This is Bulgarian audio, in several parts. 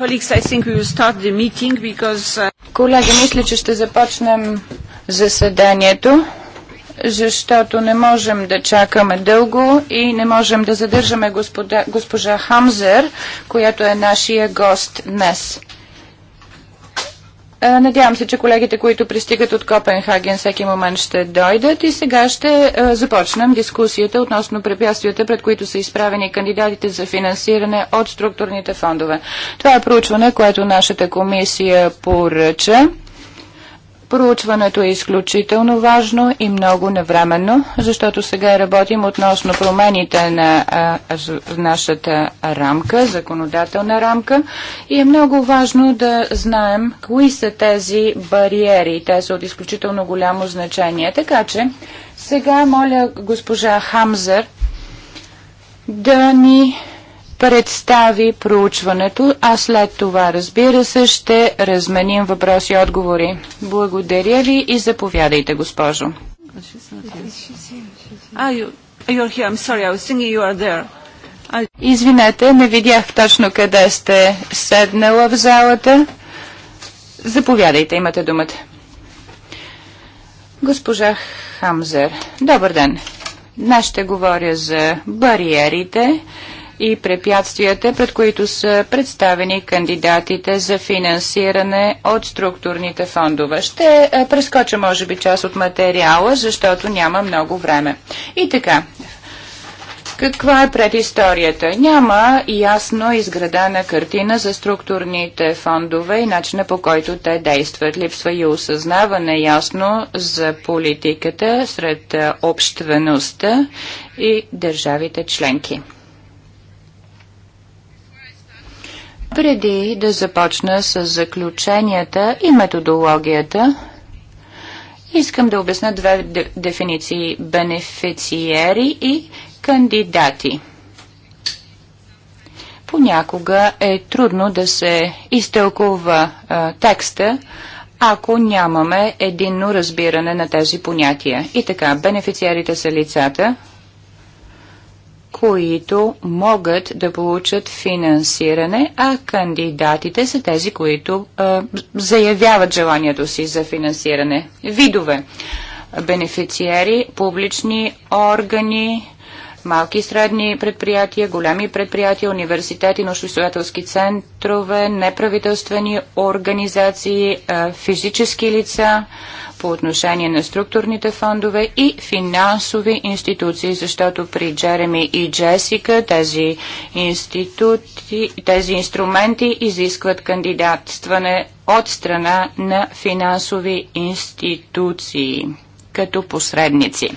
Uh, Колеги, мисля, че ще започнем заседанието, защото не можем да чакаме дълго и не можем да задържаме госпожа Хамзер, която е нашия гост днес. Надявам се, че колегите, които пристигат от Копенхаген, всеки момент ще дойдат и сега ще започнем дискусията относно препятствията, пред които са изправени кандидатите за финансиране от структурните фондове. Това е проучване, което нашата комисия поръча Проучването е изключително важно и много навременно, защото сега работим относно промените на а, нашата рамка, законодателна рамка и е много важно да знаем кои са тези бариери. Те са от изключително голямо значение. Така че сега моля госпожа Хамзер да ни представи проучването, а след това, разбира се, ще разменим въпроси и отговори. Благодаря ви и заповядайте, госпожо. Ah, Извинете, не видях точно къде сте седнала в залата. Заповядайте, имате думата. Госпожа Хамзер, добър ден. Днес ще говоря за бариерите и препятствията, пред които са представени кандидатите за финансиране от структурните фондове. Ще прескоча, може би, част от материала, защото няма много време. И така, каква е предисторията? Няма ясно изградена картина за структурните фондове и начина по който те действат. Липсва и осъзнаване ясно за политиката сред обществеността и държавите членки. Преди да започна с заключенията и методологията, искам да обясня две дефиниции – бенефициери и кандидати. Понякога е трудно да се изтълкува а, текста, ако нямаме единно разбиране на тези понятия. И така, бенефициарите са лицата, които могат да получат финансиране, а кандидатите са тези, които а, заявяват желанието си за финансиране. Видове бенефициери, публични органи, малки и средни предприятия, големи предприятия, университети, научно-изследователски центрове, неправителствени организации, физически лица, по отношение на структурните фондове и финансови институции, защото при Джереми и Джесика тези, институти, тези инструменти изискват кандидатстване от страна на финансови институции като посредници.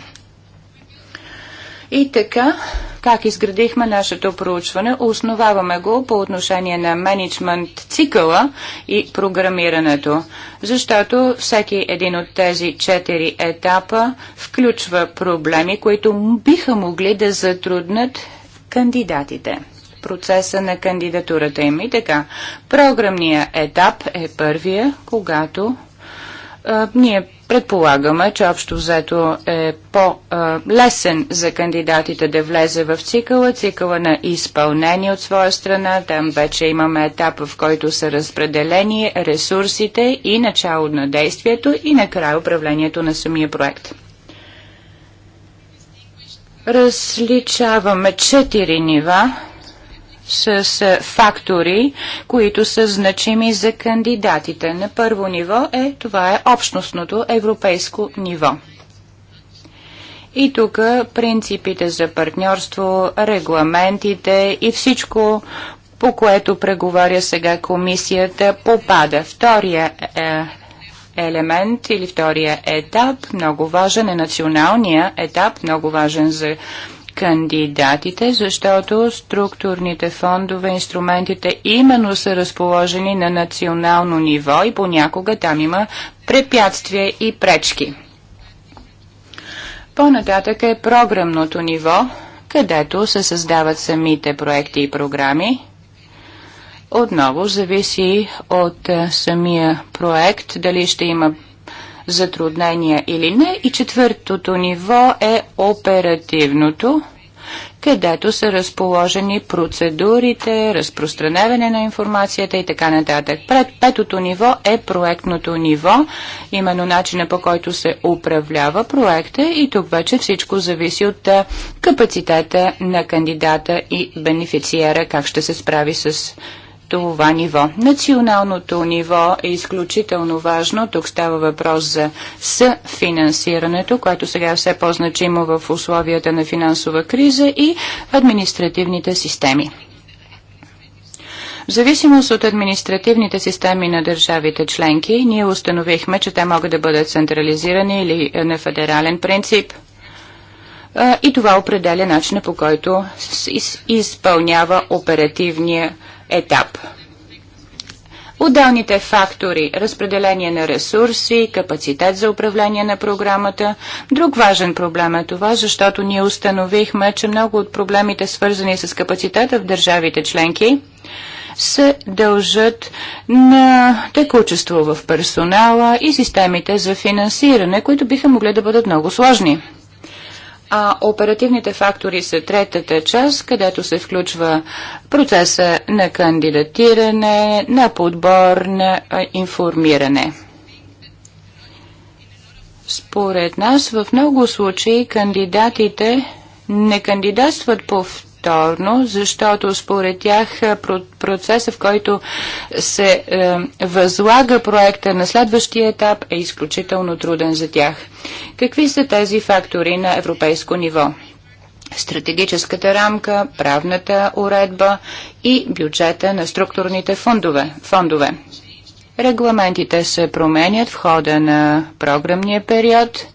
И така, как изградихме нашето проучване, основаваме го по отношение на менеджмент цикъла и програмирането, защото всеки един от тези четири етапа включва проблеми, които биха могли да затруднат кандидатите процеса на кандидатурата им. И така, програмния етап е първия, когато ние предполагаме, че общо взето е по-лесен за кандидатите да влезе в цикъла, цикъла на изпълнение от своя страна. Там вече имаме етап, в който са разпределени ресурсите и начало на действието и накрая управлението на самия проект. Различаваме четири нива с е, фактори, които са значими за кандидатите. На първо ниво е това е общностното европейско ниво. И тук принципите за партньорство, регламентите и всичко, по което преговаря сега комисията, попада. Втория е, елемент или втория етап, много важен е националния етап, много важен за кандидатите, защото структурните фондове, инструментите именно са разположени на национално ниво и понякога там има препятствия и пречки. По-нататък е програмното ниво, където се създават самите проекти и програми. Отново зависи от самия проект, дали ще има затруднения или не. И четвъртото ниво е оперативното където са разположени процедурите, разпространяване на информацията и така нататък. Пред петото ниво е проектното ниво, именно начина по който се управлява проекта и тук вече всичко зависи от капацитета на кандидата и бенефициера, как ще се справи с това ниво. Националното ниво е изключително важно. Тук става въпрос за съфинансирането, което сега е все по-значимо в условията на финансова криза и административните системи. В зависимост от административните системи на държавите членки, ние установихме, че те могат да бъдат централизирани или е, на федерален принцип. И това определя начина по който изпълнява оперативния етап. Отделните фактори – разпределение на ресурси, капацитет за управление на програмата. Друг важен проблем е това, защото ние установихме, че много от проблемите, свързани с капацитета в държавите членки, се дължат на текучество в персонала и системите за финансиране, които биха могли да бъдат много сложни а оперативните фактори са третата част, където се включва процеса на кандидатиране, на подбор, на информиране. Според нас в много случаи кандидатите не кандидатстват по повторно, защото според тях е, процеса, в който се е, възлага проекта на следващия етап е изключително труден за тях. Какви са тези фактори на европейско ниво? стратегическата рамка, правната уредба и бюджета на структурните фондове. фондове. Регламентите се променят в хода на програмния период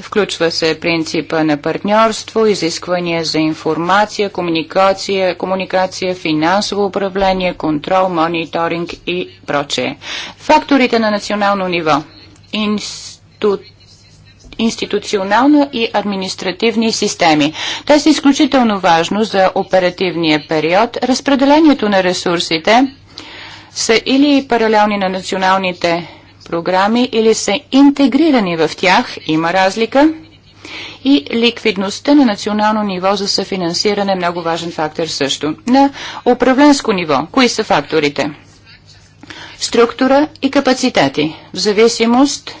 Включва се принципа на партньорство, изисквания за информация, комуникация, комуникация финансово управление, контрол, мониторинг и прочее. Факторите на национално ниво. Институт институционална и административни системи. Те са изключително важно за оперативния период. Разпределението на ресурсите са или паралелни на националните програми или са интегрирани в тях, има разлика. И ликвидността на национално ниво за съфинансиране е много важен фактор също. На управленско ниво, кои са факторите? Структура и капацитети. В зависимост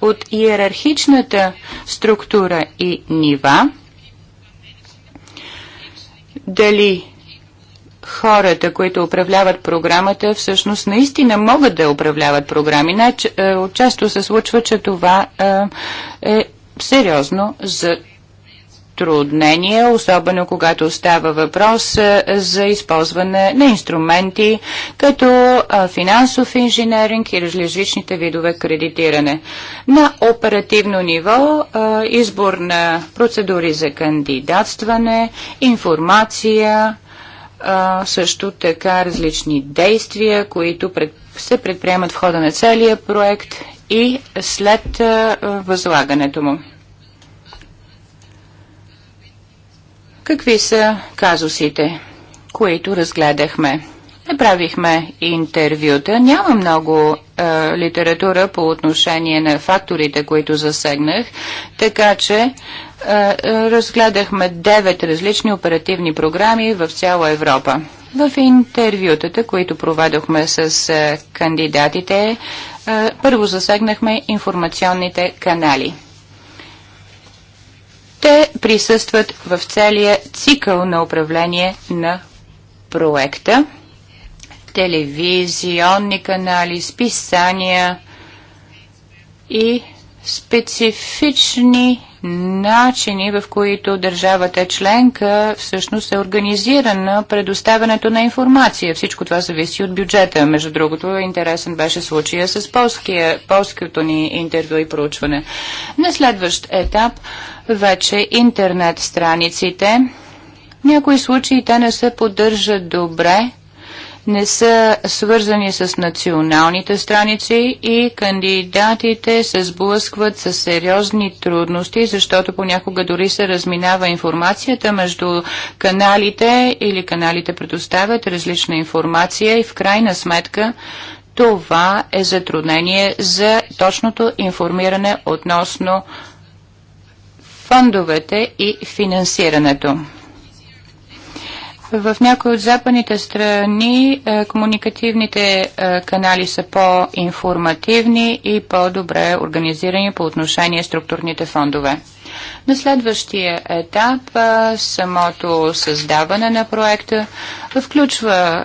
от иерархичната структура и нива, дали хората, които управляват програмата, всъщност наистина могат да управляват програми. Не, често се случва, че това е, е сериозно за труднение, особено когато става въпрос е, за използване на инструменти като е, финансов инженеринг и различните видове кредитиране. На оперативно ниво избор на процедури за кандидатстване, информация, а, също така различни действия, които пред, се предприемат в хода на целия проект и след а, възлагането му. Какви са казусите, които разгледахме? Направихме интервюта. Няма много е, литература по отношение на факторите, които засегнах, така че е, е разгледахме 9 различни оперативни програми в цяла Европа. В интервютата, които проведохме с е, кандидатите, е, първо засегнахме информационните канали. Те присъстват в целия цикъл на управление на проекта телевизионни канали, списания и специфични начини, в които държавата е членка всъщност е организирана предоставянето на информация. Всичко това зависи от бюджета. Между другото, интересен беше случая с полския, полското ни интервю и проучване. На следващ етап вече интернет страниците. някои случаи те не се поддържат добре не са свързани с националните страници и кандидатите се сблъскват с сериозни трудности, защото понякога дори се разминава информацията между каналите или каналите предоставят различна информация и в крайна сметка това е затруднение за точното информиране относно фондовете и финансирането. В някои от западните страни е, комуникативните е, канали са по-информативни и по-добре организирани по отношение структурните фондове. На следващия етап е, самото създаване на проекта включва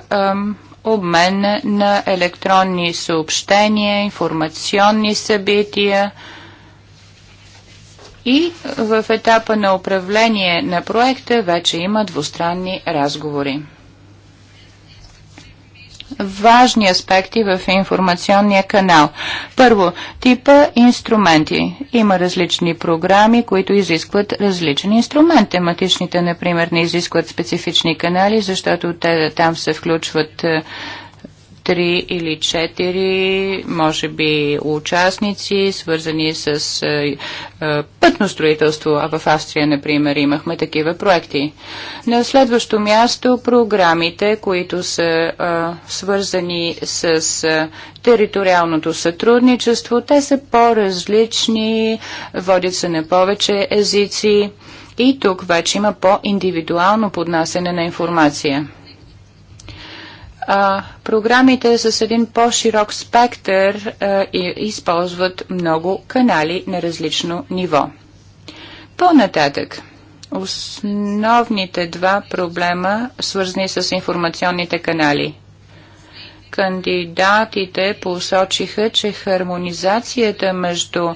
обмен на електронни съобщения, информационни събития, и в етапа на управление на проекта вече има двустранни разговори. Важни аспекти в информационния канал. Първо, типа инструменти. Има различни програми, които изискват различен инструмент. Тематичните, например, не изискват специфични канали, защото те там се включват е, три или четири, може би, участници, свързани с е, е, пътно строителство, а в Австрия, например, имахме такива проекти. На следващо място програмите, които са е, свързани с е, териториалното сътрудничество, те са по-различни, водят се на повече езици и тук вече има по-индивидуално поднасене на информация а, програмите с един по-широк спектър а, и, използват много канали на различно ниво. По-нататък, основните два проблема, свързани с информационните канали. Кандидатите посочиха, че хармонизацията между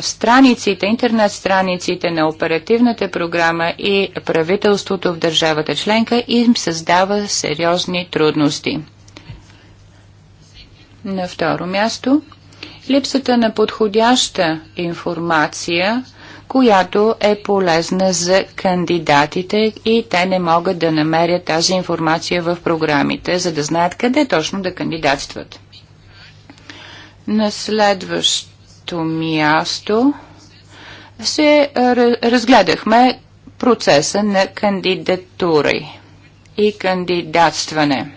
страниците, интернет страниците на оперативната програма и правителството в държавата членка им създава сериозни трудности. На второ място, липсата на подходяща информация, която е полезна за кандидатите и те не могат да намерят тази информация в програмите, за да знаят къде точно да кандидатстват. На следващ шесто място се е, разгледахме процеса на кандидатури и кандидатстване.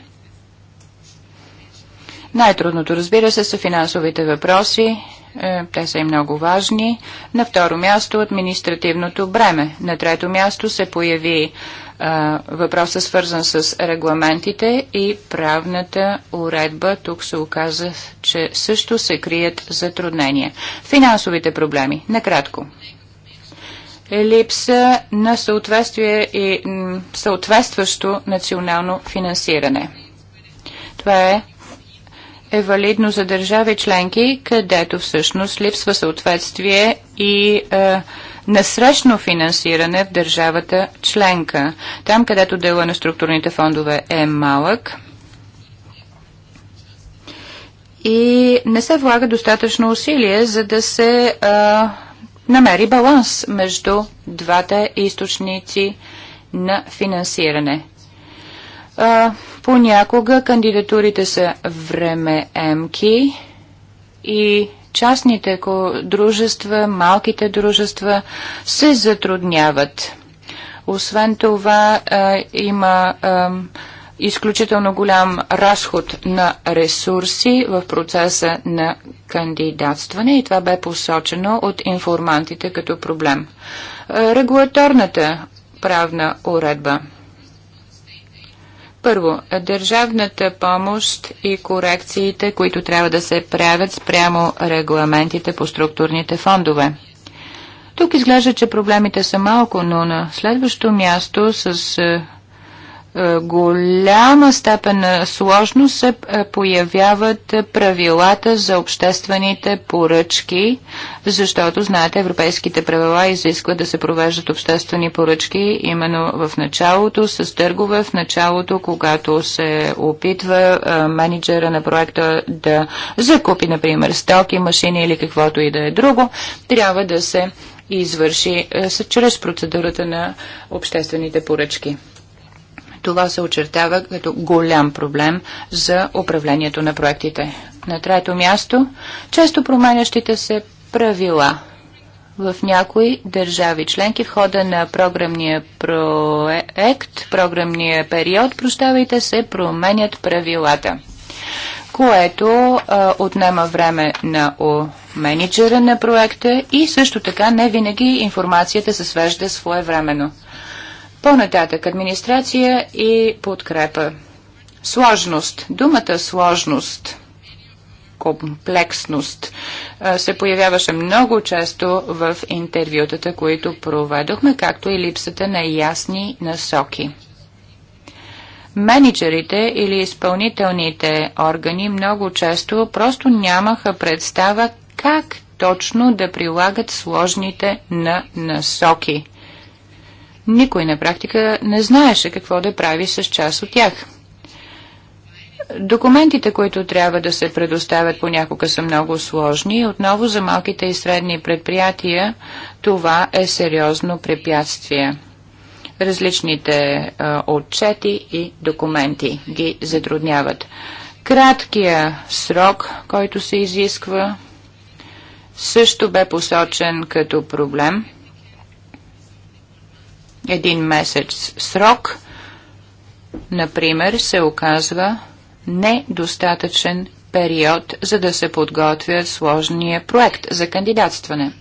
Най-трудното, разбира се, са финансовите въпроси, е, те са и много важни. На второ място административното бреме. На трето място се появи е, въпросът свързан с регламентите и правната уредба. Тук се оказа, че също се крият затруднения. Финансовите проблеми. Накратко. Липса на съответствие и съответстващо национално финансиране. Това е е валидно за държави членки, където всъщност липсва съответствие и е, насрещно финансиране в държавата членка. Там, където дела на структурните фондове е малък и не се влага достатъчно усилие, за да се е, намери баланс между двата източници на финансиране. А, понякога кандидатурите са времеемки и частните дружества, малките дружества се затрудняват. Освен това а, има а, изключително голям разход на ресурси в процеса на кандидатстване и това бе посочено от информантите като проблем. Регулаторната правна уредба – първо, държавната помощ и корекциите, които трябва да се правят спрямо регламентите по структурните фондове. Тук изглежда, че проблемите са малко, но на следващо място с е, е, голяма степен на сложност се е, появяват правилата за обществените поръчки, защото, знаете, европейските правила изискват да се провеждат обществени поръчки именно в началото, с търгове в началото, когато се опитва е, менеджера на проекта да закупи, например, стоки, машини или каквото и да е друго, трябва да се извърши чрез процедурата на обществените поръчки това се очертава като голям проблем за управлението на проектите. На трето място, често променящите се правила в някои държави членки в хода на програмния проект, програмния период, прощавайте, се променят правилата което а, отнема време на о, менеджера на проекта и също така не винаги информацията се свежда своевременно. По-нататък администрация и подкрепа. Сложност. Думата сложност комплексност се появяваше много често в интервютата, които проведохме, както и липсата на ясни насоки. Менеджерите или изпълнителните органи много често просто нямаха представа как точно да прилагат сложните на насоки – никой на практика не знаеше какво да прави с част от тях. Документите, които трябва да се предоставят понякога са много сложни. Отново за малките и средни предприятия това е сериозно препятствие. Различните а, отчети и документи ги затрудняват. Краткия срок, който се изисква, също бе посочен като проблем – един месец срок, например, се оказва недостатъчен период, за да се подготвя сложния проект за кандидатстване.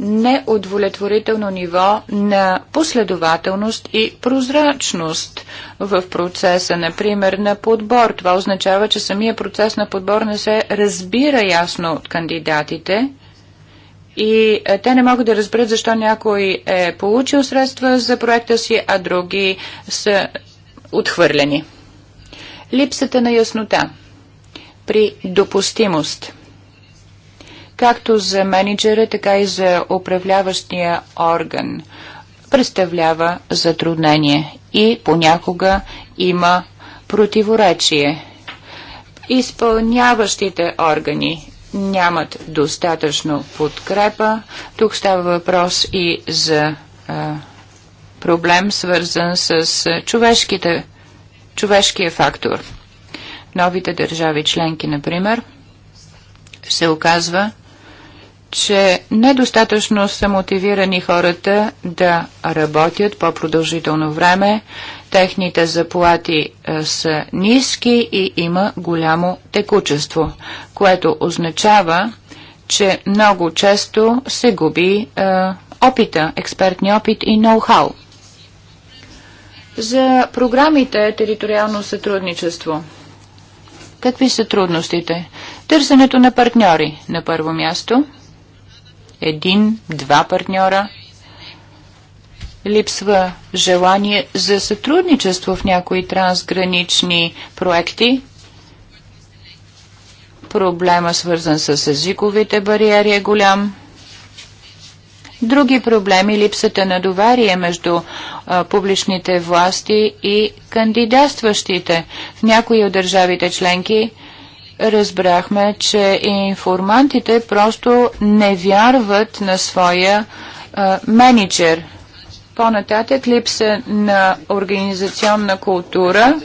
Неудовлетворително ниво на последователност и прозрачност в процеса, например, на подбор. Това означава, че самия процес на подбор не се разбира ясно от кандидатите и е, те не могат да разберат защо някой е получил средства за проекта си, а други са отхвърлени. Липсата на яснота при допустимост както за менеджера, така и за управляващия орган представлява затруднение и понякога има противоречие. Изпълняващите органи нямат достатъчно подкрепа. Тук става въпрос и за а, проблем, свързан с човешките, човешкия фактор. Новите държави членки, например, се оказва, че недостатъчно са мотивирани хората да работят по-продължително време Техните заплати е, са ниски и има голямо текучество, което означава, че много често се губи е, опита, експертни опит и ноу-хау. За програмите териториално сътрудничество. Какви са трудностите? Търсенето на партньори на първо място. Един, два партньора – липсва желание за сътрудничество в някои трансгранични проекти. Проблема свързан с езиковите бариери е голям. Други проблеми – липсата на доверие между а, публичните власти и кандидатстващите. В някои от държавите членки разбрахме, че информантите просто не вярват на своя а, менеджер – по-нататък липса на организационна култура.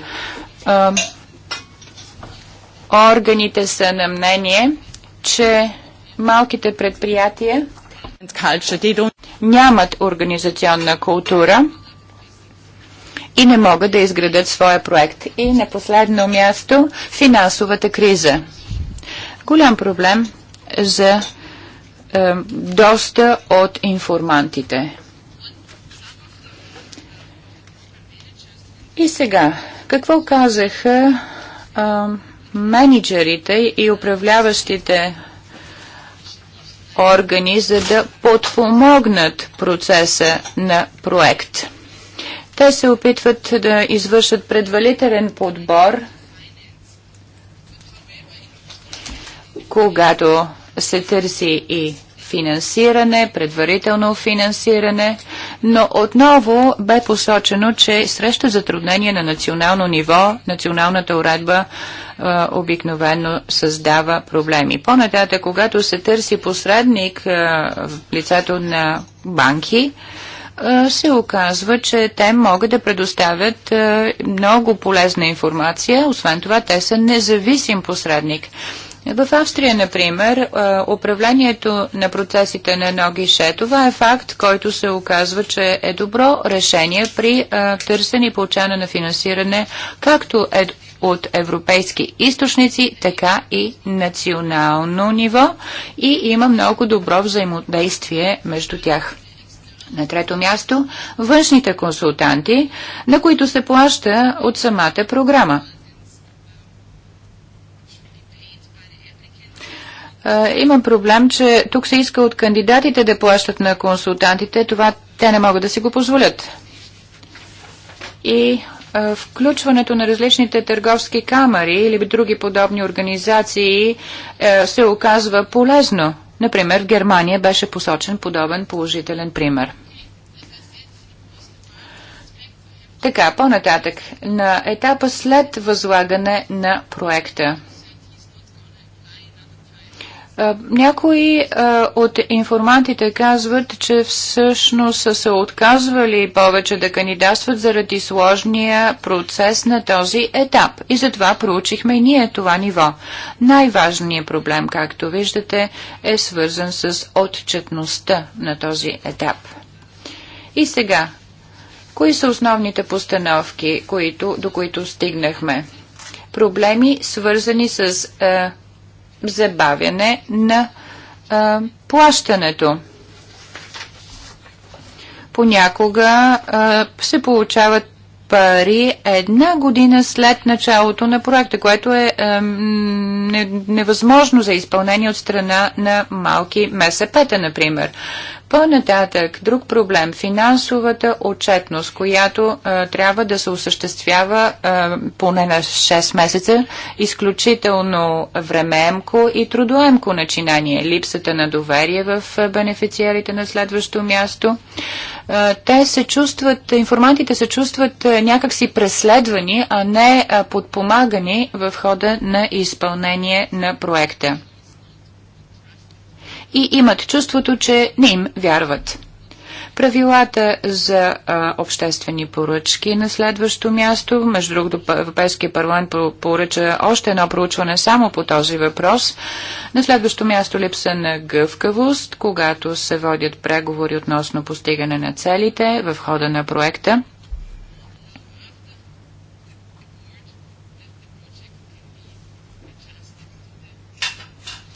органите са на мнение, че малките предприятия нямат организационна култура и не могат да изградат своя проект. И на последно място финансовата криза. Голям проблем за е, доста от информантите. И сега, какво казаха а, менеджерите и управляващите органи, за да подпомогнат процеса на проект? Те се опитват да извършат предварителен подбор, когато се търси и финансиране, предварително финансиране, но отново бе посочено, че среща затруднение на национално ниво, националната уредба обикновено създава проблеми. По-нататък, когато се търси посредник в лицето на банки, се оказва, че те могат да предоставят много полезна информация. Освен това, те са независим посредник. В Австрия, например, управлението на процесите на ноги ше, това е факт, който се оказва, че е добро решение при търсене и получаване на финансиране, както е от европейски източници, така и национално ниво и има много добро взаимодействие между тях. На трето място, външните консултанти, на които се плаща от самата програма. Имам проблем, че тук се иска от кандидатите да плащат на консултантите. Това те не могат да си го позволят. И включването на различните търговски камери или други подобни организации се оказва полезно. Например, в Германия беше посочен подобен положителен пример. Така, по-нататък, на етапа след възлагане на проекта – е, някои а, е, от информантите казват, че всъщност са се отказвали повече да кандидатстват заради сложния процес на този етап. И затова проучихме и ние това ниво. Най-важният проблем, както виждате, е свързан с отчетността на този етап. И сега, кои са основните постановки, които, до които стигнахме? Проблеми, свързани с. А, е, забавяне на а, плащането. Понякога а, се получават пари една година след началото на проекта, което е, а, невъзможно за изпълнение от страна на малки МСП-та, например. По-нататък, друг проблем финансовата отчетност, която а, е, трябва да се осъществява а, е, поне на 6 месеца, изключително времеемко и трудоемко начинание. Липсата на доверие в е, бенефициарите на следващо място те се чувстват, информантите се чувстват някакси преследвани, а не подпомагани в хода на изпълнение на проекта и имат чувството, че не им вярват. Правилата за а, обществени поръчки на следващо място. Между другото, Европейския парламент поръча още едно проучване само по този въпрос. На следващо място липса на гъвкавост, когато се водят преговори относно постигане на целите в хода на проекта.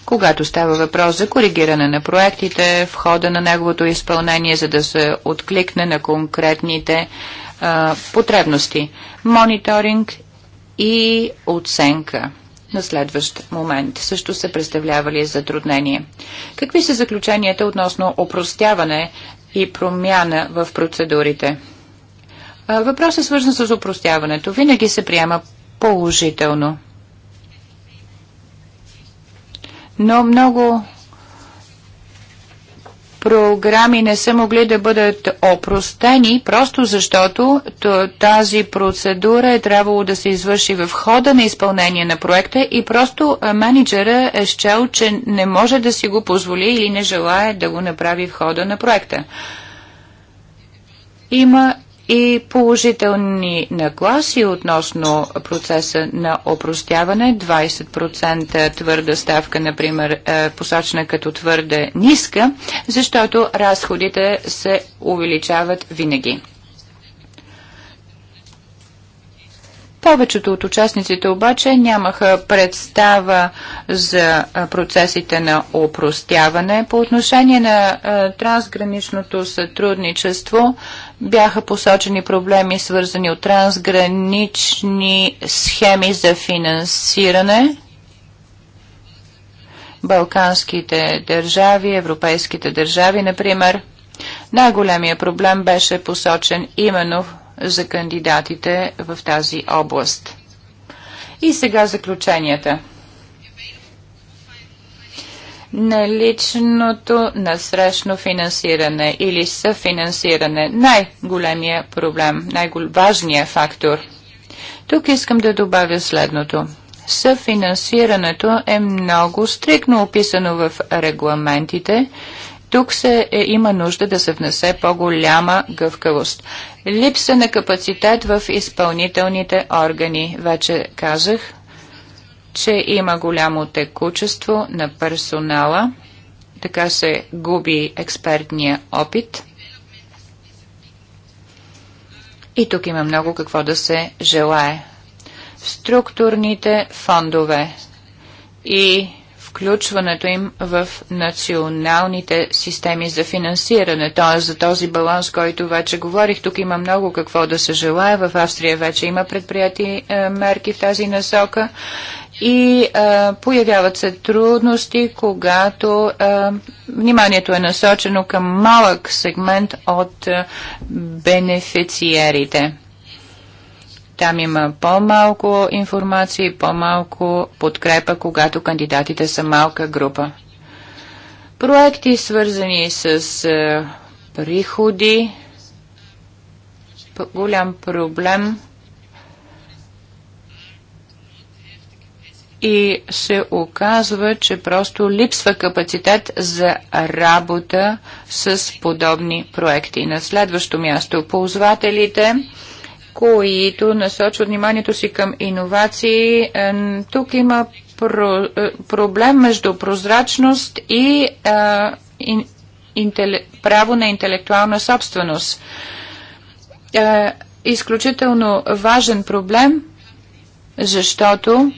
когато става въпрос за коригиране на проектите, в хода на неговото изпълнение, за да се откликне на конкретните а, потребности. Мониторинг и оценка на следващ момент също се представлявали затруднение. Какви са заключенията относно опростяване и промяна в процедурите? Въпросът е свързан с опростяването. Винаги се приема положително. но много програми не са могли да бъдат опростени, просто защото тази процедура е трябвало да се извърши в хода на изпълнение на проекта и просто менеджера е счел, че не може да си го позволи или не желая да го направи в хода на проекта. Има и положителни нагласи относно процеса на опростяване. 20% твърда ставка, например, е посочена като твърде ниска, защото разходите се увеличават винаги. Повечето от участниците обаче нямаха представа за процесите на опростяване. По отношение на трансграничното сътрудничество бяха посочени проблеми, свързани от трансгранични схеми за финансиране. Балканските държави, европейските държави, например. Най-големия проблем беше посочен именно в за кандидатите в тази област. И сега заключенията. Наличното насрещно финансиране или съфинансиране най-големия проблем, най-важният фактор. Тук искам да добавя следното съфинансирането е много стрикно описано в регламентите тук се е, има нужда да се внесе по-голяма гъвкавост. Липса на капацитет в изпълнителните органи. Вече казах, че има голямо текучество на персонала, така се губи експертния опит. И тук има много какво да се желае. Структурните фондове и включването им в националните системи за финансиране. Т.е. за този баланс, който вече говорих, тук има много какво да се желая. В Австрия вече има предприяти е, мерки в тази насока и а, е, появяват се трудности, когато а, е, вниманието е насочено към малък сегмент от а, бенефициерите. Там има по-малко информация и по-малко подкрепа, когато кандидатите са малка група. Проекти, свързани с е, приходи, голям проблем и се оказва, че просто липсва капацитет за работа с подобни проекти. На следващо място ползвателите които насочват вниманието си към иновации. Е, тук има про, е, проблем между прозрачност и а, е, ин, интел, право на интелектуална собственост. А, изключително важен проблем, защото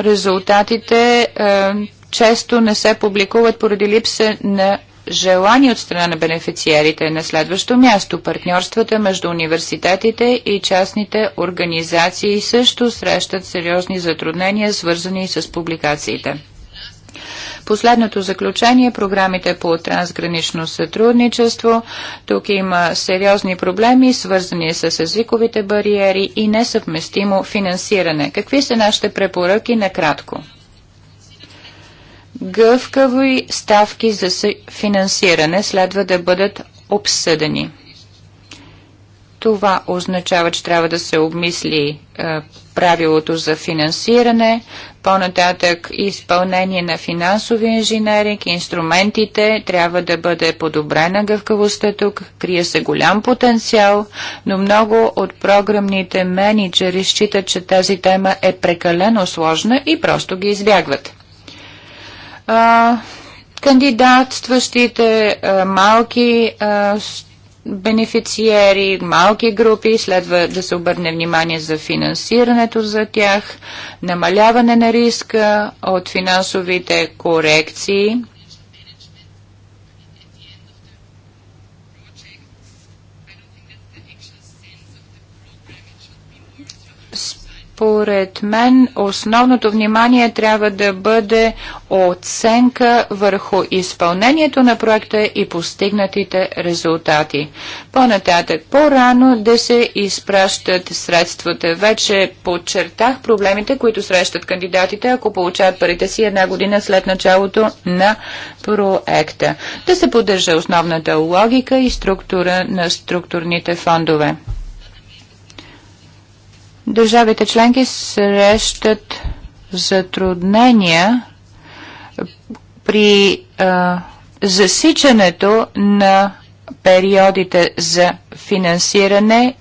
резултатите а, често не се публикуват поради липса на желани от страна на бенефициерите. На следващо място партньорствата между университетите и частните организации също срещат сериозни затруднения, свързани с публикациите. Последното заключение програмите по трансгранично сътрудничество. Тук има сериозни проблеми, свързани с езиковите бариери и несъвместимо финансиране. Какви са нашите препоръки накратко? гъвкави ставки за финансиране следва да бъдат обсъдени. Това означава, че трябва да се обмисли е, правилото за финансиране, по-нататък изпълнение на финансови инженеринг, инструментите, трябва да бъде подобрена гъвкавостта тук, крие се голям потенциал, но много от програмните менеджери считат, че тази тема е прекалено сложна и просто ги избягват кандидатстващите малки бенефициери, малки групи, следва да се обърне внимание за финансирането за тях, намаляване на риска от финансовите корекции – според мен основното внимание трябва да бъде оценка върху изпълнението на проекта и постигнатите резултати. По-нататък, по-рано да се изпращат средствата. Вече подчертах проблемите, които срещат кандидатите, ако получават парите си една година след началото на проекта. Да се поддържа основната логика и структура на структурните фондове. Държавите членки срещат затруднения при а, засичането на периодите за финансиране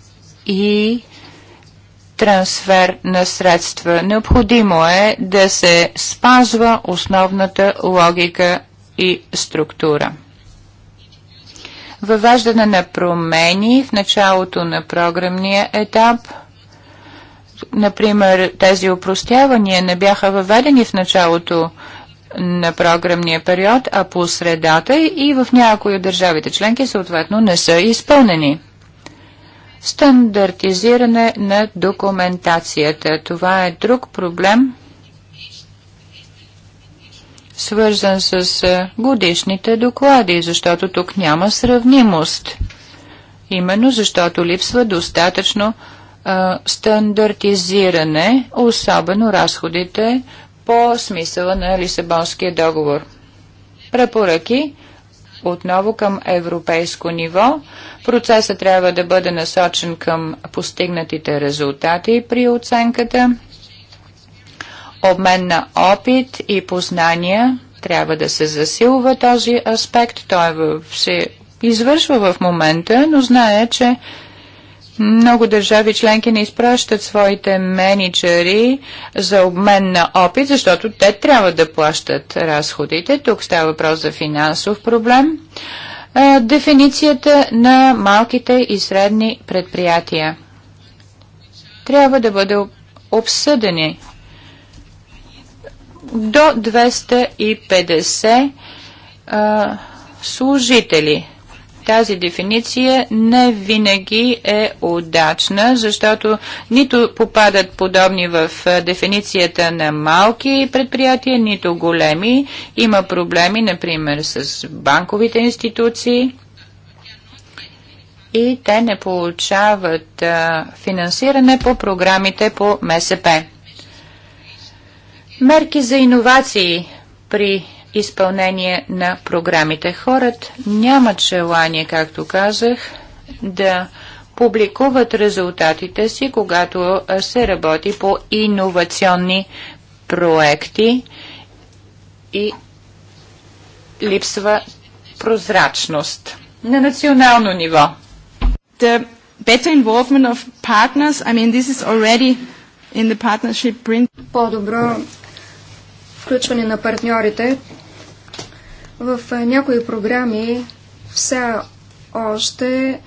и трансфер на средства. Необходимо е да се спазва основната логика и структура. Въваждане на промени в началото на програмния етап – например, тези упростявания не бяха въведени в началото на програмния период, а по средата и в някои от държавите членки съответно не са изпълнени. Стандартизиране на документацията. Това е друг проблем, свързан с годишните доклади, защото тук няма сравнимост. Именно защото липсва достатъчно стандартизиране, особено разходите по смисъла на Лисабонския договор. Препоръки отново към европейско ниво. Процесът трябва да бъде насочен към постигнатите резултати при оценката. Обмен на опит и познания трябва да се засилва този аспект. Той е се извършва в момента, но знае, че много държави членки не изпращат своите менеджери за обмен на опит, защото те трябва да плащат разходите. Тук става въпрос за финансов проблем. Дефиницията на малките и средни предприятия трябва да бъде обсъдени до 250 служители тази дефиниция не винаги е удачна, защото нито попадат подобни в дефиницията на малки предприятия, нито големи. Има проблеми, например, с банковите институции и те не получават финансиране по програмите по МСП. Мерки за иновации при изпълнение на програмите. Хората нямат желание, както казах, да публикуват резултатите си, когато се работи по иновационни проекти и липсва прозрачност на национално ниво. The better involvement of partners, I mean this is already in the partnership print. По-добро включване на партньорите. В някои програми все още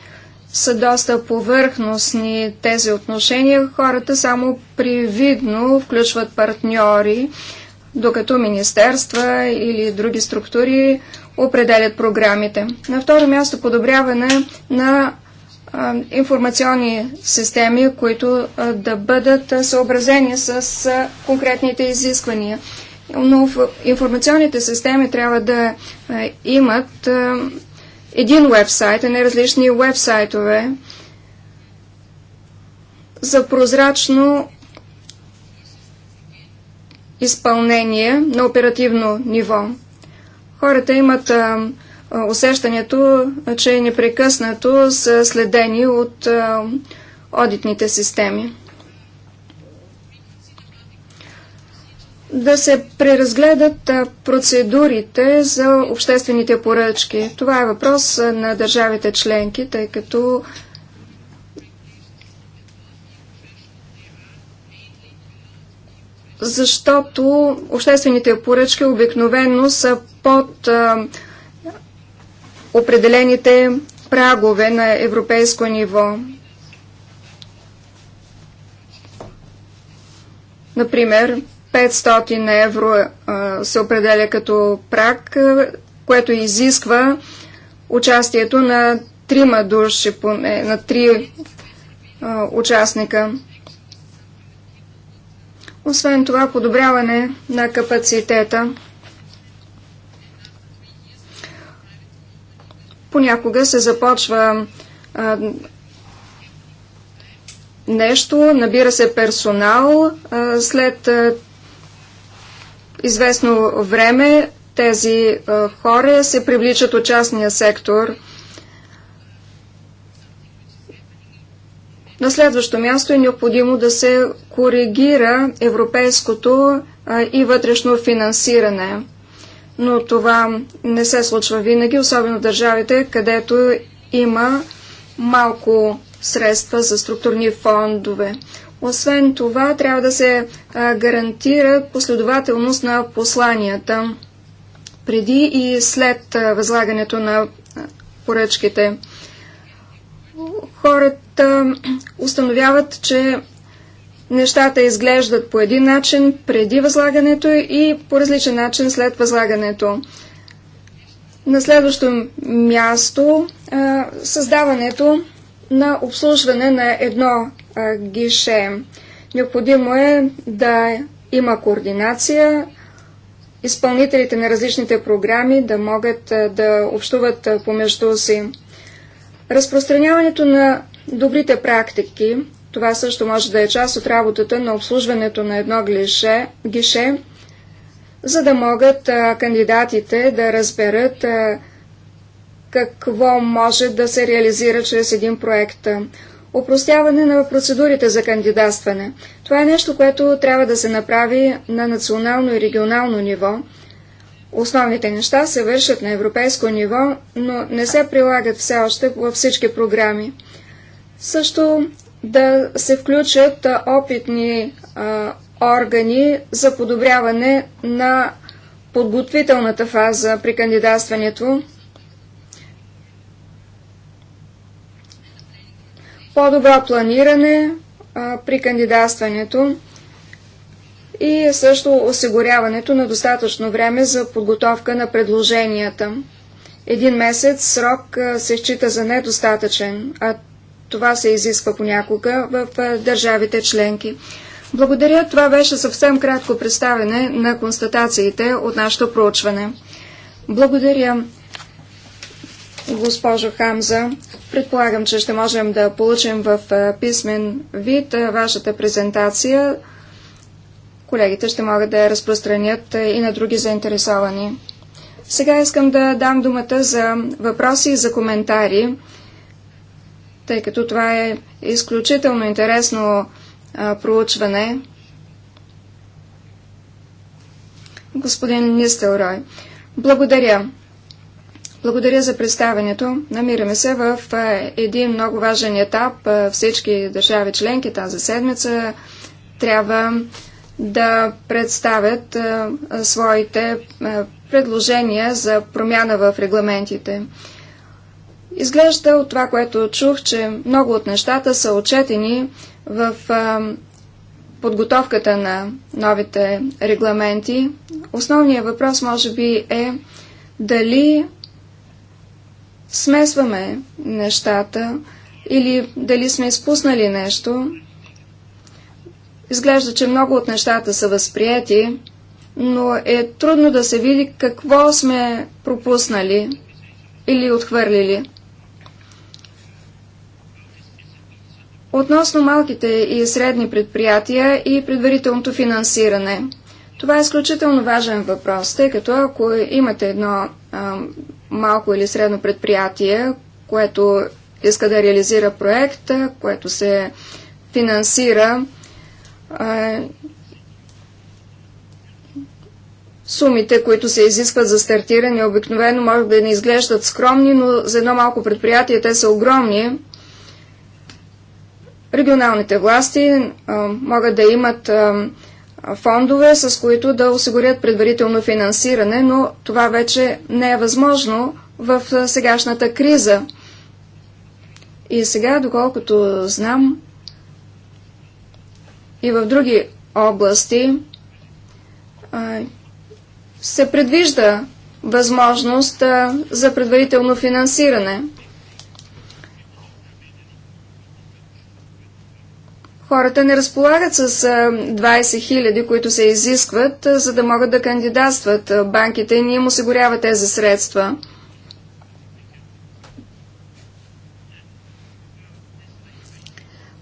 са доста повърхностни тези отношения. Хората само привидно включват партньори, докато министерства или други структури определят програмите. На второ място подобряване на информационни системи, които да бъдат съобразени с конкретните изисквания но в информационните системи трябва да е, имат е, един вебсайт, а не различни вебсайтове за прозрачно изпълнение на оперативно ниво. Хората имат а, е, усещането, че непрекъснато са следени от а, одитните системи. да се преразгледат процедурите за обществените поръчки. Това е въпрос на държавите членки, тъй като защото обществените поръчки обикновено са под а, определените прагове на европейско ниво. Например, 500 евро се определя като прак, което изисква участието на трима души, поне, на три участника. Освен това, подобряване на капацитета. Понякога се започва нещо, набира се персонал, след известно време тези хора се привличат от частния сектор. На следващо място е необходимо да се коригира европейското и вътрешно финансиране. Но това не се случва винаги, особено в държавите, където има малко средства за структурни фондове. Освен това, трябва да се гарантира последователност на посланията преди и след възлагането на поръчките. Хората установяват, че нещата изглеждат по един начин преди възлагането и по различен начин след възлагането. На следващо място създаването на обслужване на едно а, гише. Необходимо е да има координация, изпълнителите на различните програми да могат а, да общуват а, помежду си. Разпространяването на добрите практики, това също може да е част от работата на обслужването на едно глише, гише, за да могат а, кандидатите да разберат а, какво може да се реализира чрез един проект. Опростяване на процедурите за кандидатстване. Това е нещо, което трябва да се направи на национално и регионално ниво. Основните неща се вършат на европейско ниво, но не се прилагат все още във всички програми. Също да се включат опитни а, органи за подобряване на подготвителната фаза при кандидатстването, по-добро планиране а, при кандидатстването и също осигуряването на достатъчно време за подготовка на предложенията. Един месец срок се счита за недостатъчен, а това се изисква понякога в държавите членки. Благодаря, това беше съвсем кратко представене на констатациите от нашето проучване. Благодаря госпожо Хамза. Предполагам, че ще можем да получим в писмен вид вашата презентация. Колегите ще могат да я разпространят и на други заинтересовани. Сега искам да дам думата за въпроси и за коментари, тъй като това е изключително интересно проучване. Господин Нистелрой, благодаря. Благодаря за представенето. Намираме се в един много важен етап. Всички държави членки тази седмица трябва да представят своите предложения за промяна в регламентите. Изглежда от това, което чух, че много от нещата са отчетени в подготовката на новите регламенти. Основният въпрос може би е дали смесваме нещата или дали сме изпуснали нещо. Изглежда, че много от нещата са възприяти, но е трудно да се види какво сме пропуснали или отхвърлили. Относно малките и средни предприятия и предварителното финансиране. Това е изключително важен въпрос, тъй като ако имате едно а, малко или средно предприятие, което иска да реализира проект, което се финансира сумите, които се изискват за стартиране, обикновено може да не изглеждат скромни, но за едно малко предприятие те са огромни. Регионалните власти а, могат да имат а, фондове, с които да осигурят предварително финансиране, но това вече не е възможно в сегашната криза. И сега, доколкото знам, и в други области се предвижда възможност за предварително финансиране. Хората не разполагат с 20 000, които се изискват, за да могат да кандидатстват. Банките ни им осигуряват тези средства.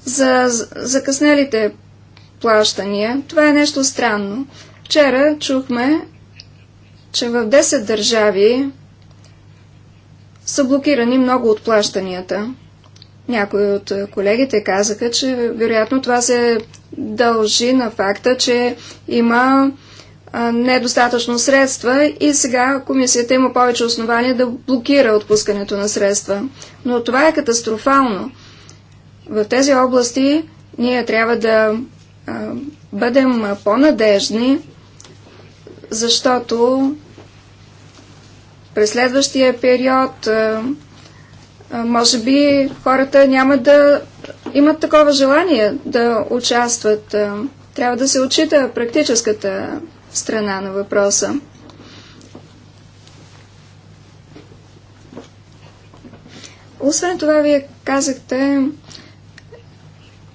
За закъснелите плащания, това е нещо странно. Вчера чухме, че в 10 държави са блокирани много от плащанията. Някои от колегите казаха, че вероятно това се дължи на факта, че има недостатъчно средства и сега комисията има повече основания да блокира отпускането на средства. Но това е катастрофално. В тези области ние трябва да бъдем по-надежни, защото през следващия период може би хората няма да имат такова желание да участват. Трябва да се отчита практическата страна на въпроса. Освен това, вие казахте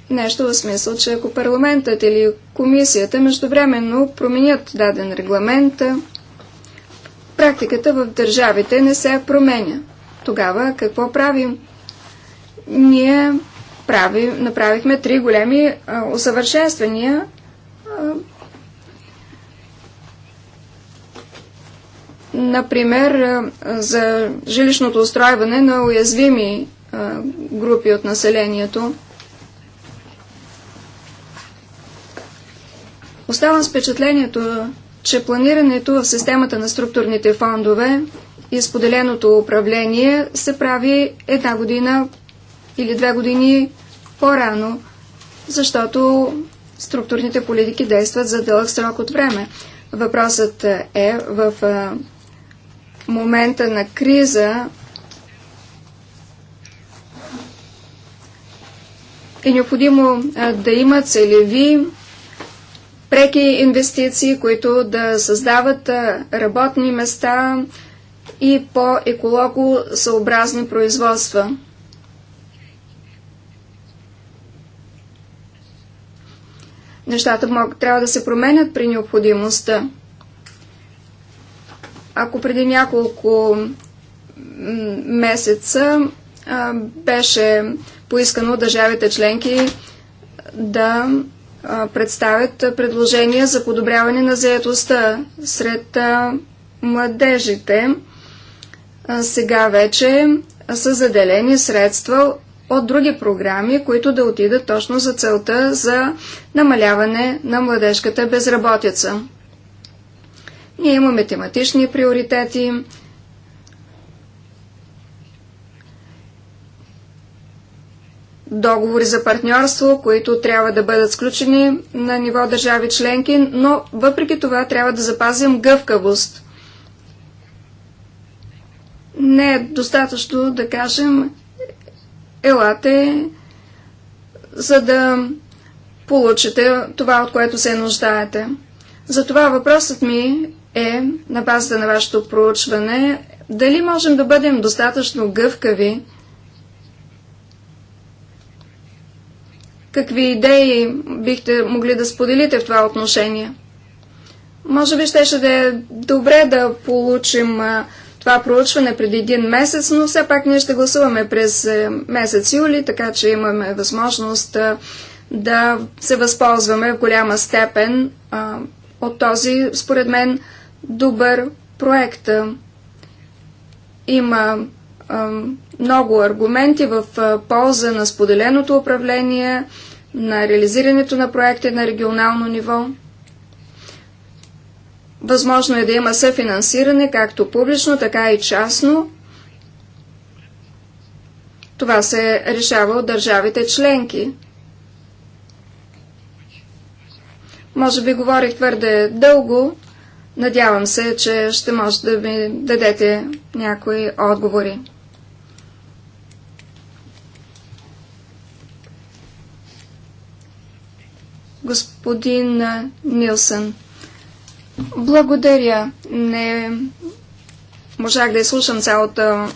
нещо в смисъл, че ако парламентът или комисията междувременно променят даден регламент, практиката в държавите не се променя. Тогава какво правим? Ние прави, направихме три големи а, усъвършенствания. А, например, а, за жилищното устройване на уязвими а, групи от населението. Оставам с впечатлението, че планирането в системата на структурните фондове и споделеното управление се прави една година или две години по-рано, защото структурните политики действат за дълъг срок от време. Въпросът е в момента на криза е необходимо да има целеви преки инвестиции, които да създават работни места, и по екологосъобразни производства. Нещата могат, трябва да се променят при необходимостта. Ако преди няколко месеца а, беше поискано държавите членки да а, представят предложения за подобряване на заедостта сред а, младежите сега вече са заделени средства от други програми, които да отидат точно за целта за намаляване на младежката безработица. Ние имаме тематични приоритети, договори за партньорство, които трябва да бъдат сключени на ниво държави членки, но въпреки това трябва да запазим гъвкавост не е достатъчно да кажем елате, за да получите това, от което се нуждаете. Затова въпросът ми е, на базата на вашето проучване, дали можем да бъдем достатъчно гъвкави, какви идеи бихте могли да споделите в това отношение. Може би щеше да е добре да получим това проучване преди един месец, но все пак ние ще гласуваме през е, месец юли, така че имаме възможност е, да се възползваме в голяма степен а, е, от този, според мен, добър проект. Има а, много аргументи в а, полза на споделеното управление, на реализирането на проекти на регионално ниво. Възможно е да има съфинансиране, както публично, така и частно. Това се решава от държавите членки. Може би говорих твърде дълго. Надявам се, че ще може да ми дадете някои отговори. Господин Нилсън. Благодаря. Не можах да изслушам цялото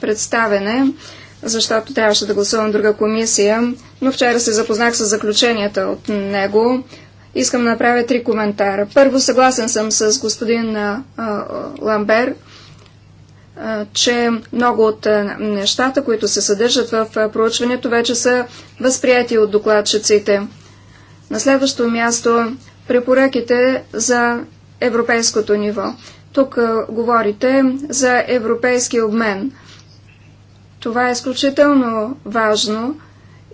представене, защото трябваше да гласувам друга комисия, но вчера се запознах с заключенията от него. Искам да направя три коментара. Първо, съгласен съм с господин а, Ламбер, а, че много от а, нещата, които се съдържат в а, проучването, вече са възприяти от докладчиците. На следващо място, препоръките за европейското ниво. Тук говорите за европейски обмен. Това е изключително важно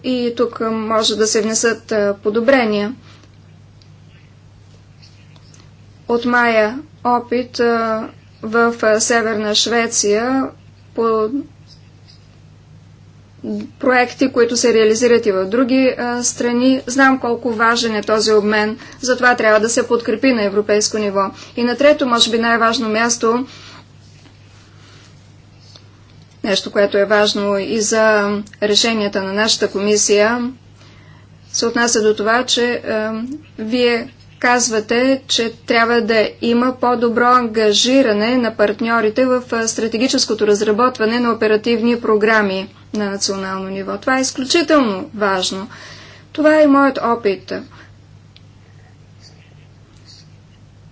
и тук може да се внесат подобрения. От мая опит в Северна Швеция по проекти, които се реализират и в други а, страни. Знам колко важен е този обмен, затова трябва да се подкрепи на европейско ниво. И на трето, може би най-важно място, нещо, което е важно и за решенията на нашата комисия, се отнася до това, че е, вие казвате, че трябва да има по-добро ангажиране на партньорите в стратегическото разработване на оперативни програми на национално ниво. Това е изключително важно. Това е моят опит.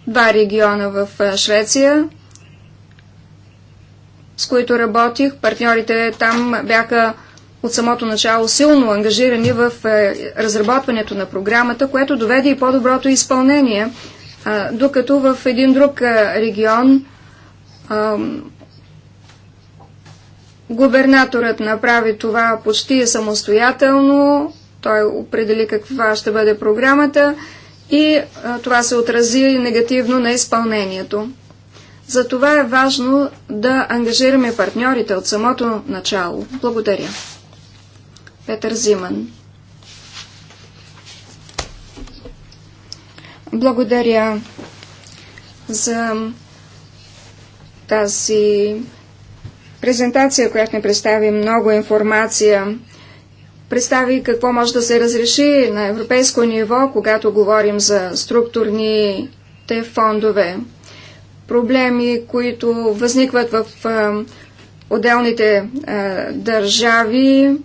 Два региона в Швеция, с които работих, партньорите там бяха от самото начало силно ангажирани в е, разработването на програмата, което доведе и по-доброто изпълнение, е, докато в един друг е, регион губернаторът направи това почти самостоятелно, той определи каква ще бъде програмата и това се отрази негативно на изпълнението. Затова е важно да ангажираме партньорите от самото начало. Благодаря. Петър Зиман. Благодаря за тази презентация, която ни представи много информация. Представи какво може да се разреши на европейско ниво, когато говорим за структурните фондове. Проблеми, които възникват в отделните държави,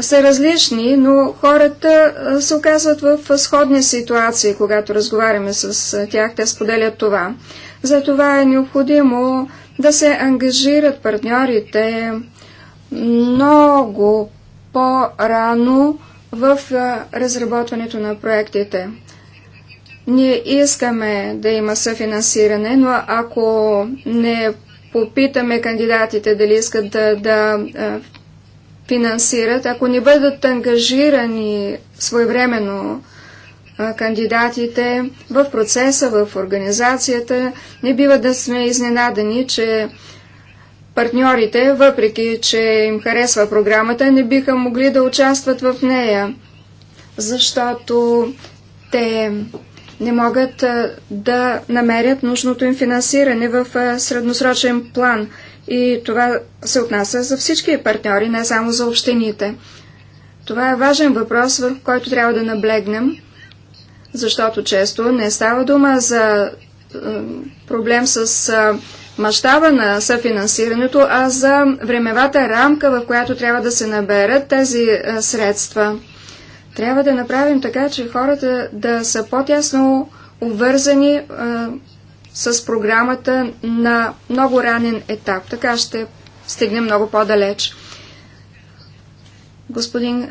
са различни, но хората се оказват в сходни ситуации, когато разговаряме с тях, те споделят това. Затова е необходимо да се ангажират партньорите много по-рано в разработването на проектите. Ние искаме да има съфинансиране, но ако не попитаме кандидатите дали искат да, да финансират, ако не бъдат ангажирани своевременно кандидатите в процеса, в организацията, не бива да сме изненадани, че партньорите, въпреки че им харесва програмата, не биха могли да участват в нея, защото те не могат да намерят нужното им финансиране в средносрочен план. И това се отнася за всички партньори, не само за общините. Това е важен въпрос, в който трябва да наблегнем, защото често не става дума за е, проблем с е, мащаба на съфинансирането, а за времевата рамка, в която трябва да се наберат тези е, средства. Трябва да направим така, че хората да са по-тясно увързани с програмата на много ранен етап. Така ще стигне много по-далеч. Господин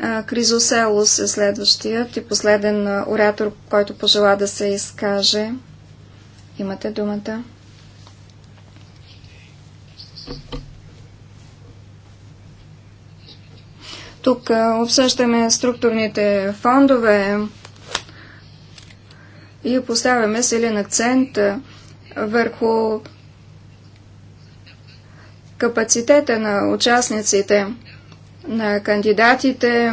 Селос е следващият и последен оратор, който пожела да се изкаже. Имате думата. Тук обсъждаме структурните фондове и поставяме силен акцент върху капацитета на участниците, на кандидатите.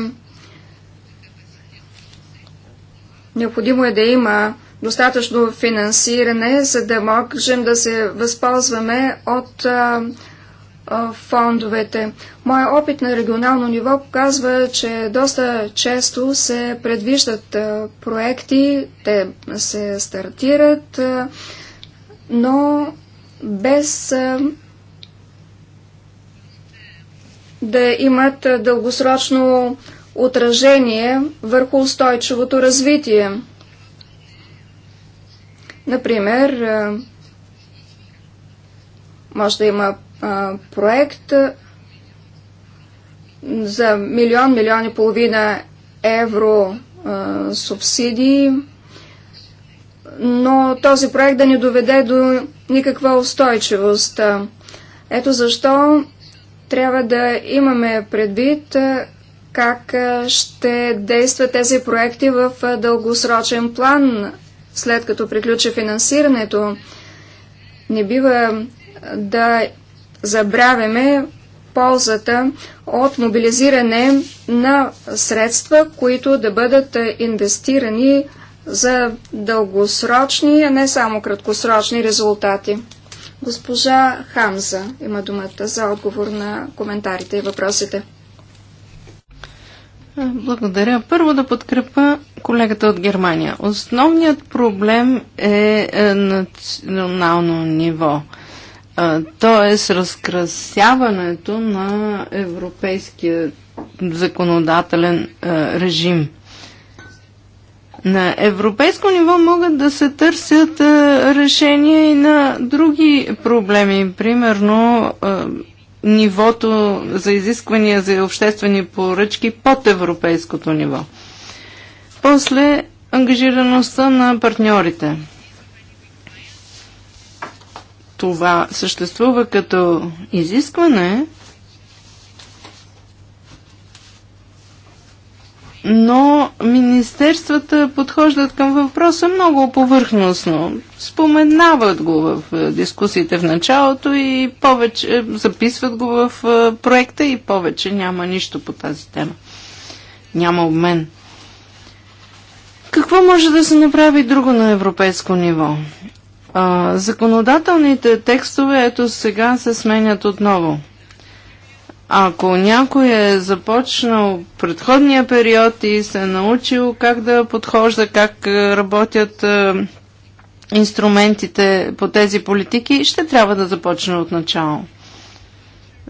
Необходимо е да има достатъчно финансиране, за да можем да се възползваме от а, а, фондовете. Моя опит на регионално ниво показва, че доста често се предвиждат а, проекти, те се стартират. А, но без да имат дългосрочно отражение върху устойчивото развитие. Например, може да има проект за милион, милион и половина евро субсидии но този проект да не доведе до никаква устойчивост. Ето защо трябва да имаме предвид е, как е, ще действат тези проекти в е, дългосрочен план, след като приключи финансирането. Не бива да забравяме ползата от мобилизиране на средства, които да бъдат инвестирани за дългосрочни, а не само краткосрочни резултати. Госпожа Хамза има думата за отговор на коментарите и въпросите. Благодаря. Първо да подкрепа колегата от Германия. Основният проблем е, е национално ниво. Тоест разкрасяването на европейския законодателен режим – на европейско ниво могат да се търсят а, решения и на други проблеми, примерно а, нивото за изисквания за обществени поръчки под европейското ниво. После ангажираността на партньорите. Това съществува като изискване, но министерствата подхождат към въпроса много повърхностно. Споменават го в е, дискусиите в началото и повече е, записват го в е, проекта и повече няма нищо по тази тема. Няма обмен. Какво може да се направи друго на европейско ниво? А, законодателните текстове ето сега се сменят отново. Ако някой е започнал предходния период и се е научил как да подхожда, как е, работят е, инструментите по тези политики, ще трябва да започне от начало.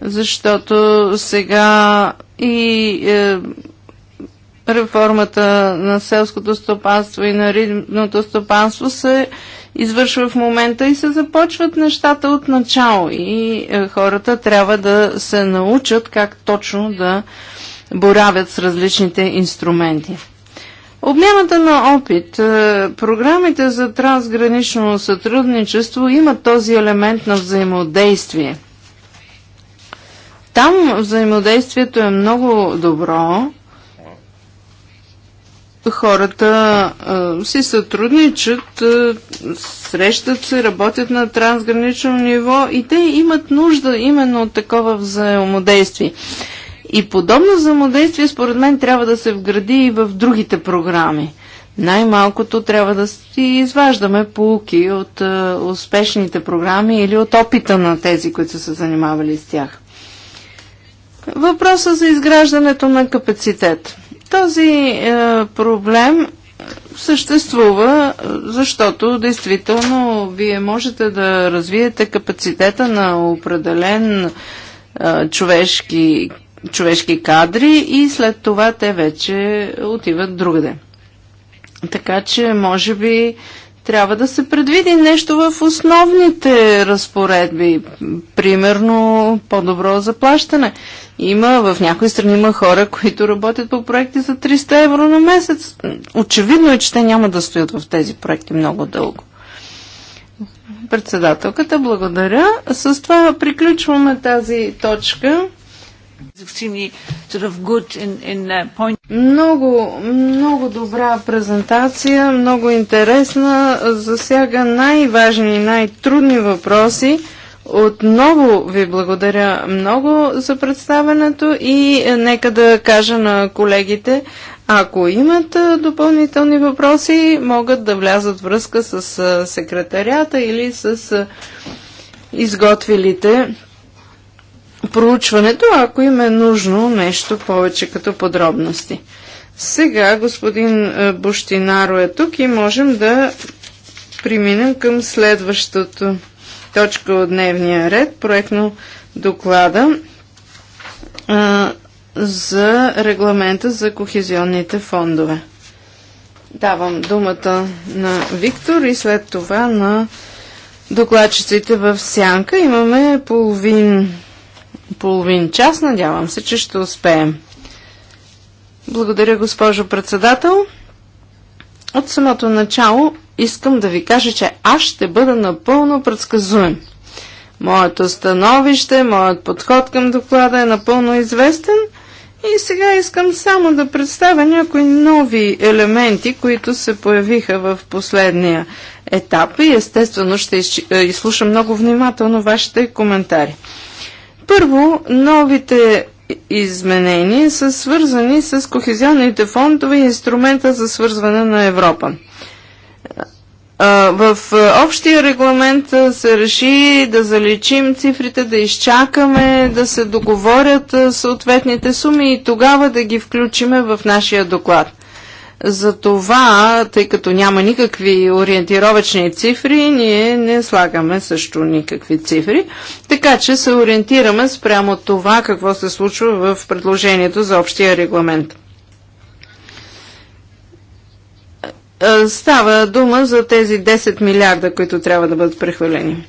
Защото сега и е, реформата на селското стопанство и на рибното стопанство се извършва в момента и се започват нещата от начало и е, хората трябва да се научат как точно да боравят с различните инструменти. Обмяната на опит. Е, програмите за трансгранично сътрудничество имат този елемент на взаимодействие. Там взаимодействието е много добро, хората а, си сътрудничат, а, срещат се, работят на трансгранично ниво и те имат нужда именно от такова взаимодействие. И подобно взаимодействие, според мен, трябва да се вгради и в другите програми. Най-малкото трябва да си изваждаме полуки от а, успешните програми или от опита на тези, които са се занимавали с тях. Въпросът за изграждането на капацитет – този е, проблем съществува, защото действително вие можете да развиете капацитета на определен е, човешки, човешки кадри и след това те вече отиват другаде. Така че, може би, трябва да се предвиди нещо в основните разпоредби. Примерно по-добро заплащане. Има, в някои страни има хора, които работят по проекти за 300 евро на месец. Очевидно е, че те няма да стоят в тези проекти много дълго. Председателката, благодаря. С това приключваме тази точка. Uh, много, много добра презентация, много интересна, засяга най-важни и най-трудни въпроси. Отново ви благодаря много за представенето и е, нека да кажа на колегите, ако имат е, допълнителни въпроси, могат да влязат връзка с е, секретарята или с изготвилите проучването, ако им е нужно нещо повече като подробности. Сега господин е, Буштинаро е тук и можем да преминем към следващото точка от дневния ред, проектно доклада а, е, за регламента за кохезионните фондове. Давам думата на Виктор и след това на докладчиците в Сянка. Имаме половин половин час. Надявам се, че ще успеем. Благодаря, госпожо председател. От самото начало искам да ви кажа, че аз ще бъда напълно предсказуем. Моето становище, моят подход към доклада е напълно известен и сега искам само да представя някои нови елементи, които се появиха в последния етап и естествено ще е, изслушам много внимателно вашите коментари. Първо, новите изменения са свързани с кохезионните фондове и инструмента за свързване на Европа. В общия регламент се реши да заличим цифрите, да изчакаме, да се договорят съответните суми и тогава да ги включиме в нашия доклад. За това, тъй като няма никакви ориентировачни цифри, ние не слагаме също никакви цифри, така че се ориентираме спрямо това какво се случва в предложението за общия регламент. Е, става дума за тези 10 милиарда, които трябва да бъдат прехвалени.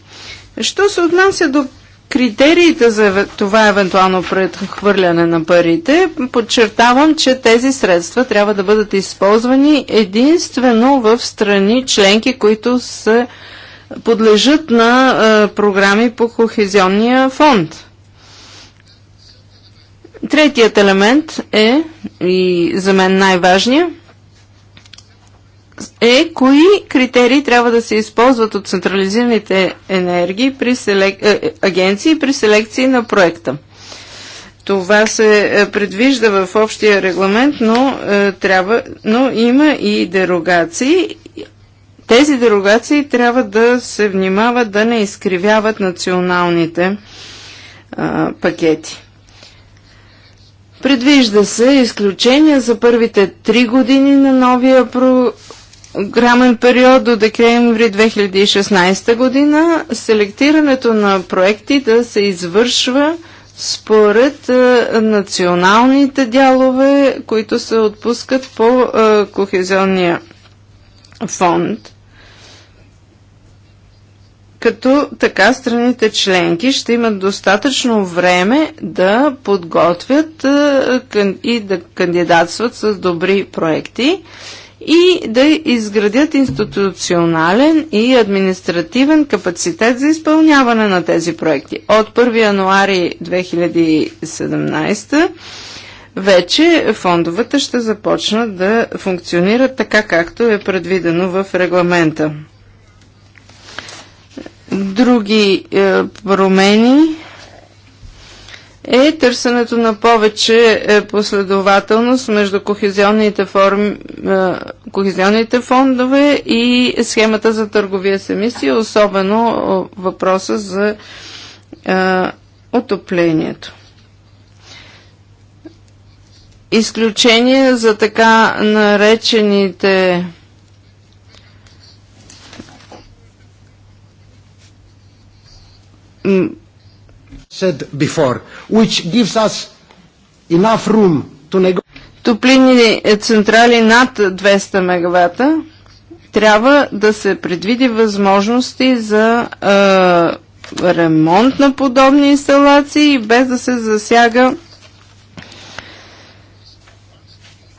Що се отнася до критериите за това евентуално предхвърляне на парите, подчертавам, че тези средства трябва да бъдат използвани единствено в страни членки, които са подлежат на а, е, програми по Кохезионния фонд. Третият елемент е и за мен най-важният е кои критерии трябва да се използват от централизираните енергии при селек... Е, е, агенции при селекции на проекта. Това се е, предвижда в общия регламент, но, трябва, но има и дерогации. Тези дерогации трябва да се внимават да не изкривяват националните а, пакети. Предвижда се изключение за първите три години на новия про грамен период до декември 2016 година селектирането на проекти да се извършва според е, националните дялове, които се отпускат по е, Кохезионния фонд. Като така страните членки ще имат достатъчно време да подготвят е, и да кандидатстват с добри проекти и да изградят институционален и административен капацитет за изпълняване на тези проекти. От 1 януари 2017 вече фондовете ще започнат да функционират така, както е предвидено в регламента. Други е, промени е търсенето на повече е, последователност между кохезионните, форми, е, кохезионните фондове и схемата за търговия с емисии, особено е, въпроса за а, отоплението. Изключение за така наречените м- said before, which gives us enough room to negotiate. централи над 200 мегавата трябва да се предвиди възможности за е, ремонт на подобни инсталации, без да се засяга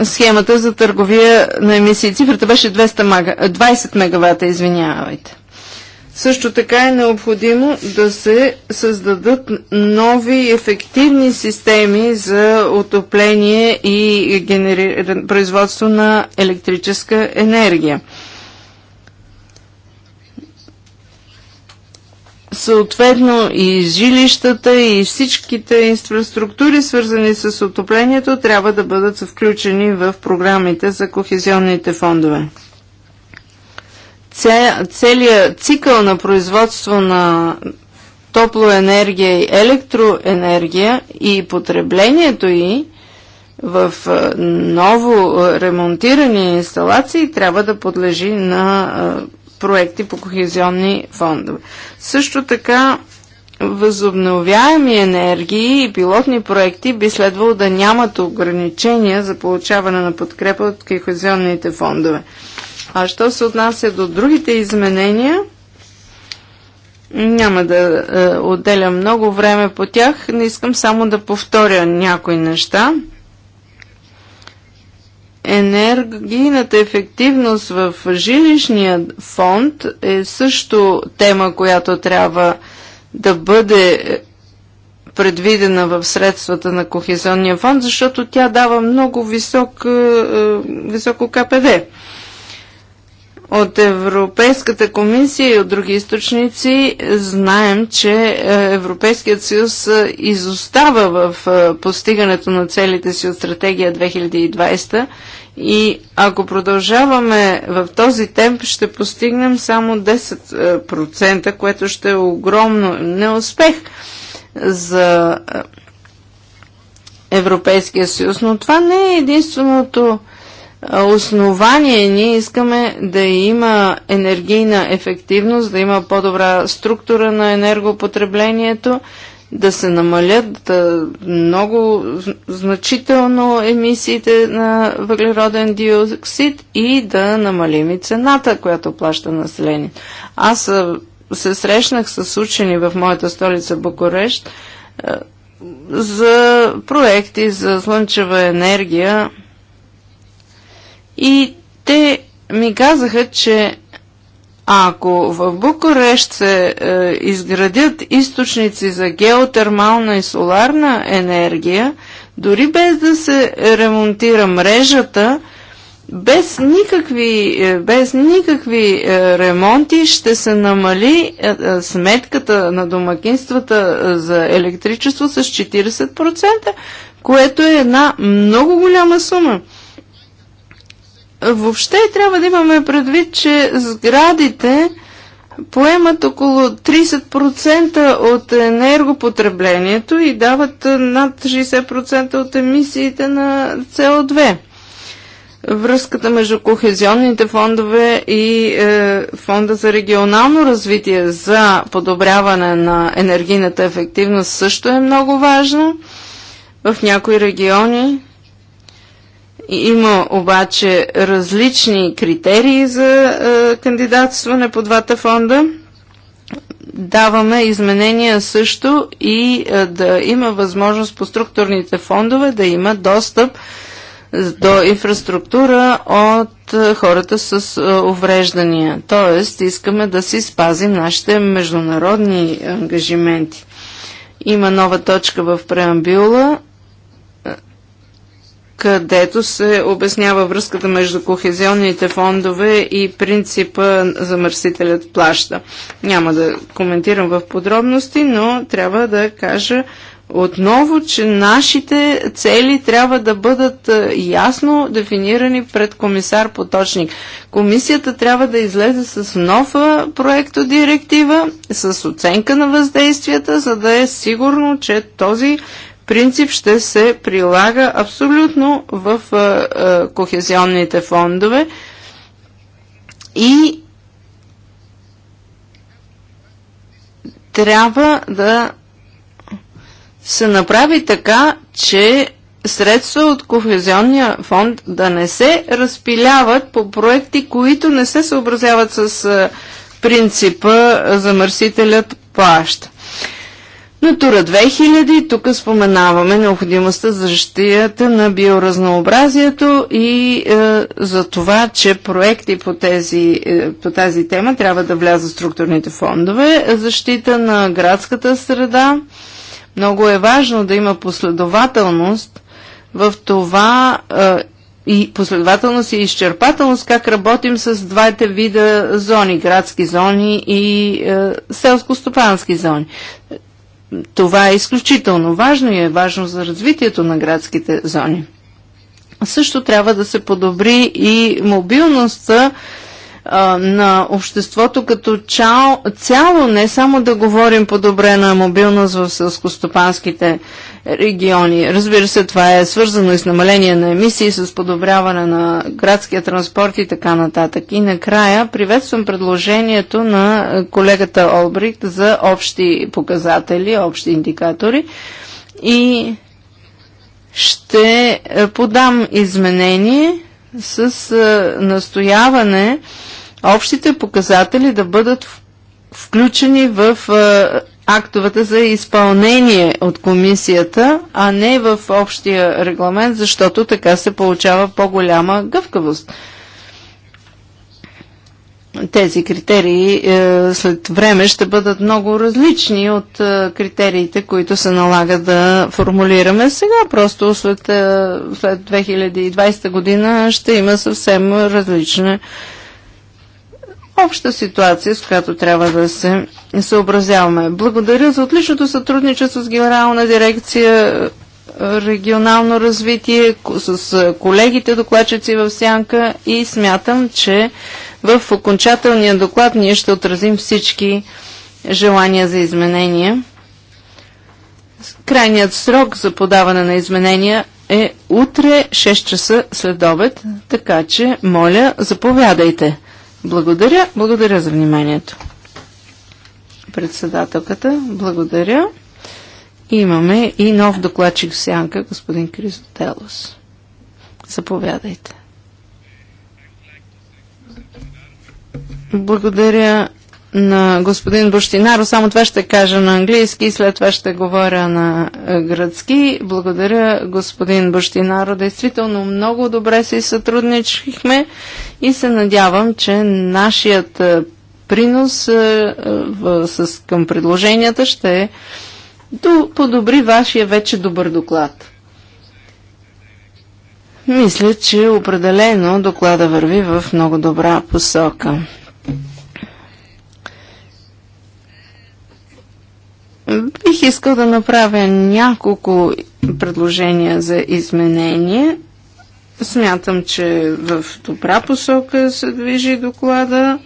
схемата за търговия на емисии. Цифрата беше 200 мега, 20 мегавата, извинявайте. Също така е необходимо да се създадат нови и ефективни системи за отопление и генери... производство на електрическа енергия. Съответно и жилищата и всичките инфраструктури, свързани с отоплението, трябва да бъдат включени в програмите за кохезионните фондове целият цикъл на производство на топлоенергия и електроенергия и потреблението й в е, ново е, ремонтирани инсталации трябва да подлежи на е, проекти по кохезионни фондове. Също така възобновяеми енергии и пилотни проекти би следвало да нямат ограничения за получаване на подкрепа от кохезионните фондове. А що се отнася до другите изменения, няма да е, отделя много време по тях. Не искам само да повторя някои неща. Енергийната ефективност в жилищния фонд е също тема, която трябва да бъде предвидена в средствата на Кохезионния фонд, защото тя дава много висок, е, е високо КПД. От Европейската комисия и от други източници знаем, че е, Европейският съюз е, изостава в е, постигането на целите си от стратегия 2020 и ако продължаваме в този темп, ще постигнем само 10%, което ще е огромно неуспех за Европейския съюз. Но това не е единственото основание ние искаме да има енергийна ефективност, да има по-добра структура на енергопотреблението, да се намалят да много значително емисиите на въглероден диоксид и да намалим и цената, която плаща населението. Аз се срещнах с учени в моята столица Букурещ за проекти за слънчева енергия и те ми казаха, че ако в Букурещ се е, изградят източници за геотермална и соларна енергия, дори без да се ремонтира мрежата, без никакви, е, без никакви е, ремонти ще се намали е, сметката на домакинствата за електричество с 40%, което е една много голяма сума. Въобще трябва да имаме предвид, че сградите поемат около 30% от енергопотреблението и дават над 60% от емисиите на СО2. Връзката между кохезионните фондове и е, фонда за регионално развитие за подобряване на енергийната ефективност също е много важно В някои региони има обаче различни критерии за е, кандидатстване по двата фонда. Даваме изменения също и е, да има възможност по структурните фондове да има достъп до инфраструктура от е, хората с е, увреждания. Тоест, искаме да си спазим нашите международни ангажименти. Има нова точка в преамбюла където се обяснява връзката между кохезионните фондове и принципа замърсителят плаща. Няма да коментирам в подробности, но трябва да кажа отново, че нашите цели трябва да бъдат е, ясно дефинирани пред комисар Поточник. Комисията трябва да излезе с нова проектодиректива, с оценка на въздействията, за да е сигурно, че този принцип ще се прилага абсолютно в е, е, кохезионните фондове и трябва да се направи така, че средства от Кохезионния фонд да не се разпиляват по проекти, които не се съобразяват с е, принципа замърсителят плаща. Натура 2000, тук споменаваме необходимостта за защита на биоразнообразието и е, за това, че проекти по, тези, е, по тази тема трябва да влязат в структурните фондове. Защита на градската среда. Много е важно да има последователност в това е, и последователност и изчерпателност как работим с двете вида зони, градски зони и е, селско-стопански зони това е изключително важно и е важно за развитието на градските зони. Също трябва да се подобри и мобилността на обществото като чао, цяло, не само да говорим по-добре на е мобилност в селскостопанските региони. Разбира се, това е свързано и с намаление на емисии, с подобряване на градския транспорт и така нататък. И накрая приветствам предложението на колегата Олбрик за общи показатели, общи индикатори и ще е, подам изменение с е, настояване общите показатели да бъдат включени в актовете за изпълнение от комисията, а не в общия регламент, защото така се получава по-голяма гъвкавост. Тези критерии е, след време ще бъдат много различни от е, критериите, които се налага да формулираме сега. Просто след, е, след 2020 година ще има съвсем различни обща ситуация, с която трябва да се съобразяваме. Благодаря за отличното сътрудничество с Генерална дирекция е, регионално развитие с е, колегите докладчици в Сянка и смятам, че в окончателния доклад ние ще отразим всички желания за изменения. Крайният срок за подаване на изменения е утре 6 часа след обед, така че моля заповядайте. Благодаря. Благодаря за вниманието. Председателката, благодаря. Имаме и нов докладчик в сянка, господин Кристотелос. Заповядайте. Благодаря на господин Бощинаро. Само това ще кажа на английски, след това ще говоря на е, гръцки. Благодаря господин Бощинаро. Действително много добре си сътрудничихме и се надявам, че нашият е, принос е, с, към предложенията ще подобри вашия вече добър доклад. Мисля, че определено доклада върви в много добра посока. Бих искал да направя няколко предложения за изменение. Смятам, че в добра посока се движи доклада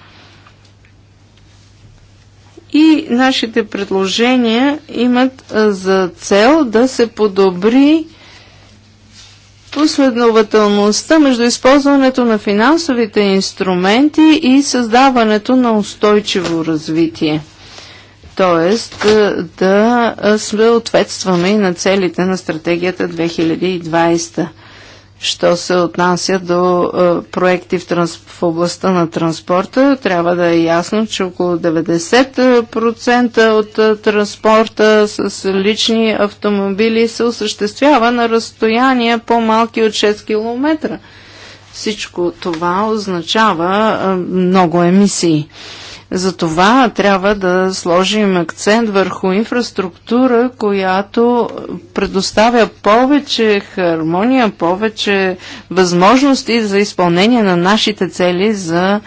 и нашите предложения имат за цел да се подобри последователността между използването на финансовите инструменти и създаването на устойчиво развитие. Тоест да съответстваме и на целите на стратегията 2020. Що се отнася до е, проекти в, транс, в областта на транспорта, трябва да е ясно, че около 90% от е, транспорта с, лични автомобили се осъществява на разстояния по-малки от 6 км. Всичко това означава е, много емисии. Затова трябва да сложим акцент върху инфраструктура, която предоставя повече хармония, повече възможности за изпълнение на нашите цели за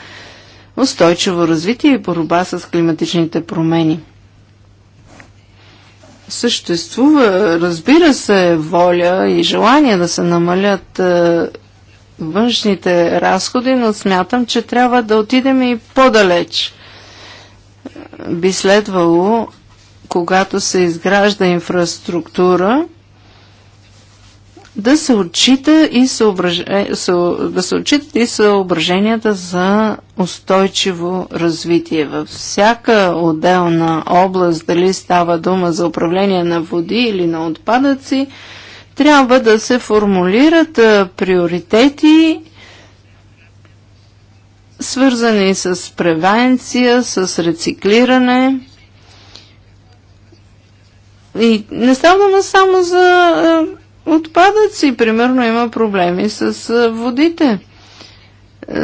устойчиво развитие и борба с климатичните промени. Съществува, разбира се, воля и желание да се намалят е, външните разходи, но смятам, че трябва да отидем и по-далеч би следвало, когато се изгражда инфраструктура, да се, отчита и съображ... да се отчитат и съображенията за устойчиво развитие. Във всяка отделна област, дали става дума за управление на води или на отпадъци, трябва да се формулират приоритети свързани с превенция, с рециклиране. И не става дума само за е, отпадъци. Примерно има проблеми с е, водите.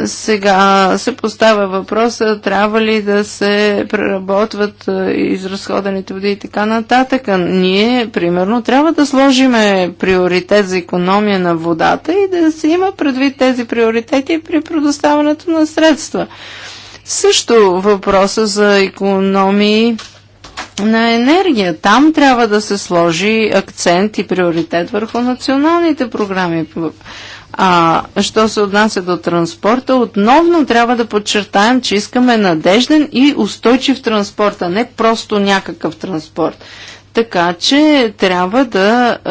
Сега се поставя въпроса, трябва ли да се преработват е, изразходените води и така нататък. Ние, примерно, трябва да сложиме приоритет за економия на водата и да се има предвид тези приоритети при предоставянето на средства. Също въпроса за економии на енергия. Там трябва да се сложи акцент и приоритет върху националните програми. А що се отнася до транспорта, отново трябва да подчертаем, че искаме надежден и устойчив транспорт, а не просто някакъв транспорт. Така че трябва да е,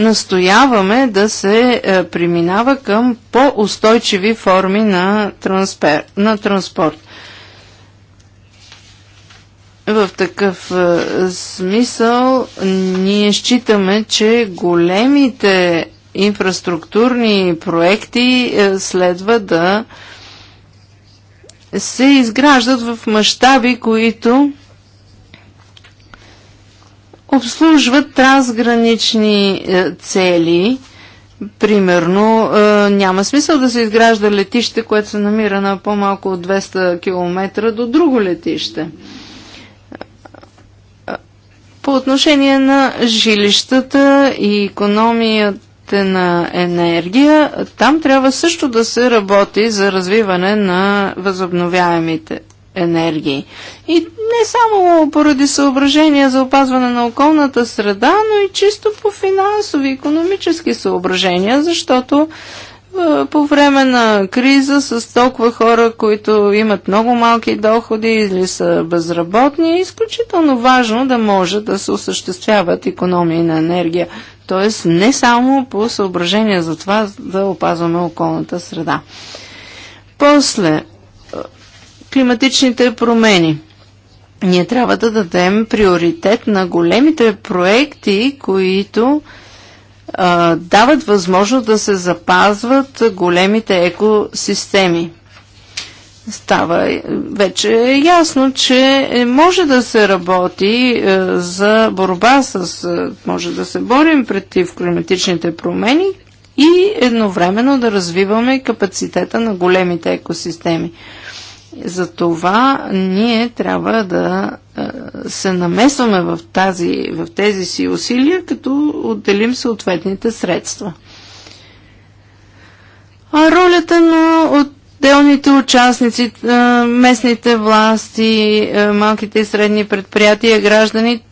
настояваме да се е, преминава към по-устойчиви форми на, транспер, на транспорт. В такъв е, смисъл ние считаме, че големите инфраструктурни проекти е, следва да се изграждат в мащаби, които обслужват трансгранични е, цели. Примерно, е, няма смисъл да се изгражда летище, което се намира на по-малко от 200 км до друго летище. По отношение на жилищата и економията доставките на енергия, там трябва също да се работи за развиване на възобновяемите енергии. И не само поради съображения за опазване на околната среда, но и чисто по финансови, економически съображения, защото е, по време на криза с толкова хора, които имат много малки доходи или са безработни, е изключително важно да може да се осъществяват економии на енергия. Тоест не само по съображение за това да опазваме околната среда. После, е, климатичните промени. Ние трябва да дадем приоритет на големите проекти, които а, дават възможност да се запазват големите екосистеми. Става вече е ясно, че е, може да се работи е, за борба с... Е, може да се борим против климатичните промени и едновременно да развиваме капацитета на големите екосистеми. Затова ние трябва да е, се намесваме в, тази, в тези си усилия, като отделим съответните средства. А ролята на отделните участници, е, местните власти, е, малките и средни предприятия, гражданите,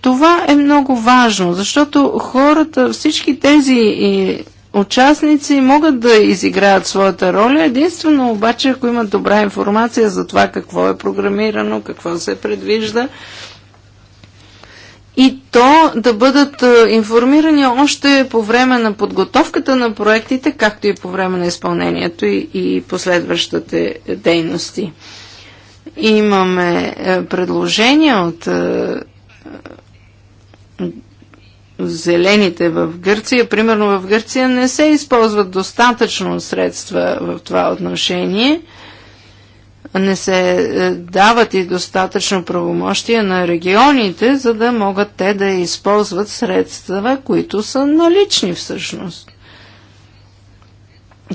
това е много важно, защото хората, всички тези участници могат да изиграят своята роля, единствено обаче, ако имат добра информация за това какво е програмирано, какво се предвижда, и то да бъдат е, информирани още по време на подготовката на проектите, както и по време на изпълнението и, и последващите дейности. Имаме е, предложения от е, зелените в Гърция. Примерно в Гърция не се използват достатъчно средства в това отношение. Не се е, дават и достатъчно правомощия на регионите, за да могат те да използват средства, които са налични всъщност.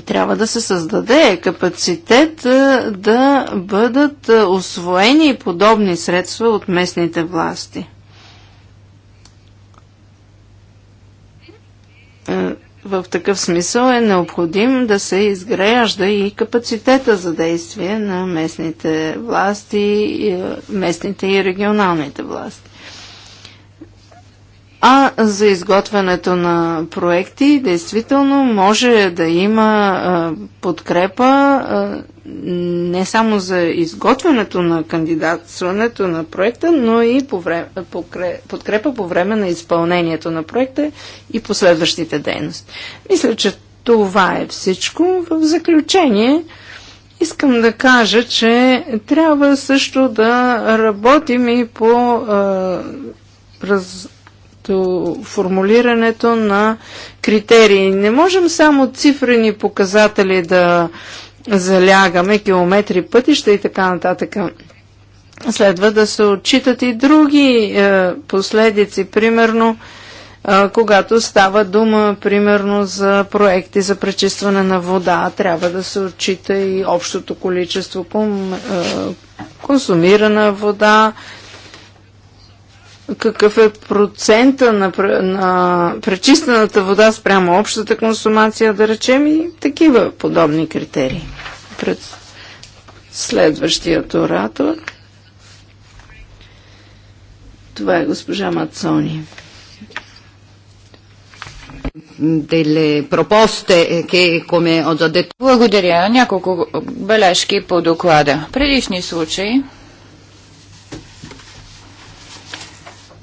Трябва да се създаде капацитет е, да бъдат е, освоени подобни средства от местните власти. Е, в такъв смисъл е необходим да се изгражда и капацитета за действие на местните власти, е, местните и регионалните власти. А за изготвянето на проекти, действително, може да има а, подкрепа а, не само за изготвянето на кандидатстването на проекта, но и по време, подкрепа по време на изпълнението на проекта и последващите дейности. Мисля, че това е всичко. В заключение, Искам да кажа, че трябва също да работим и по а, раз, като формулирането на критерии. Не можем само цифрени показатели да залягаме, километри, пътища и така нататък. Следва да се отчитат и други е, последици, примерно е, когато става дума, примерно за проекти за пречистване на вода, трябва да се отчита и общото количество ком, е, консумирана вода, е, какъв е процента на, на пречистената вода спрямо общата консумация, да речем и такива подобни критерии. Пред следващият оратор. Това е госпожа Мацони. Деле пропосте, ке коме ho Благодаря. Няколко бележки по доклада. Предишни случаи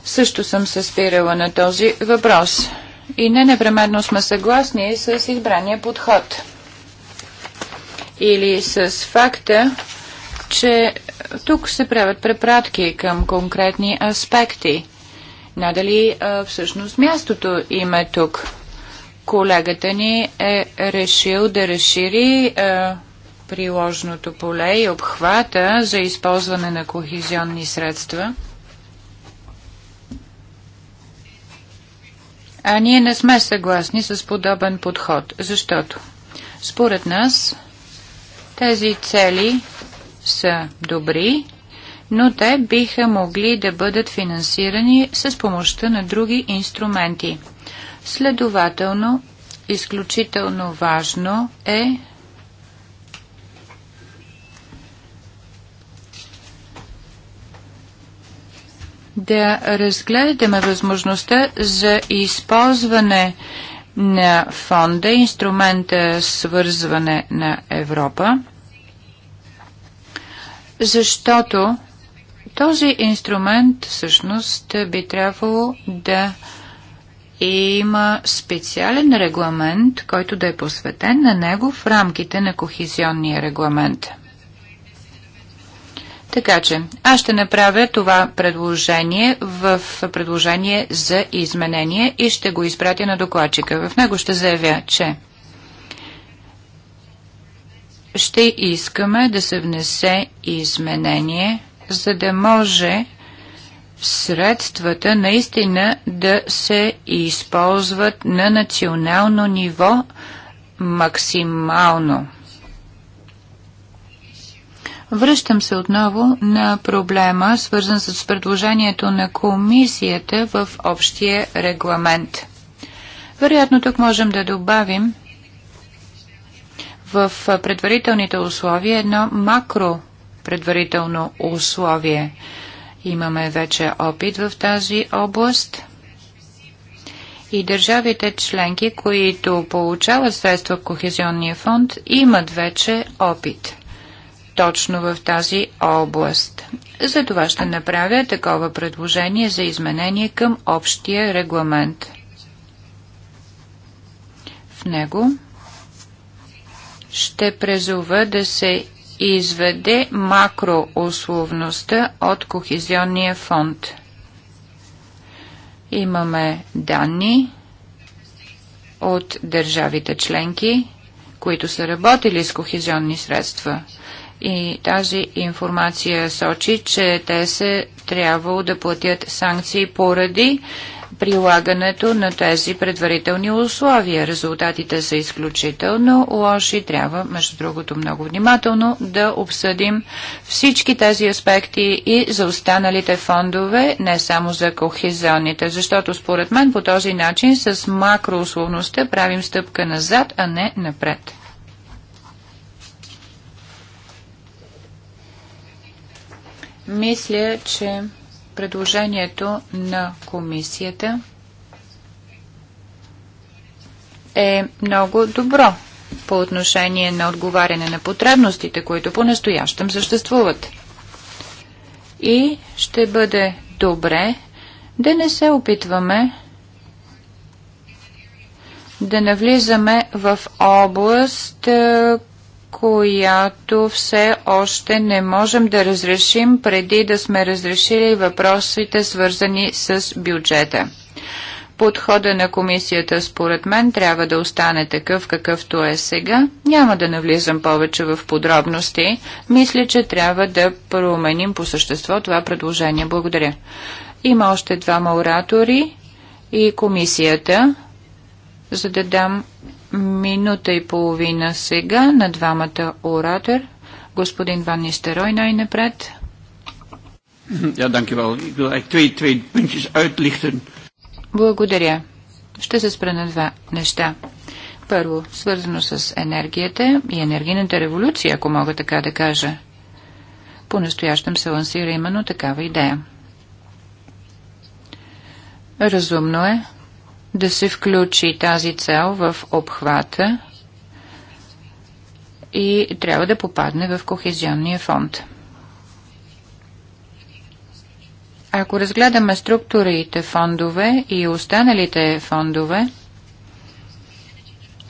Също съм се спирала на този въпрос. И не непременно сме съгласни с избрания подход. Или с факта, че тук се правят препратки към конкретни аспекти. Надали а, всъщност мястото има е тук. Колегата ни е решил да разшири а, приложното поле и обхвата за използване на кохезионни средства – А ние не сме съгласни с подобен подход, защото според нас тези цели са добри, но те биха могли да бъдат финансирани с помощта на други инструменти. Следователно, изключително важно е да разгледаме възможността за използване на фонда, инструмента свързване на Европа, защото този инструмент всъщност би трябвало да има специален регламент, който да е посветен на него в рамките на кохезионния регламент – така че аз ще направя това предложение в предложение за изменение и ще го изпратя на докладчика. В него ще заявя, че ще искаме да се внесе изменение, за да може средствата наистина да се използват на национално ниво максимално. Връщам се отново на проблема, свързан с предложението на комисията в общия регламент. Вероятно тук можем да добавим в предварителните условия едно макро предварително условие. Имаме вече опит в тази област и държавите членки, които получават средства в Кохезионния фонд, имат вече опит точно в тази област. За това ще направя такова предложение за изменение към общия регламент. В него ще презува да се изведе макроусловността от Кохизионния фонд. Имаме данни от държавите членки, които са работили с кохезионни средства – и тази информация сочи, че те се трябвало да платят санкции поради прилагането на тези предварителни условия. Резултатите са изключително лоши. Трябва, между другото, много внимателно да обсъдим всички тези аспекти и за останалите фондове, не само за кохезионните, защото според мен по този начин с макроусловността правим стъпка назад, а не напред. Мисля, че предложението на комисията е много добро по отношение на отговаряне на потребностите, които по-настоящем съществуват. И ще бъде добре да не се опитваме да навлизаме в област, която все още не можем да разрешим преди да сме разрешили въпросите свързани с бюджета. Подхода на комисията според мен трябва да остане такъв какъвто е сега. Няма да навлизам повече в подробности. Мисля, че трябва да променим по същество това предложение. Благодаря. Има още двама оратори и комисията, за да дам минута и половина сега на двамата оратор. Господин Ван Нистерой най-напред. Ja, dankjewel. Ik wil eigenlijk twee, twee puntjes uitlichten. Благодаря. Ще се спра на два неща. Първо, свързано с енергията и енергийната революция, ако мога така да кажа. По-настоящем се лансира именно такава идея. Разумно е да се включи тази цел в обхвата и трябва да попадне в Кохезионния фонд. Ако разгледаме структурите фондове и останалите фондове,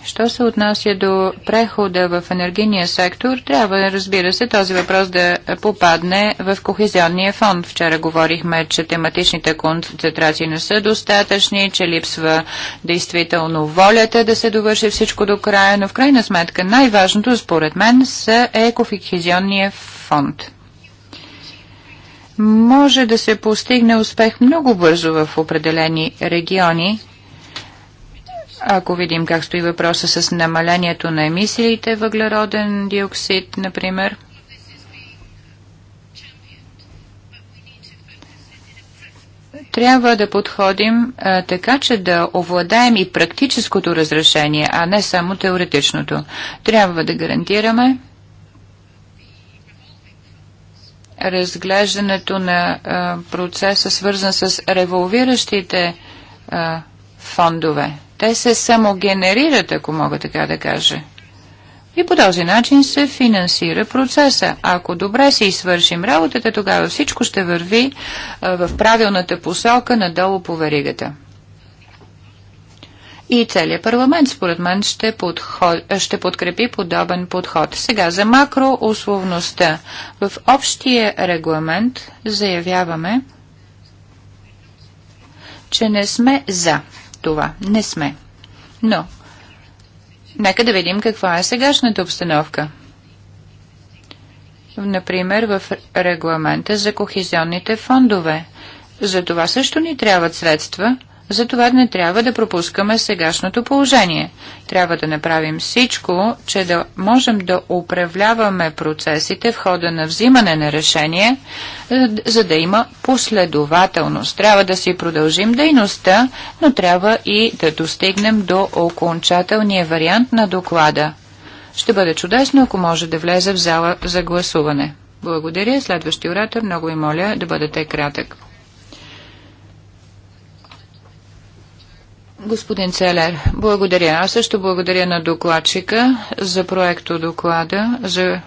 Що се отнася до прехода в енергийния сектор, трябва, разбира се, този въпрос да попадне в Кохезионния фонд. Вчера говорихме, че тематичните концентрации не са достатъчни, че липсва действително волята да се довърши всичко до края, но в крайна сметка най-важното, според мен, е Кохезионния фонд може да се постигне успех много бързо в определени региони ако видим как стои въпроса с намалението на емисиите въглероден диоксид, например, трябва да подходим а, така, че да овладаем и практическото разрешение, а не само теоретичното. Трябва да гарантираме разглеждането на а, процеса, свързан с револвиращите а, фондове. Те се самогенерират, ако мога така да кажа. И по този начин се финансира процеса. Ако добре си свършим работата, тогава всичко ще върви а, в правилната посока надолу по веригата. И целият парламент, според мен, ще, подход, ще подкрепи подобен подход. Сега за макроусловността. В общия регламент заявяваме, че не сме за това. Не сме. Но, нека да видим каква е сегашната обстановка. Например, в регламента за кохезионните фондове. За това също ни трябват средства, затова не трябва да пропускаме сегашното положение. Трябва да направим всичко, че да можем да управляваме процесите в хода на взимане на решение, е, за да има последователност. Трябва да си продължим дейността, но трябва и да достигнем до окончателния вариант на доклада. Ще бъде чудесно, ако може да влезе в зала за гласуване. Благодаря. Следващия оратор, много ви моля да бъдете кратък. Господин Целер, благодаря. Аз също благодаря на докладчика за проекто доклада за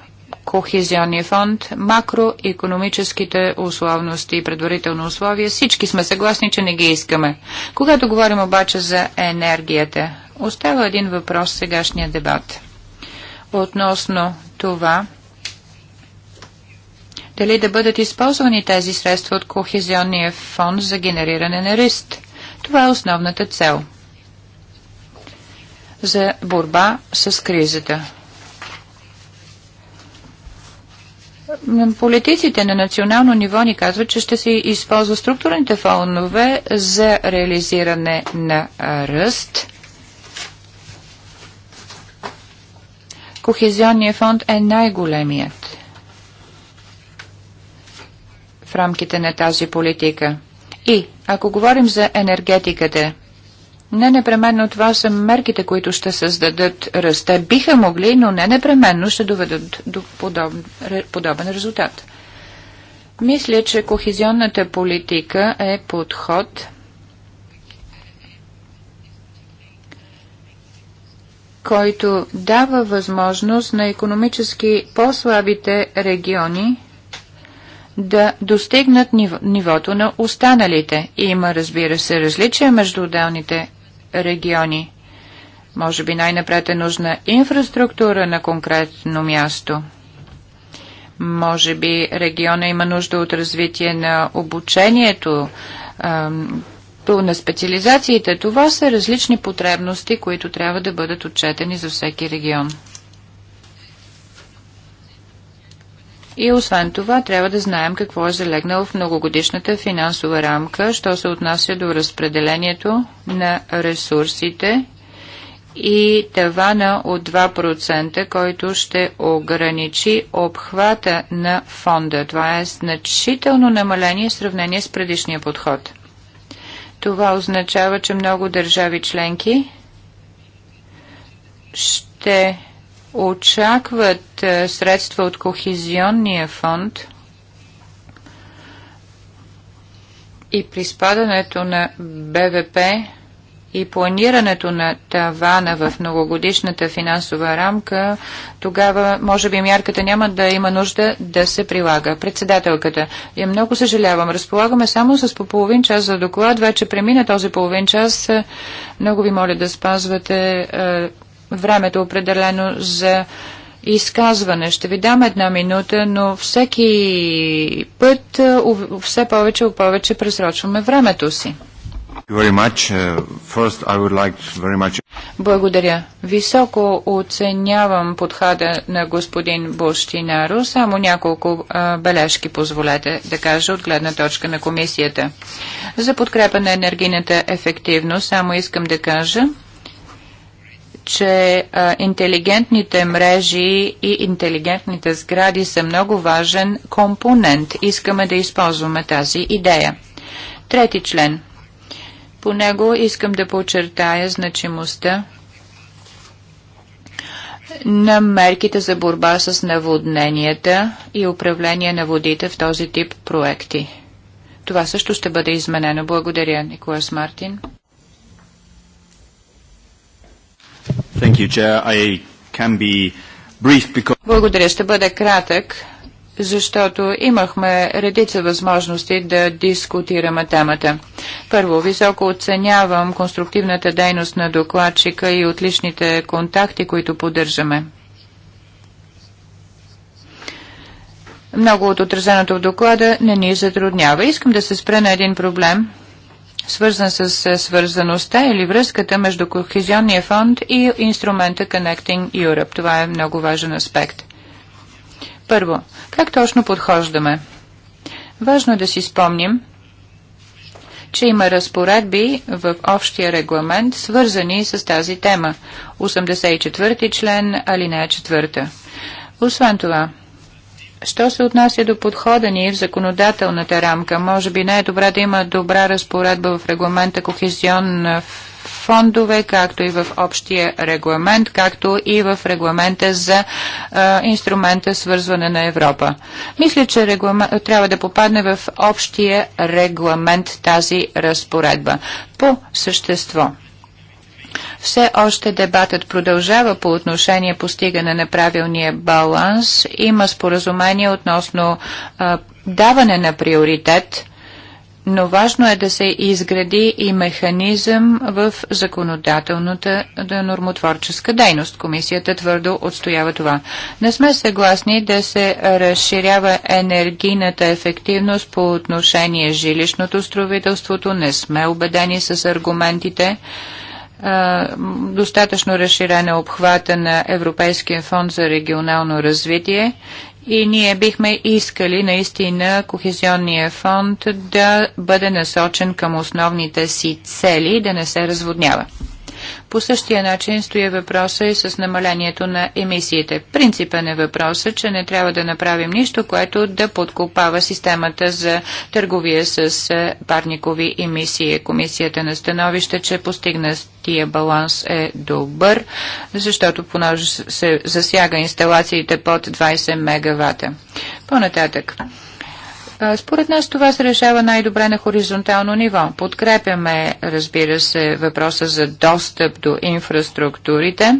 Кохезионния фонд, макроекономическите условности и предварително условия. Всички сме съгласни, че не ги искаме. Когато говорим обаче за енергията, остава един въпрос в сегашния дебат. Относно това, дали да бъдат използвани тези средства от Кохезионния фонд за генериране на ръст. Това е основната цел за борба с кризата. Политиците на национално ниво ни казват, че ще се използва структурните фонове за реализиране на ръст. Кохезионният фонд е най-големият в рамките на тази политика – и ако говорим за енергетиката, не непременно това са мерките, които ще създадат ръста. Биха могли, но не непременно ще доведат до подобен, подобен резултат. Мисля, че кохезионната политика е подход, който дава възможност на економически по-слабите региони да достигнат нивото на останалите. И има, разбира се, различия между отделните региони. Може би най-напред е нужна инфраструктура на конкретно място. Може би региона има нужда от развитие на обучението, на специализациите. Това са различни потребности, които трябва да бъдат отчетени за всеки регион. И освен това, трябва да знаем какво е залегнало в многогодишната финансова рамка, що се отнася до разпределението на ресурсите и тавана от 2%, който ще ограничи обхвата на фонда. Това е значително намаление в сравнение с предишния подход. Това означава, че много държави членки ще очакват е, средства от Кохизионния фонд и при спадането на БВП и планирането на тавана в многогодишната финансова рамка, тогава може би мярката няма да има нужда да се прилага. Председателката, я много съжалявам, разполагаме само с по половин час за доклад, вече премина този половин час. Много ви моля да спазвате е, времето определено за изказване. Ще ви дам една минута, но всеки път е, все повече и повече пресрочваме времето си. Uh, Благодаря. Високо оценявам подхода на господин Бощинаро. Само няколко а, е, бележки позволете да кажа от гледна точка на комисията. За подкрепа на енергийната ефективност само искам да кажа, че а, интелигентните мрежи и интелигентните сгради са много важен компонент. Искаме да използваме тази идея. Трети член. По него искам да подчертая значимостта на мерките за борба с наводненията и управление на водите в този тип проекти. Това също ще бъде изменено. Благодаря, Николас Мартин. Благодаря, ще бъде кратък, защото имахме редица възможности да дискутираме темата. Първо, високо оценявам конструктивната дейност на докладчика и отличните контакти, които поддържаме. Много от отразеното в доклада не ни затруднява. Искам да се спре на един проблем – свързан с е, свързаността или връзката между Кохезионния фонд и инструмента Connecting Europe. Това е много важен аспект. Първо, как точно подхождаме? Важно е да си спомним, че има разпоредби в общия регламент, свързани с тази тема. 84 член, алинея 4. Освен това, Що се отнася до подхода ни в законодателната рамка, може би не е да има добра разпоредба в регламента на фондове, както и в общия регламент, както и в регламента за а, инструмента свързване на Европа. Мисля, че трябва да попадне в общия регламент тази разпоредба. По същество. Все още дебатът продължава по отношение постигане на правилния баланс. Има споразумение относно а, даване на приоритет, но важно е да се изгради и механизъм в законодателната да нормотворческа дейност. Комисията твърдо отстоява това. Не сме съгласни да се разширява енергийната ефективност по отношение жилищното строителството. Не сме убедени с аргументите достатъчно разширена е обхвата на Европейския фонд за регионално развитие и ние бихме искали наистина Кохезионния фонд да бъде насочен към основните си цели и да не се разводнява. По същия начин стоя въпроса и с намалението на емисиите. Принципен е въпросът, че не трябва да направим нищо, което да подкопава системата за търговия с е, парникови емисии. Комисията на становище, че постигна тия баланс е добър, защото понеже се засяга инсталациите под 20 мегавата. По-нататък. Според нас това се решава най-добре на хоризонтално ниво. Подкрепяме, разбира се, въпроса за достъп до инфраструктурите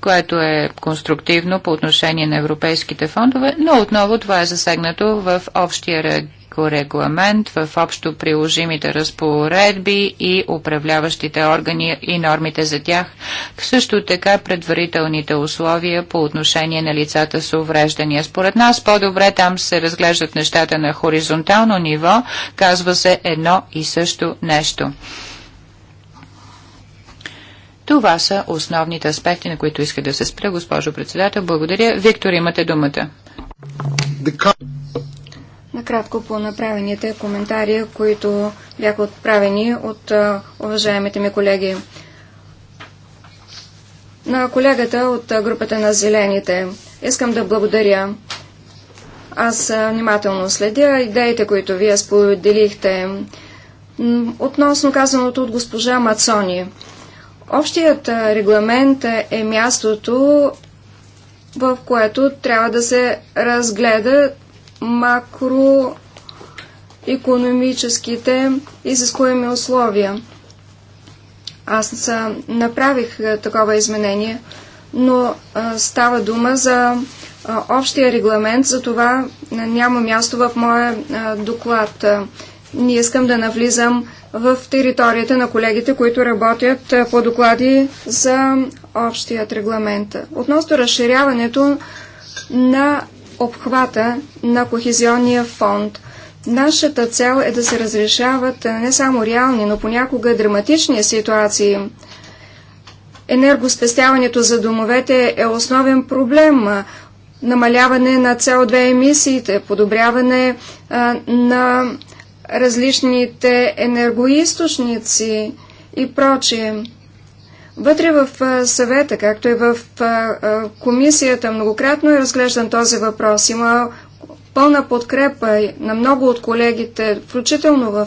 което е конструктивно по отношение на европейските фондове, но отново това е засегнато в общия ред регламент в общо приложимите разпоредби и управляващите органи и нормите за тях, също така предварителните условия по отношение на лицата с увреждания. Според нас по-добре там се разглеждат нещата на хоризонтално ниво, казва се едно и също нещо. Това са основните аспекти, на които иска да се спра, госпожо председател. Благодаря. Виктор, имате думата. Накратко по направените коментари, които бяха отправени от уважаемите ми колеги. На колегата от групата на Зелените искам да благодаря. Аз внимателно следя идеите, които вие споделихте относно казаното от госпожа Мацони. Общият регламент е мястото, в което трябва да се разгледа макроекономическите изискуеми условия. Аз направих е, такова изменение, но е, става дума за е, общия регламент, за това няма място в моя доклад. Не искам да навлизам в територията на колегите, които работят по доклади за общият регламент. Относно разширяването на обхвата на Кохезионния фонд. Нашата цел е да се разрешават не само реални, но понякога драматични ситуации. Енергоспестяването за домовете е основен проблем. Намаляване на CO2 емисиите, подобряване на различните енергоисточници и прочие. Вътре в съвета, както и в комисията, многократно е разглеждан този въпрос. Има пълна подкрепа на много от колегите, включително в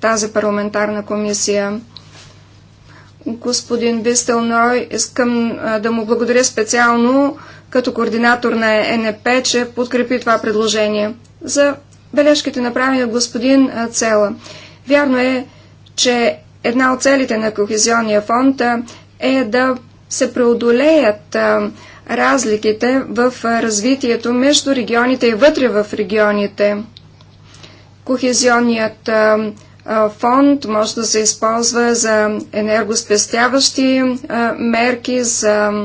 тази парламентарна комисия. Господин Бистелной, искам да му благодаря специално като координатор на ЕНП, че подкрепи това предложение. За бележките направени от господин Цела. Вярно е, че една от целите на Кохезионния фонд е да се преодолеят разликите в развитието между регионите и вътре в регионите. Кохезионният фонд може да се използва за енергоспестяващи мерки, за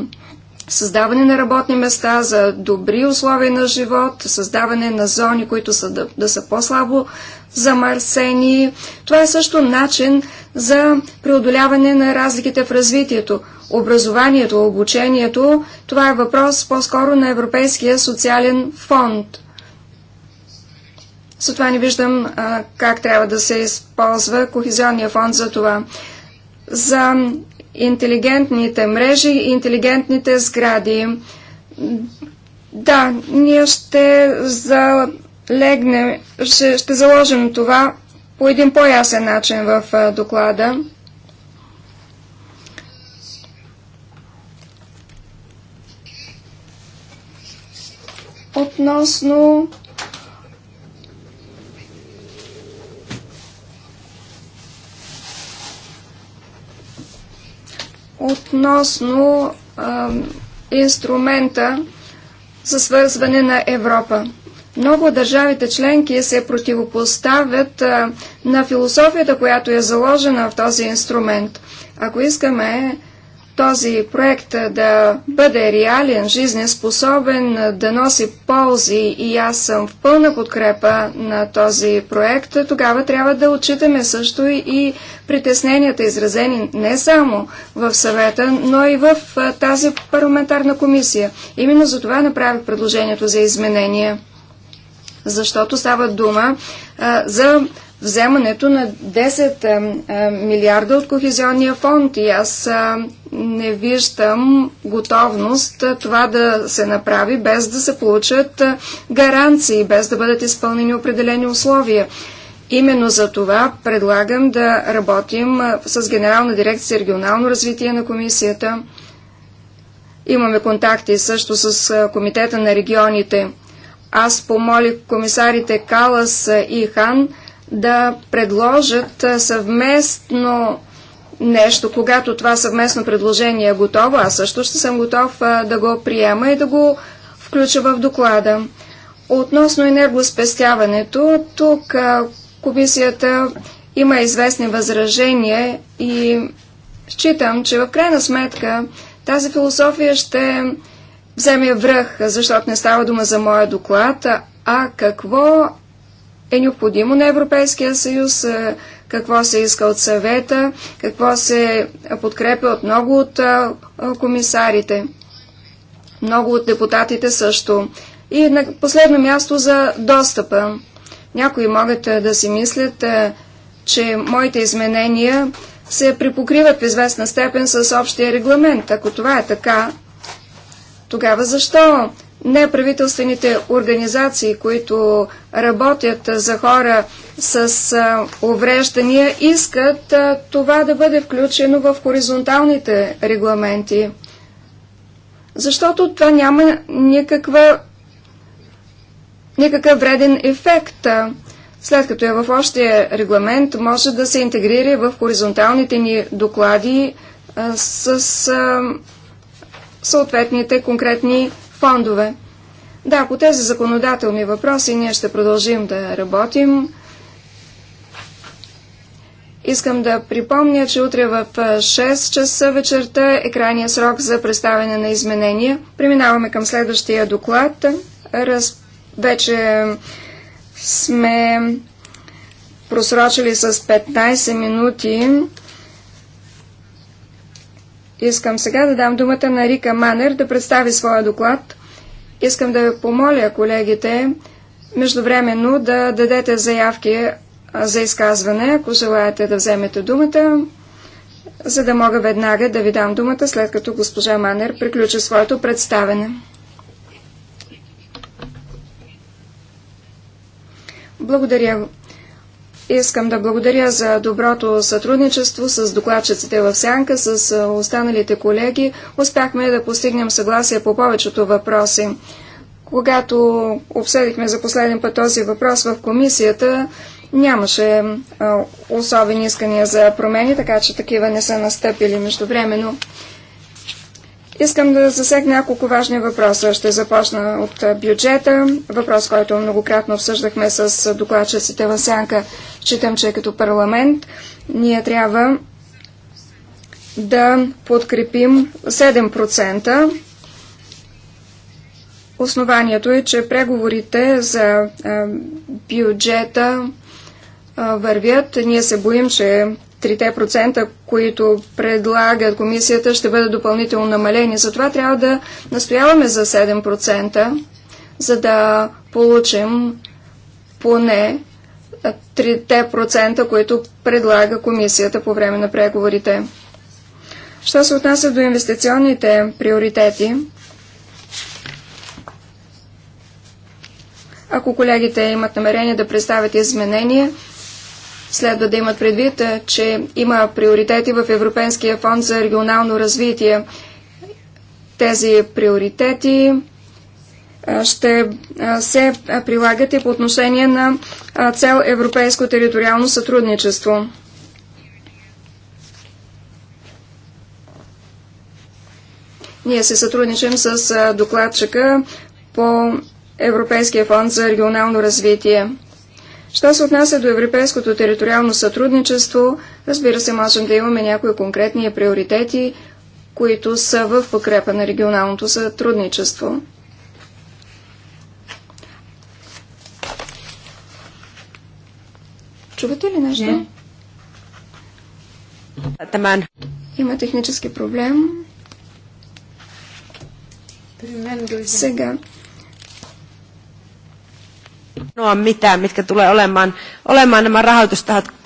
създаване на работни места, за добри условия на живот, създаване на зони, които са да, да са по-слабо замърсени. Това е също начин за преодоляване на разликите в развитието. Образованието, обучението, това е въпрос по-скоро на Европейския социален фонд. За това не виждам а, как трябва да се използва Кохизионния фонд за това. За интелигентните мрежи и интелигентните сгради. Да, ние ще залегнем, ще, ще заложим това по един по-ясен начин в доклада. Относно относно а, инструмента за свързване на Европа. Много държавите членки се противопоставят а, на философията, която е заложена в този инструмент. Ако искаме този проект да бъде реален, жизнеспособен, да носи ползи и аз съм в пълна подкрепа на този проект, тогава трябва да отчитаме също и притесненията, изразени не само в съвета, но и в тази парламентарна комисия. Именно за това направих предложението за изменение, защото става дума а, за вземането на 10 милиарда от кохезионния фонд и аз не виждам готовност е, това да се направи без да се получат е, гаранции, без да бъдат изпълнени определени условия. Именно за това предлагам да работим е, с Генерална дирекция регионално развитие на комисията. Имаме контакти също с Комитета на регионите. Аз помолих комисарите Калас и Хан – да предложат съвместно нещо, когато това съвместно предложение е готово, аз също ще съм готов да го приема и да го включа в доклада. Относно енергоспестяването, тук комисията има известни възражения и считам, че в крайна сметка тази философия ще вземе връх, защото не става дума за моя доклад, а какво е необходимо на Европейския съюз, е, какво се иска от съвета, какво се подкрепя от много от е, е, комисарите, много от депутатите също. И на последно място за достъпа. Някои могат да си мислят, че моите изменения се припокриват в известна степен с общия регламент. Ако това е така, тогава защо неправителствените организации, които работят за хора с увреждания, искат това да бъде включено в хоризонталните регламенти. Защото това няма никаква, никакъв вреден ефект. След като е в общия регламент, може да се интегрира в хоризонталните ни доклади с съответните конкретни фондове. Да, по тези законодателни въпроси ние ще продължим да работим. Искам да припомня, че утре в 6 часа вечерта е крайния срок за представяне на изменения. Преминаваме към следващия доклад. Раз... Вече сме просрочили с 15 минути Искам сега да дам думата на Рика Манер да представи своя доклад. Искам да помоля колегите междувременно да дадете заявки за изказване, ако желаете да вземете думата, за да мога веднага да ви дам думата, след като госпожа Манер приключи своето представене. Благодаря, Искам да благодаря за доброто сътрудничество с докладчиците в Сянка, с останалите колеги. Успяхме да постигнем съгласие по повечето въпроси. Когато обсъдихме за последен път този въпрос в комисията, нямаше особени искания за промени, така че такива не са настъпили междувременно. Искам да засегна няколко важни въпроса. Ще започна от бюджета, въпрос, който многократно обсъждахме с докладчиците в Сянка. Считам, че е като парламент ние трябва да подкрепим 7%. Основанието е, че преговорите за бюджета вървят. Ние се боим, че 3%, които предлагат комисията, ще бъдат допълнително намалени. Затова трябва да настояваме за 7%, за да получим поне 3%, които предлага комисията по време на преговорите. Що се отнася до инвестиционните приоритети, ако колегите имат намерение да представят изменения, Следва да имат предвид, че има приоритети в Европейския фонд за регионално развитие. Тези приоритети ще се прилагат и по отношение на цел европейско териториално сътрудничество. Ние се сътрудничим с докладчика по Европейския фонд за регионално развитие. Що се отнася до европейското териториално сътрудничество, разбира се, можем да имаме някои конкретни приоритети, които са в подкрепа на регионалното сътрудничество. Чувате ли нещо? Таман. Има технически проблем. Сега sanoa mitään, mitkä tulee olemaan, olemaan nämä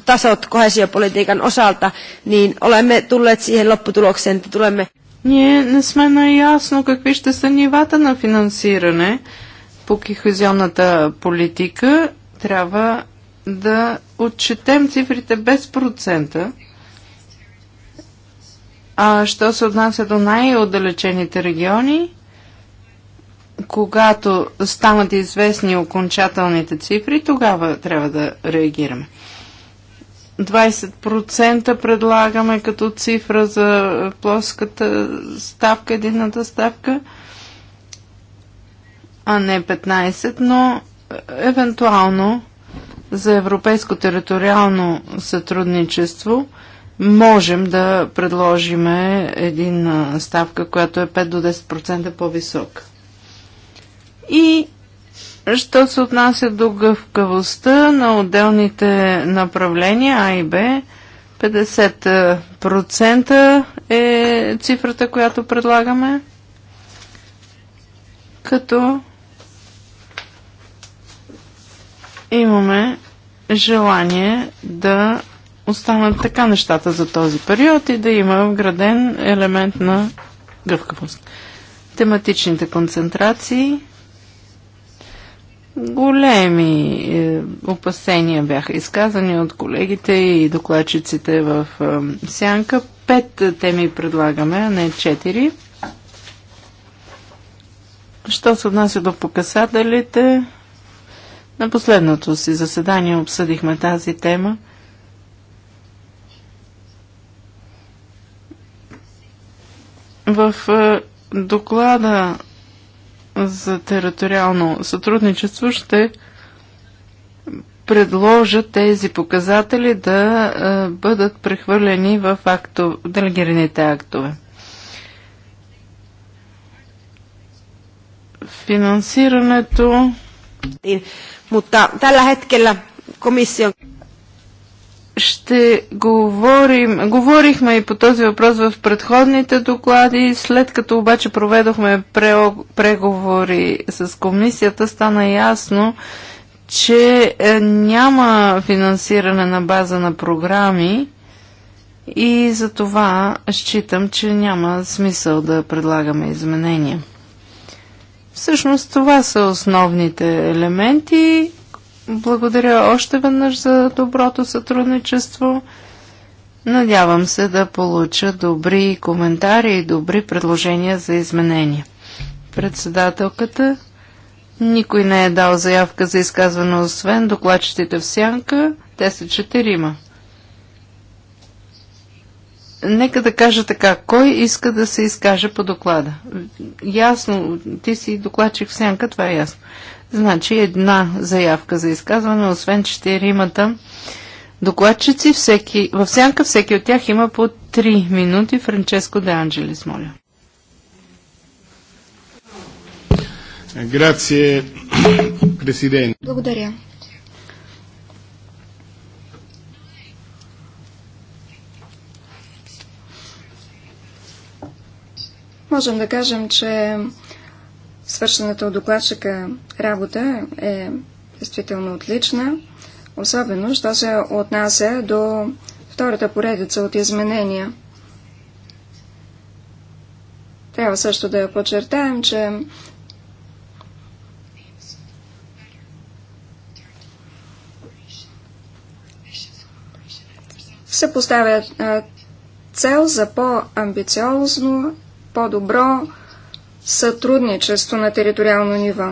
tasot kohesiopolitiikan osalta, niin olemme tulleet siihen lopputulokseen, että tulemme... Ние не сме наясно какви ще са нивата на финансиране по кохезионната политика. Трябва да отчетем цифрите без процента. А що се отнася до най-отдалечените региони, когато станат известни окончателните цифри, тогава трябва да реагираме. 20% предлагаме като цифра за плоската ставка, едината ставка, а не 15%, но е, евентуално за европейско териториално сътрудничество можем да предложим един ставка, която е 5 до 10% по-висока. И що се отнася до гъвкавостта на отделните направления А и Б, 50% е цифрата, която предлагаме, като имаме желание да останат така нещата за този период и да има вграден елемент на гъвкавост. Тематичните концентрации Големи е, опасения бяха изказани от колегите и докладчиците в е, Сянка. Пет теми предлагаме, а не четири. Що се отнася до показателите, на последното си заседание обсъдихме тази тема. В е, доклада за териториално сътрудничество ще предложа тези показатели да е, бъдат прехвърлени в актов, делегираните актове. Финансирането. Mutta tällä hetkellä ще говорим, говорихме и по този въпрос в предходните доклади, след като обаче проведохме преговори с комисията, стана ясно, че е, няма финансиране на база на програми и за това считам, че няма смисъл да предлагаме изменения. Всъщност това са основните елементи. Благодаря още веднъж за доброто сътрудничество. Надявам се да получа добри коментари и добри предложения за изменения. Председателката никой не е дал заявка за изказване, освен докладчетите в сянка. Те са четирима. Нека да кажа така. Кой иска да се изкаже по доклада? Ясно, ти си докладчик в сянка, това е ясно. Значи една заявка за изказване, освен четиримата докладчици, всеки, във сянка всеки от тях има по 3 минути. Франческо Де Анджелис, моля. Грация, президент. Благодаря. Можем да кажем, че свършената от докладчика работа е действително отлична, особено, що се отнася до втората поредица от изменения. Трябва също да подчертаем, че се поставя цел за по-амбициозно, по-добро сътрудничество на териториално ниво.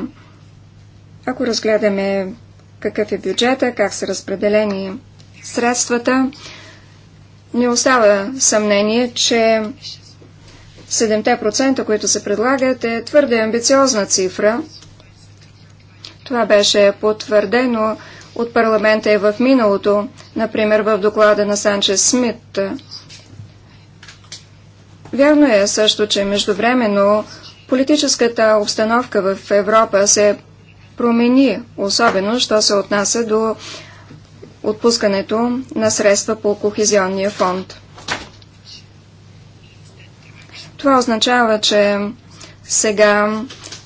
Ако разгледаме какъв е бюджета, как са разпределени средствата, не остава съмнение, че 7%, които се предлагат, е твърде амбициозна цифра. Това беше потвърдено от парламента и в миналото, например в доклада на Санчес Смит. Вярно е също, че междувременно Политическата обстановка в Европа се промени, особено, що се отнася до отпускането на средства по Кохезионния фонд. Това означава, че сега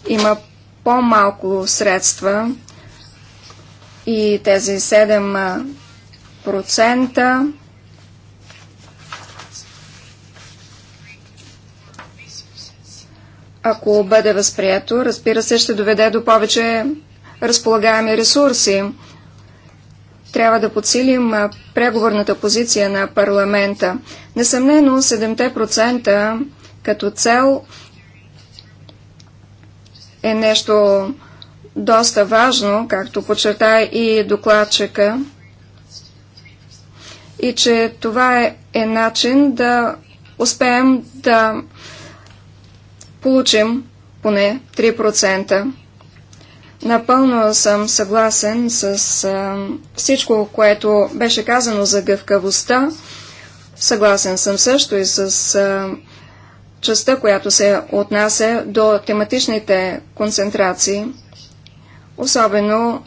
има по-малко средства и тези 7% ако бъде възприето, разбира се, ще доведе до повече разполагаеми ресурси. Трябва да подсилим преговорната позиция на парламента. Несъмнено, 7% като цел е нещо доста важно, както подчерта и докладчика, и че това е, е начин да успеем да получим поне 3%. Напълно съм съгласен с а, всичко, което беше казано за гъвкавостта. Съгласен съм също и с а, частта, която се отнася до тематичните концентрации, особено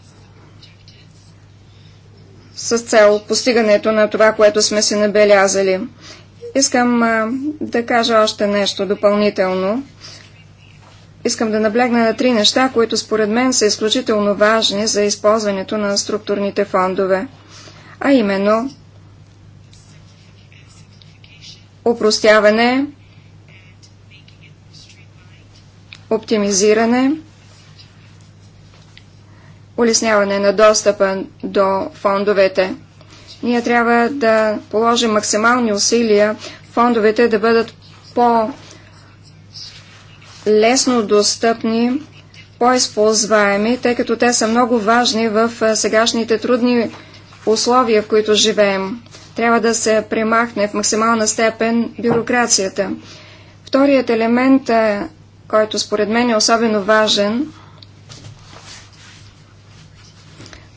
с цел постигането на това, което сме си набелязали. Искам а, да кажа още нещо допълнително. Искам да наблегна на три неща, които според мен са изключително важни за използването на структурните фондове. А именно упростяване, оптимизиране, улесняване на достъпа до фондовете. Ние трябва да положим максимални усилия фондовете да бъдат по-лесно достъпни, по-използваеми, тъй като те са много важни в сегашните трудни условия, в които живеем. Трябва да се премахне в максимална степен бюрокрацията. Вторият елемент, който според мен е особено важен,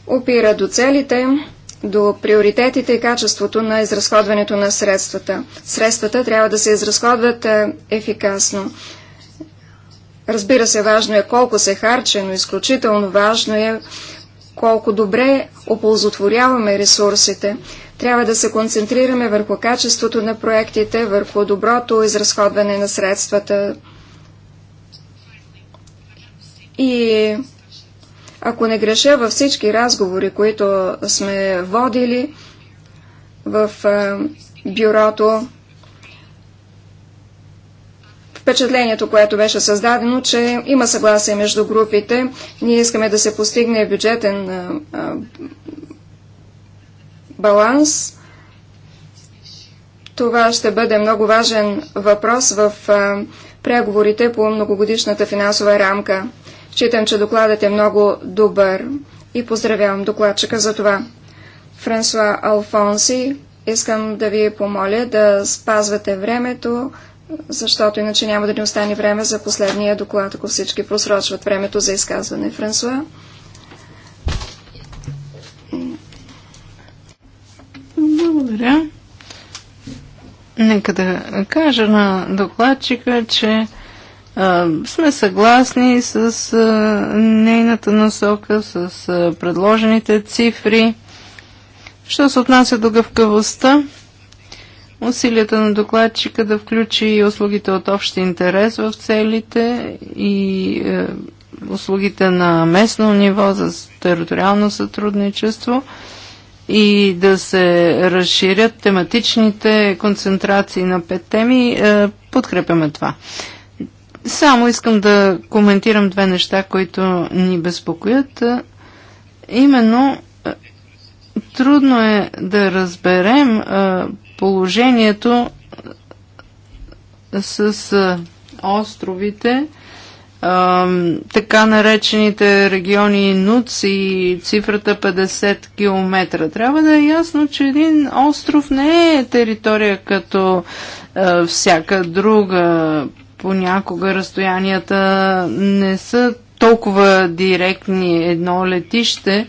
опира до целите, до приоритетите и качеството на изразходването на средствата. Средствата трябва да се изразходват е, ефикасно. Разбира се, важно е колко се харче, но изключително важно е колко добре оползотворяваме ресурсите. Трябва да се концентрираме върху качеството на проектите, върху доброто изразходване на средствата. И ако не греша във всички разговори, които сме водили в е, бюрото, впечатлението, което беше създадено, че има съгласие между групите. Ние искаме да се постигне бюджетен е, е, баланс. Това ще бъде много важен въпрос в преговорите по многогодишната финансова рамка. Считам, че докладът е много добър и поздравявам докладчика за това. Франсуа Алфонси, искам да ви помоля да спазвате времето, защото иначе няма да ни остане време за последния доклад, ако всички просрочват времето за изказване. Франсуа? Благодаря. Нека да кажа на докладчика, че сме съгласни с нейната насока, с предложените цифри. Що се отнася до гъвкавостта, усилията на докладчика да включи и услугите от общ интерес в целите и е, услугите на местно ниво за териториално сътрудничество и да се разширят тематичните концентрации на пет теми, е, подкрепяме това. Само искам да коментирам две неща, които ни безпокоят. Именно е, трудно е да разберем е, положението е, с островите, така наречените региони НУЦ и цифрата 50 км. Трябва да е ясно, че един остров не е територия като всяка друга понякога разстоянията не са толкова директни едно летище, е,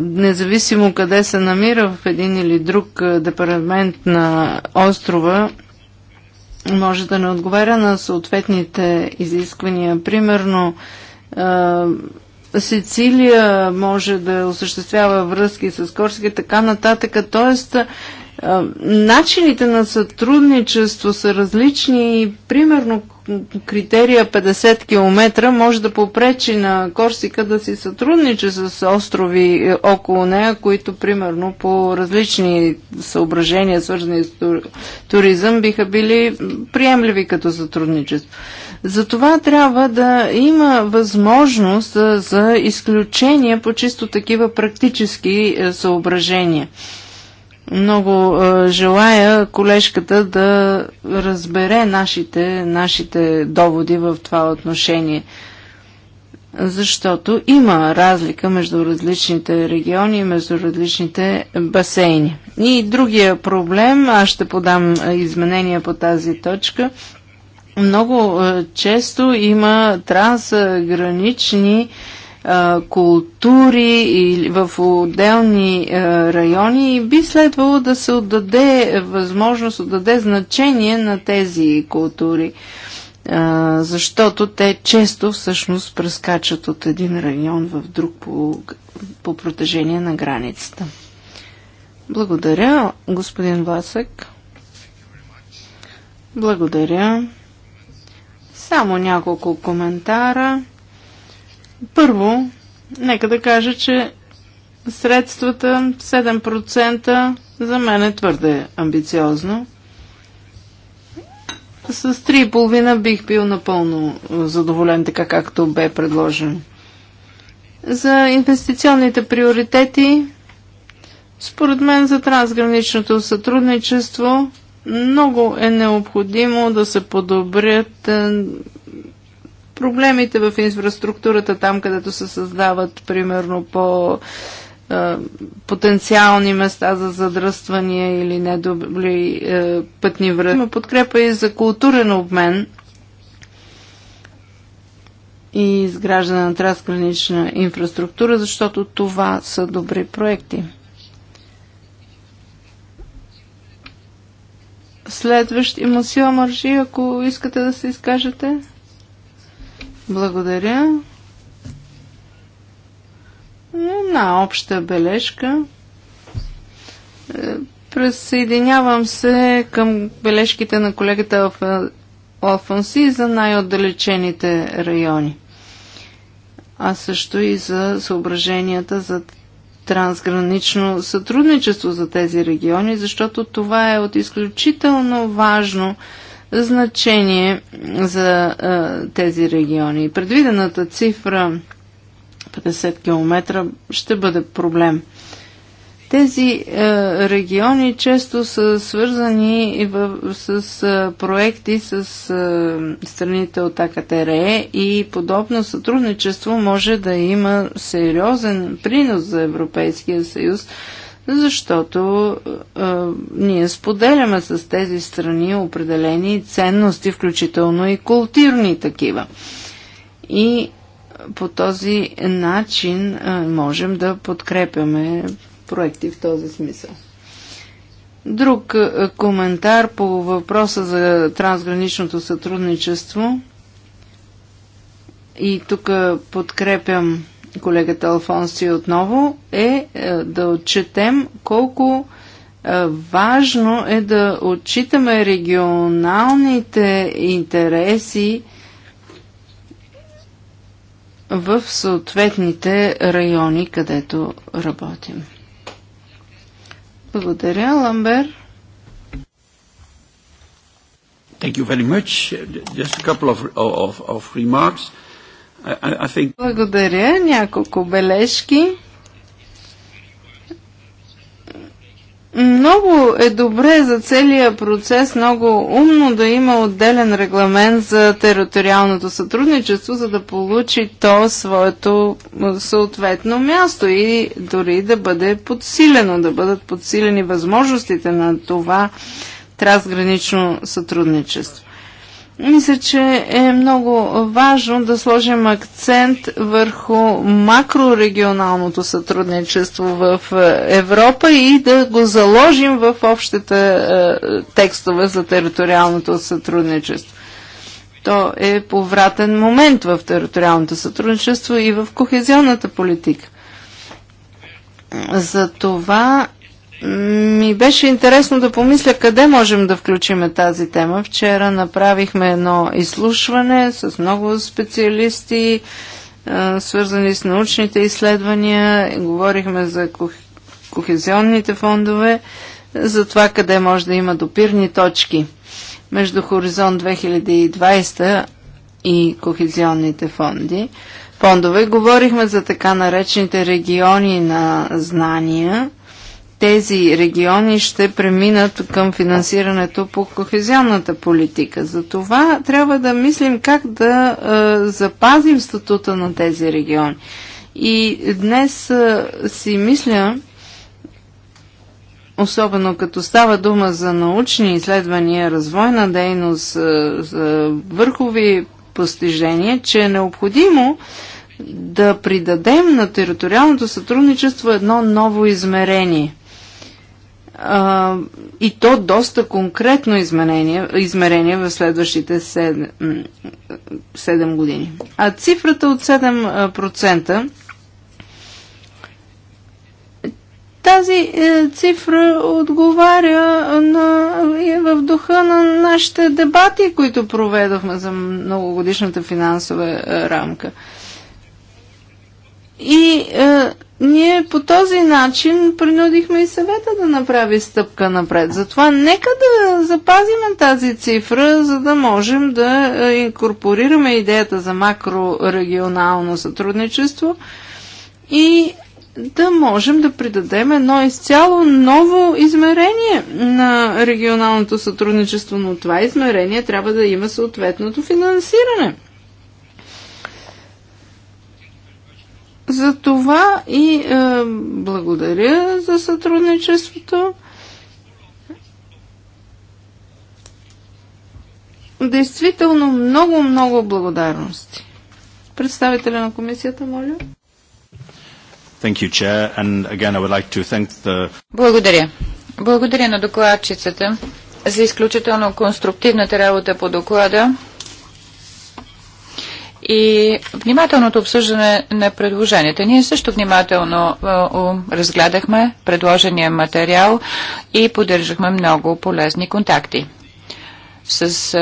независимо къде се намира в един или друг е, департамент на острова, може да не отговаря на съответните изисквания. Примерно, е, Сицилия може да осъществява връзки с Корсика и така нататък. Тоест, Начините на сътрудничество са различни и примерно критерия 50 км може да попречи на Корсика да си сътрудничи с острови е, около нея, които примерно по различни съображения, свързани с туризъм, биха били приемливи като сътрудничество. Затова трябва да има възможност за изключение по чисто такива практически е, съображения. Много е, желая колежката да разбере нашите, нашите доводи в това отношение, защото има разлика между различните региони и между различните басейни. И другия проблем, аз ще подам е, изменения по тази точка, много е, често има трансгранични култури или в отделни райони и би следвало да се отдаде възможност, отдаде значение на тези култури, защото те често всъщност прескачат от един район в друг по, по протежение на границата. Благодаря, господин Васек. Благодаря. Само няколко коментара. Първо, нека да кажа, че средствата 7% за мен е твърде амбициозно. С 3,5 бих бил напълно задоволен, така както бе предложен. За инвестиционните приоритети, според мен за трансграничното сътрудничество много е необходимо да се подобрят е, проблемите в инфраструктурата, там където се създават, примерно, по е, потенциални места за задръствания или недобри е, пътни връзки. Има подкрепа и за културен обмен и изграждане на трансгранична инфраструктура, защото това са добри проекти. Следващ има сила мържи, ако искате да се изкажете. Благодаря. Една обща бележка. Е, присъединявам се към бележките на колегата Алфонси за най-отдалечените райони, а също и за съображенията за трансгранично сътрудничество за тези региони, защото това е от изключително важно значение за а, тези региони. Предвидената цифра 50 км ще бъде проблем. Тези е, региони често са свързани в, с е, проекти с е, страните от АКТРЕ и подобно сътрудничество може да има сериозен принос за Европейския съюз защото а, ние споделяме с тези страни определени ценности, включително и културни такива. И по този начин а, можем да подкрепяме проекти в този смисъл. Друг а, коментар по въпроса за трансграничното сътрудничество. И тук подкрепям колегата Алфонси отново, е, е да отчетем колко е, важно е да отчитаме регионалните интереси в съответните райони, където работим. Благодаря, Ламбер. Thank you very much. Just a couple of, of, of remarks. Uh, благодаря. Няколко бележки. Много е добре за целия процес, много умно да има отделен регламент за териториалното сътрудничество, за да получи то своето съответно място и дори да бъде подсилено, да бъдат подсилени възможностите на това трансгранично сътрудничество. Мисля, че е много важно да сложим акцент върху макрорегионалното сътрудничество в е, Европа и да го заложим в общите е, текстове за териториалното сътрудничество. То е повратен момент в териториалното сътрудничество и в кохезионната политика. За това ми беше интересно да помисля къде можем да включим тази тема. Вчера направихме едно изслушване с много специалисти, е, свързани с научните изследвания. Говорихме за кохезионните фондове, за това къде може да има допирни точки между Хоризонт 2020 и кохезионните фонди. Фондове говорихме за така наречените региони на знания тези региони ще преминат към финансирането по кохезионната политика. За това трябва да мислим как да запазим статута на тези региони. И днес си мисля, особено като става дума за научни изследвания, развойна дейност, за върхови постижения, че е необходимо да придадем на териториалното сътрудничество едно ново измерение а, и то доста конкретно изменение, измерение в следващите 7, 7 години. А цифрата от 7% тази е, цифра отговаря на, е, в духа на нашите дебати, които проведохме за многогодишната финансова е, рамка. И ние по този начин принудихме и съвета да направи стъпка напред. Затова нека да запазим тази цифра, за да можем да е, инкорпорираме идеята за макрорегионално сътрудничество и да можем да придадем едно изцяло ново измерение на регионалното сътрудничество, но това измерение трябва да има съответното финансиране. За това и е, благодаря за сътрудничеството. Действително много, много благодарности. Представителя на комисията, моля. Thank you, Chair. And again, I would like to thank the... Благодаря. Благодаря на докладчицата за изключително конструктивната работа по доклада и внимателното обсъждане на предложенията. Ние също внимателно разгледахме предложения материал и поддържахме много полезни контакти с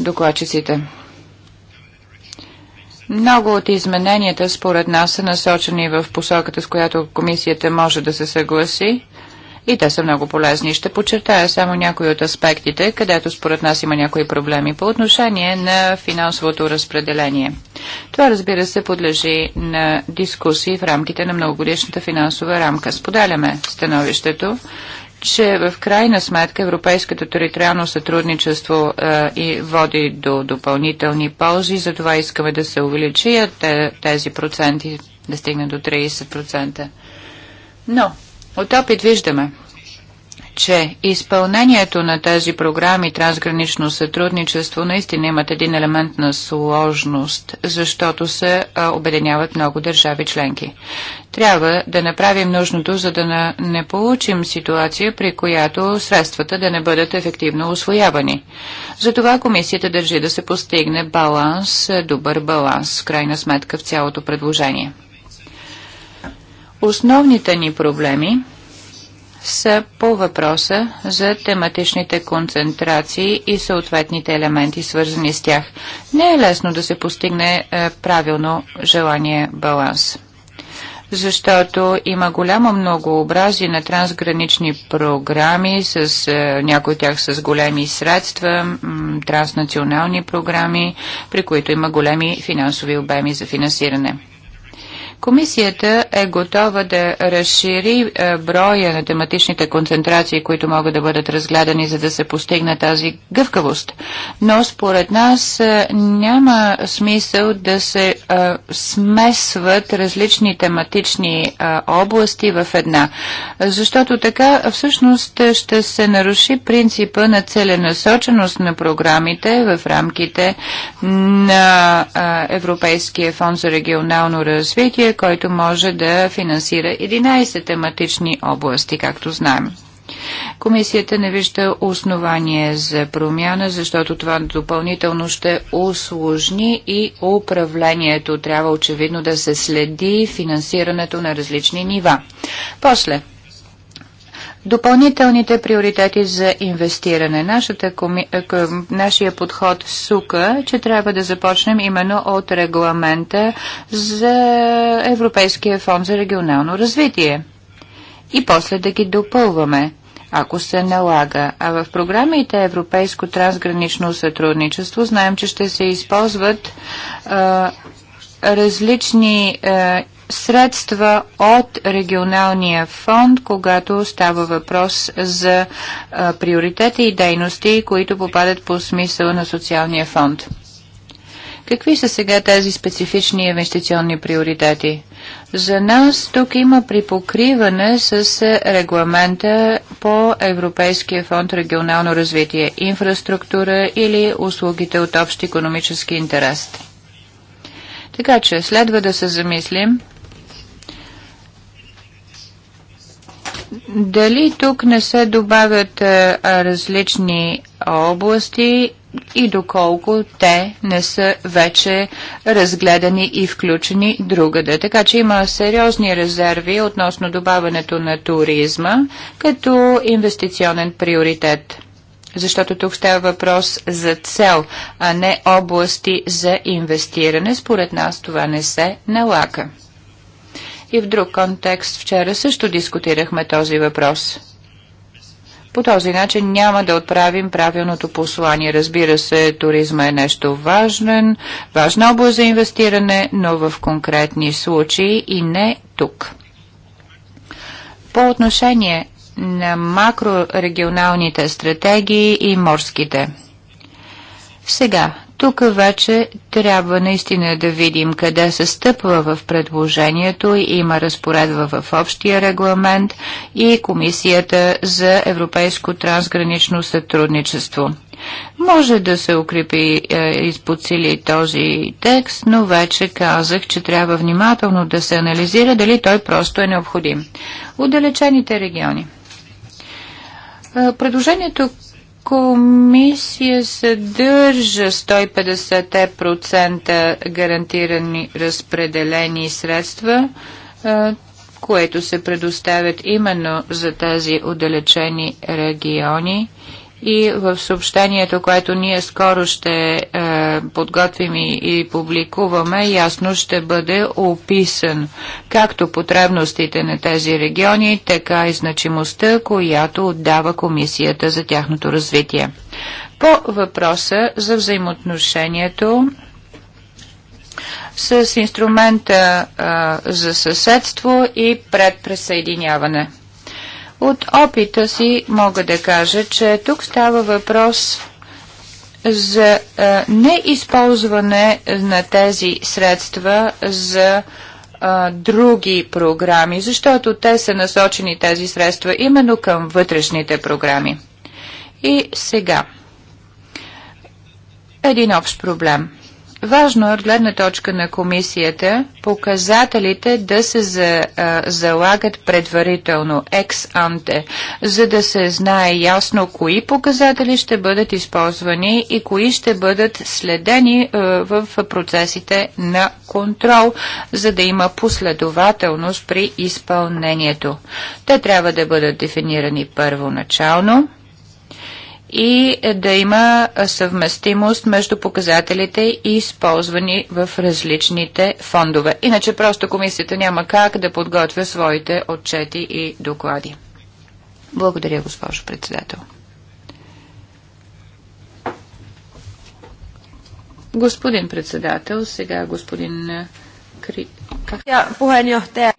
докладчиците. Много от измененията според нас са насочени в посоката, с която комисията може да се съгласи и те са много полезни. Ще подчертая само някои от аспектите, където според нас има някои проблеми по отношение на финансовото разпределение. Това разбира се подлежи на дискусии в рамките на многогодишната финансова рамка. Споделяме становището, че в крайна сметка европейското териториално сътрудничество е, и води до допълнителни ползи, затова искаме да се увеличият тези проценти, да стигне до 30%. Но от опит виждаме, че изпълнението на тези програми трансгранично сътрудничество наистина имат един елемент на сложност, защото се а, обединяват много държави членки. Трябва да направим нужното, за да на, не получим ситуация, при която средствата да не бъдат ефективно освоявани. Затова комисията държи да се постигне баланс, добър баланс, в крайна сметка в цялото предложение. Основните ни проблеми са по въпроса за тематичните концентрации и съответните елементи, свързани с тях. Не е лесно да се постигне е, правилно желание баланс защото има голямо многообразие на трансгранични програми, с, е, някои от тях с големи средства, транснационални програми, при които има големи финансови обеми за финансиране. Комисията е готова да разшири е, броя на тематичните концентрации, които могат да бъдат разгледани, за да се постигне тази гъвкавост. Но според нас е, няма смисъл да се е, смесват различни тематични области в една. Защото така всъщност ще се наруши принципа на целенасоченост на програмите в рамките на Европейския фонд за регионално развитие, който може да финансира 11 тематични области, както знаем. Комисията не вижда основание за промяна, защото това допълнително ще усложни и управлението. Трябва очевидно да се следи финансирането на различни нива. После, Допълнителните приоритети за инвестиране. Нашата коми... Е, нашия подход сука, е, че трябва да започнем именно от регламента за Европейския фонд за регионално развитие. И после да ги допълваме ако се налага. А в програмите Европейско трансгранично сътрудничество знаем, че ще се използват а, различни а, средства от регионалния фонд, когато става въпрос за приоритети и дейности, които попадат по смисъла на социалния фонд. Какви са сега тези специфични инвестиционни приоритети? За нас тук има припокриване с регламента по Европейския фонд регионално развитие, инфраструктура или услугите от общ економически интерес. Така че следва да се замислим Дали тук не се добавят е, а, различни области и доколко те не са вече разгледани и включени другаде. Така че има сериозни резерви относно добаването на туризма като инвестиционен приоритет. Защото тук става въпрос за цел, а не области за инвестиране. Според нас това не се налага. И в друг контекст вчера също дискутирахме този въпрос. По този начин няма да отправим правилното послание. Разбира се, туризма е нещо важен, важна област за инвестиране, но в конкретни случаи и не тук. По отношение на макрорегионалните стратегии и морските. Сега, тук вече трябва наистина да видим къде се стъпва в предложението. и Има разпоредва в общия регламент и Комисията за европейско трансгранично сътрудничество. Може да се укрепи е, и този текст, но вече казах, че трябва внимателно да се анализира дали той просто е необходим. Отдалечените региони. Е, предложението, комисия съдържа 150% гарантирани разпределени средства, което се предоставят именно за тези отдалечени региони и в съобщението, което ние скоро ще е, подготвим и, и публикуваме, ясно ще бъде описан както потребностите на тези региони, така и значимостта, която отдава комисията за тяхното развитие. По въпроса за взаимоотношението с инструмента е, за съседство и предпресъединяване. От опита си мога да кажа, че тук става въпрос за а, неизползване на тези средства за а, други програми, защото те са насочени тези средства именно към вътрешните програми. И сега. Един общ проблем – Важно е от гледна точка на комисията показателите да се за, а, залагат предварително, екс-анте, за да се знае ясно кои показатели ще бъдат използвани и кои ще бъдат следени а, в процесите на контрол, за да има последователност при изпълнението. Те трябва да бъдат дефинирани първоначално и да има съвместимост между показателите, използвани в различните фондове. Иначе просто комисията няма как да подготвя своите отчети и доклади. Благодаря, госпожо председател. Господин председател, сега господин Кри... Как... Я,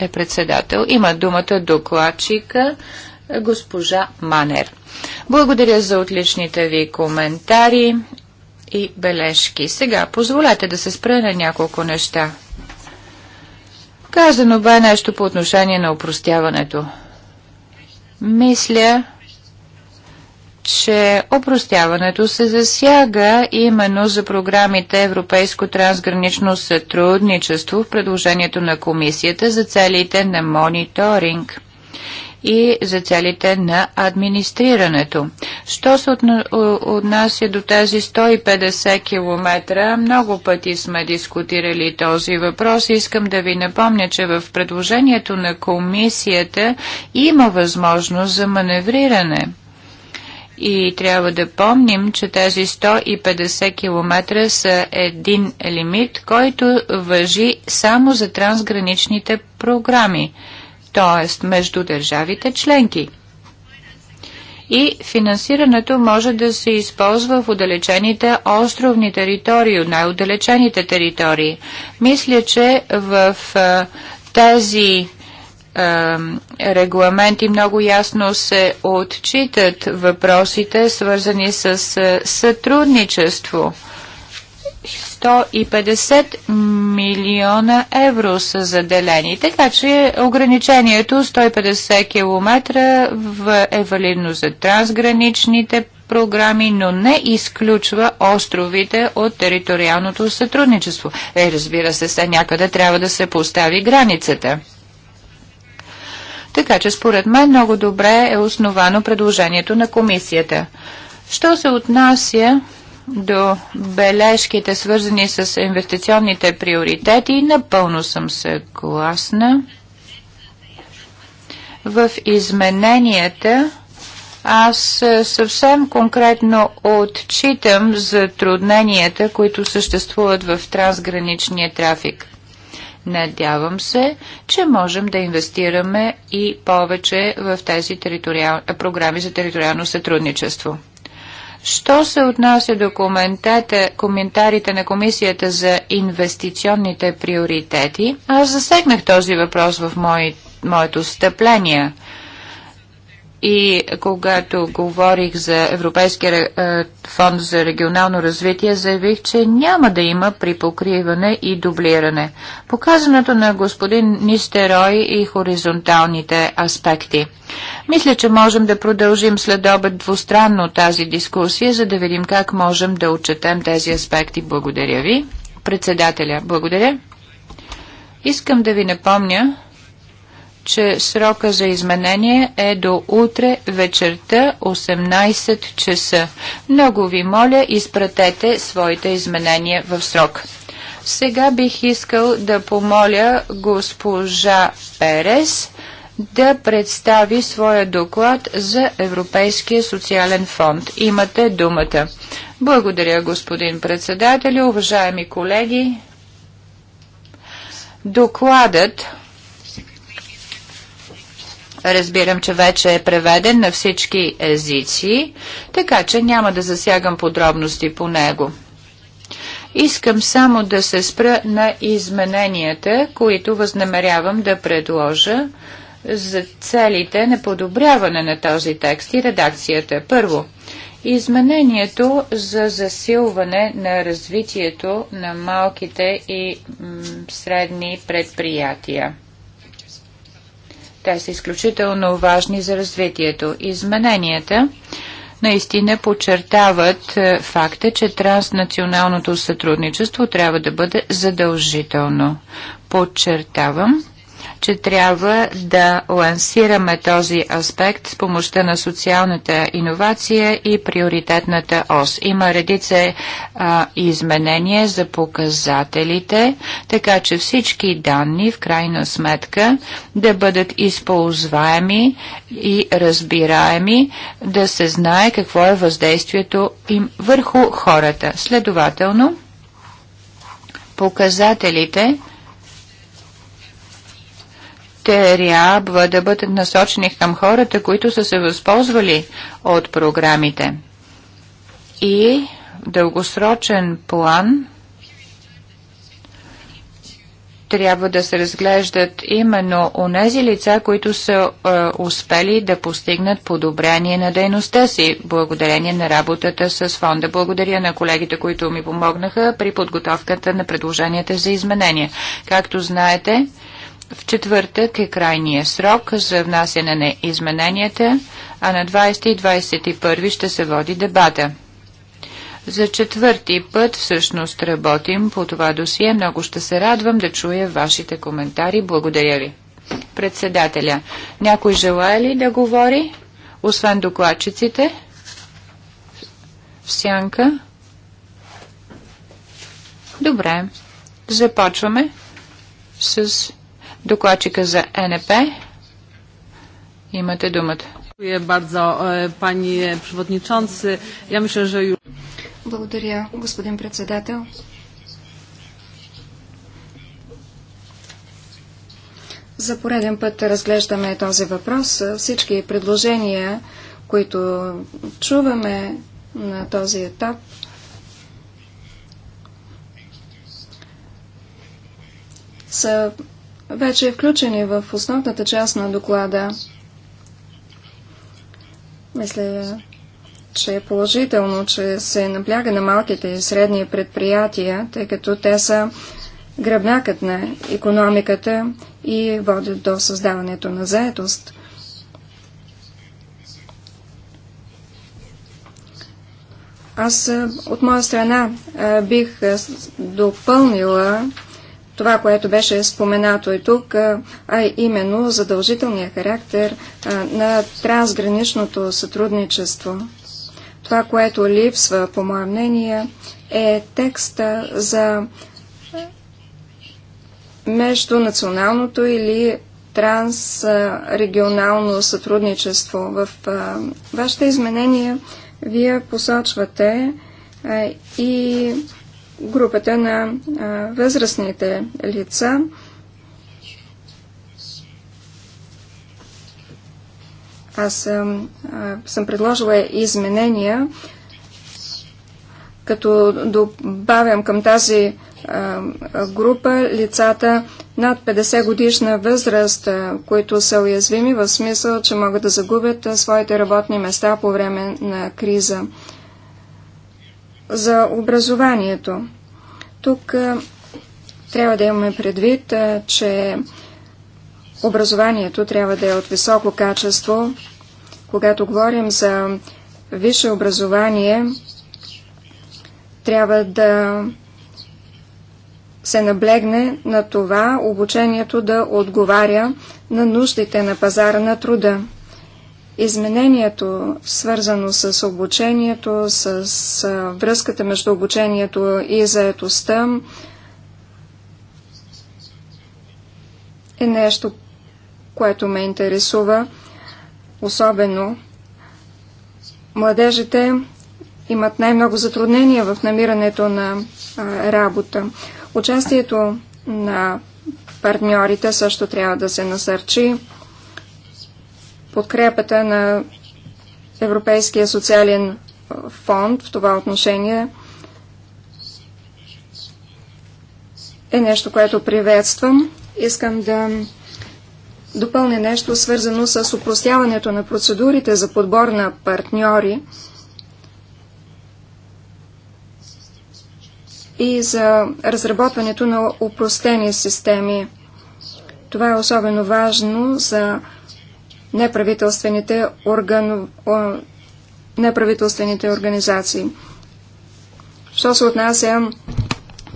е председател. Има думата докладчика госпожа Манер. Благодаря за отличните ви коментари и бележки. Сега позволете да се спра на няколко неща. Казано бе нещо по отношение на опростяването. Мисля, че опростяването се засяга именно за програмите Европейско трансгранично сътрудничество в предложението на комисията за целите на мониторинг и за целите на администрирането. Що се отнася до тези 150 км, много пъти сме дискутирали този въпрос. Искам да ви напомня, че в предложението на комисията има възможност за маневриране. И трябва да помним, че тези 150 км са един лимит, който въжи само за трансграничните програми т.е. между държавите членки. И финансирането може да се използва в отдалечените островни територии, най-отдалечените територии. Мисля, че в тези регламенти много ясно се отчитат въпросите, свързани с сътрудничество 150 милиона евро са заделени. Така че ограничението 150 км е валидно за трансграничните програми, но не изключва островите от териториалното сътрудничество. Е, разбира се, се някъде трябва да се постави границата. Така че според мен много добре е основано предложението на комисията. Що се отнася до бележките, свързани с инвестиционните приоритети, напълно съм съгласна. В измененията аз е, съвсем конкретно отчитам затрудненията, които съществуват в трансграничния трафик. Надявам се, че можем да инвестираме и повече в тези програми за териториално сътрудничество. Що се отнася до коментарите на Комисията за инвестиционните приоритети, аз засегнах този въпрос в мое, моето стъпление – и когато говорих за Европейския е, фонд за регионално развитие, заявих, че няма да има припокриване и дублиране. Показаното на господин Нистерой и хоризонталните аспекти. Мисля, че можем да продължим след обед двустранно тази дискусия, за да видим как можем да отчетем тези аспекти. Благодаря ви. Председателя, благодаря. Искам да ви напомня, че срока за изменение е до утре вечерта 18 часа. Много ви моля, изпратете своите изменения в срок. Сега бих искал да помоля госпожа Перес да представи своя доклад за Европейския социален фонд. Имате думата. Благодаря, господин председател, уважаеми колеги. Докладът разбирам, че вече е преведен на всички езици, така че няма да засягам подробности по него. Искам само да се спра на измененията, които възнамерявам да предложа за целите на подобряване на този текст и редакцията. Първо, изменението за засилване на развитието на малките и средни предприятия. Те са изключително важни за развитието. Измененията наистина подчертават е, факта, че транснационалното сътрудничество трябва да бъде задължително. Подчертавам, че трябва да лансираме този аспект с помощта на социалната иновация и приоритетната ОС. Има редица а, изменения за показателите, така че всички данни в крайна сметка да бъдат използваеми и разбираеми, да се знае какво е въздействието им върху хората. Следователно, показателите – трябва да бъдат насочени към хората, които са се възползвали от програмите. И дългосрочен план трябва да се разглеждат именно нези лица, които са е, успели да постигнат подобрение на дейността си, благодарение на работата с фонда. Благодаря на колегите, които ми помогнаха при подготовката на предложенията за изменения. Както знаете, в четвъртък е крайния срок за внасяне на измененията, а на 20 и 21 ще се води дебата. За четвърти път всъщност работим по това досие. Много ще се радвам да чуя вашите коментари. Благодаря ви. Председателя, някой желая ли да говори, освен докладчиците? В сянка? Добре. Започваме с Докладчика за НП. Имате думата. E, Благодаря, господин председател. За пореден път разглеждаме този въпрос. Всички предложения, които чуваме на този етап, са вече е включени в основната част на доклада. Мисля, че е положително, че се набляга на малките и средни предприятия, тъй като те са гръбнакът на економиката и водят до създаването на заетост. Аз е, от моя страна е, бих е, допълнила това, което беше споменато и тук, а именно задължителния характер на трансграничното сътрудничество. Това, което липсва, по мое мнение, е текста за междунационалното или трансрегионално сътрудничество. В вашите изменения вие посочвате и групата на възрастните лица. Аз съм, съм предложила изменения, като добавям към тази група лицата над 50 годишна възраст, които са уязвими в смисъл, че могат да загубят своите работни места по време на криза за образованието. Тук трябва да имаме предвид, че образованието трябва да е от високо качество. Когато говорим за висше образование, трябва да се наблегне на това обучението да отговаря на нуждите на пазара на труда изменението, свързано с обучението, с връзката между обучението и заетостта, е нещо, което ме интересува. Особено младежите имат най-много затруднения в намирането на а, работа. Участието на партньорите също трябва да се насърчи подкрепата на Европейския социален фонд в това отношение е нещо, което приветствам. Искам да допълня нещо свързано с упростяването на процедурите за подбор на партньори и за разработването на упростени системи. Това е особено важно за неправителствените, орган... неправителствените организации. Що се отнася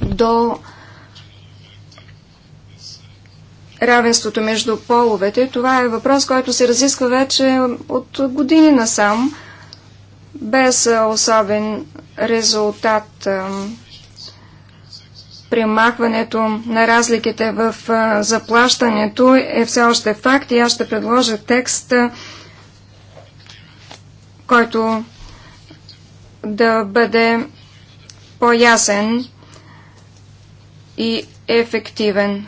до равенството между половете, това е въпрос, който се разисква вече от години насам, без особен резултат премахването на разликите в заплащането е все още факт и аз ще предложа текст, който да бъде по-ясен и ефективен.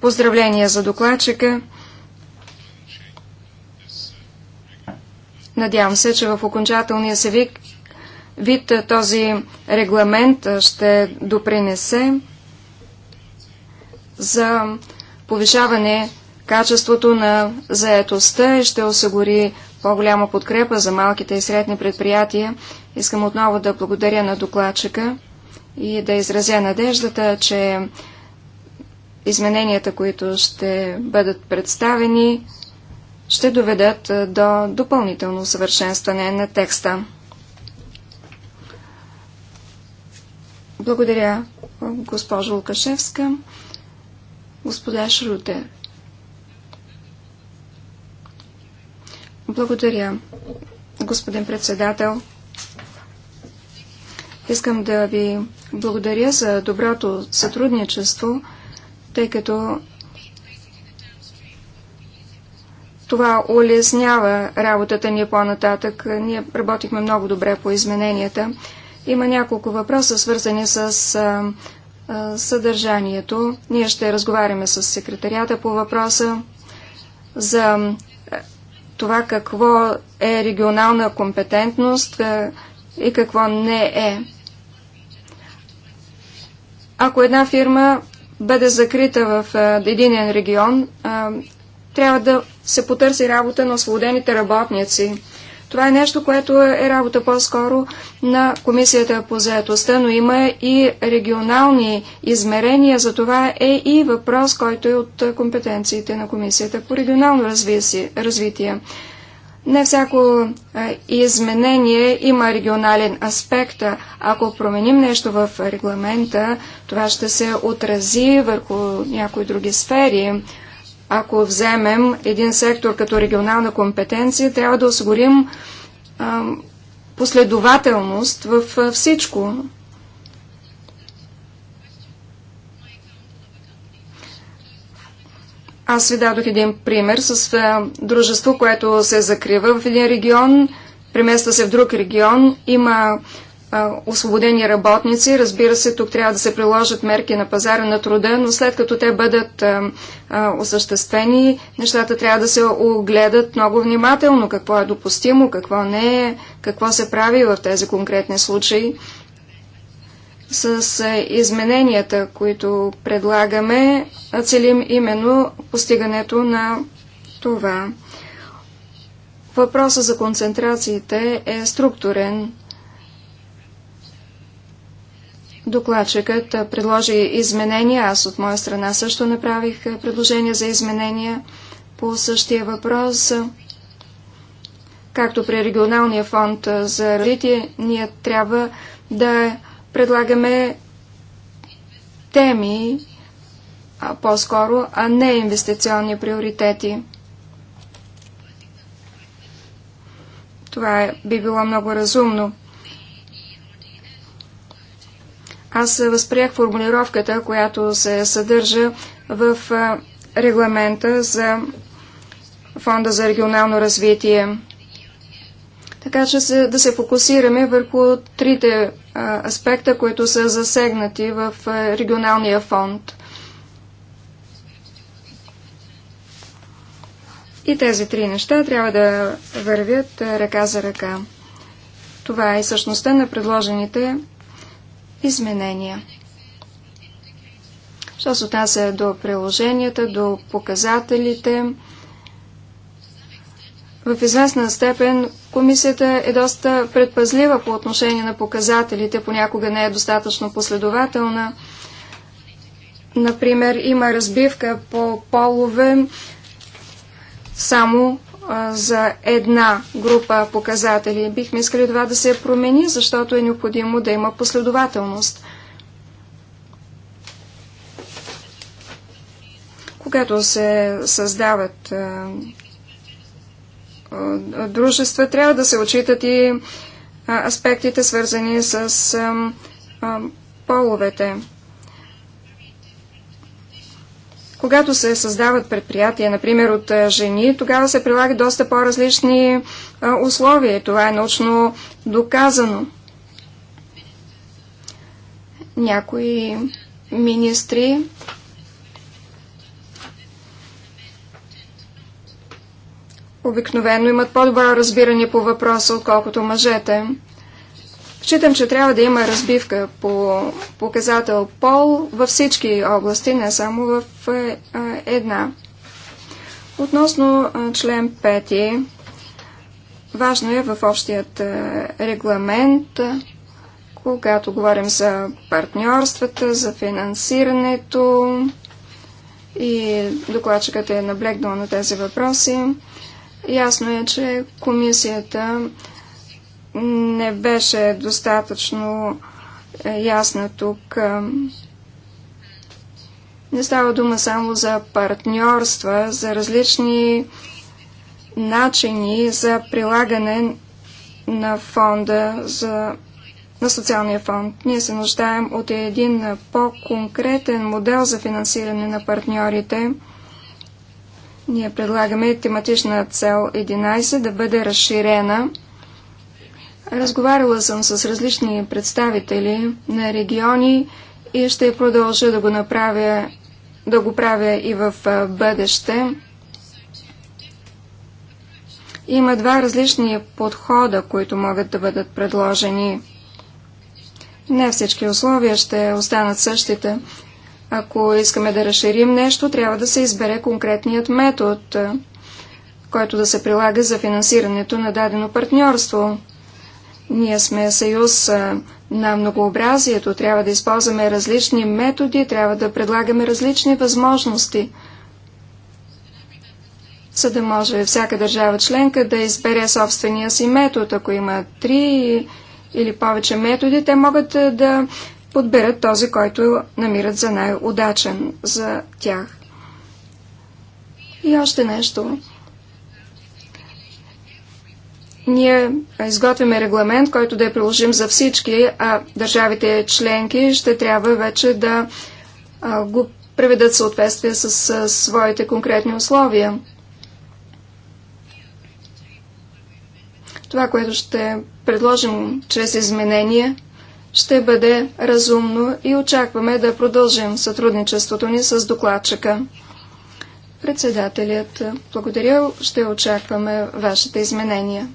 Поздравления за докладчика. Надявам се, че в окончателния се вик вид е, този регламент е, ще допринесе за повишаване качеството на заетостта и ще осигури по-голяма подкрепа за малките и средни предприятия. Искам отново да благодаря на докладчика и да изразя надеждата, че измененията, които ще бъдат представени, ще доведат е, до допълнително усъвършенстване на текста. Благодаря, госпожо Лукашевска. Господа Шруте. Благодаря, господин председател. Искам да ви благодаря за доброто сътрудничество, тъй като това улеснява работата ни по-нататък. Ние работихме много добре по измененията. Има няколко въпроса, свързани с а, а, съдържанието. Ние ще разговаряме с секретарията по въпроса за това какво е регионална компетентност а, и какво не е. Ако една фирма бъде закрита в един регион, трябва да се потърси работа на освободените работници. Това е нещо, което е, е работа по-скоро на Комисията по заедостта, но има и регионални измерения. За това е и въпрос, който е от е, компетенциите на Комисията по регионално развитие. Не всяко е, изменение има регионален аспект. Ако променим нещо в регламента, това ще се отрази върху някои други сфери ако вземем един сектор като регионална компетенция, трябва да осигурим а, последователност в всичко. Аз ви дадох един пример с а, дружество, което се закрива в един регион, премества се в друг регион, има освободени работници. Разбира се, тук трябва да се приложат мерки на пазара на труда, но след като те бъдат осъществени, нещата трябва да се огледат много внимателно, какво е допустимо, какво не е, какво се прави в тези конкретни случаи. С измененията, които предлагаме, целим именно постигането на това. Въпросът за концентрациите е структурен. Докладчикът предложи изменения, аз от моя страна също направих предложения за изменения по същия въпрос. Както при регионалния фонд за развитие, ние трябва да предлагаме теми по-скоро, а не инвестиционни приоритети. Това е, би било много разумно. Аз възприех формулировката, която се съдържа в регламента за Фонда за регионално развитие. Така че да се фокусираме върху трите аспекта, които са засегнати в регионалния фонд. И тези три неща трябва да вървят ръка за ръка. Това е същността на предложените изменения. Що се отнася до приложенията, до показателите, в известна степен комисията е доста предпазлива по отношение на показателите, понякога не е достатъчно последователна. Например, има разбивка по полове само за една група показатели. Бихме искали това да се промени, защото е необходимо да има последователност. Когато се създават дружества, трябва да се отчитат и аспектите, свързани с половете. Когато се създават предприятия, например от е, жени, тогава се прилагат доста по-различни е, условия. Това е научно доказано. Някои министри обикновено имат по-добро разбиране по въпроса, отколкото мъжете. Считам, че трябва да има разбивка по показател пол във всички области, не само в е, е, една. Относно е, член 5, важно е в общият регламент, когато говорим за партньорствата, за финансирането и докладчикът е наблегнал на тези въпроси, ясно е, че комисията не беше достатъчно е, ясна тук. Не става дума само за партньорства, за различни начини за прилагане на фонда за на социалния фонд. Ние се нуждаем от един по-конкретен модел за финансиране на партньорите. Ние предлагаме тематична цел 11 да бъде разширена Разговаряла съм с различни представители на региони и ще продължа да го направя, да го правя и в бъдеще. Има два различни подхода, които могат да бъдат предложени. Не всички условия ще останат същите. Ако искаме да разширим нещо, трябва да се избере конкретният метод, който да се прилага за финансирането на дадено партньорство. Ние сме съюз на многообразието, трябва да използваме различни методи, трябва да предлагаме различни възможности, за да може всяка държава членка да избере собствения си метод. Ако има три или повече методи, те могат да подберат този, който намират за най-удачен за тях. И още нещо ние изготвяме регламент, който да е приложим за всички, а държавите членки ще трябва вече да го преведат в съответствие с своите конкретни условия. Това, което ще предложим чрез изменение, ще бъде разумно и очакваме да продължим сътрудничеството ни с докладчика. Председателят, благодаря, ще очакваме вашите изменения.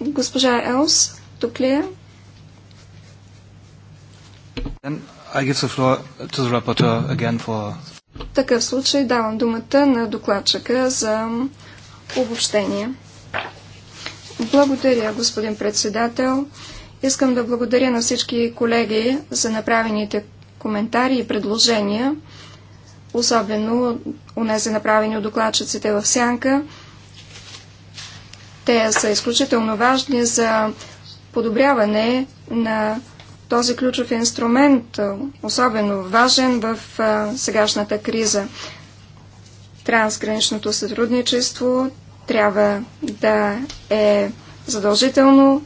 Госпожа Елс, тук ли е? For... В такъв случай давам думата на докладчика за обобщение. Благодаря, господин председател. Искам да благодаря на всички колеги за направените коментари и предложения, особено унези направени от докладчиците в Сянка. Те са изключително важни за подобряване на този ключов инструмент, особено важен в сегашната криза. Трансграничното сътрудничество трябва да е задължително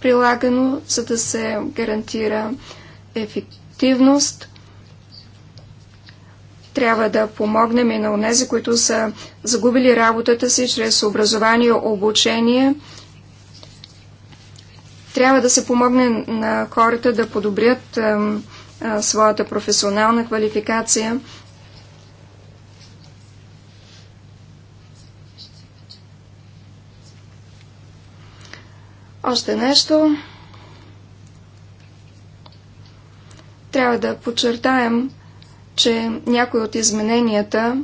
прилагано, за да се гарантира ефективност трябва да помогнем и на онези, които са загубили работата си чрез образование, обучение. Трябва да се помогне на хората да подобрят а, а, своята професионална квалификация. Още нещо. Трябва да подчертаем, че някои от измененията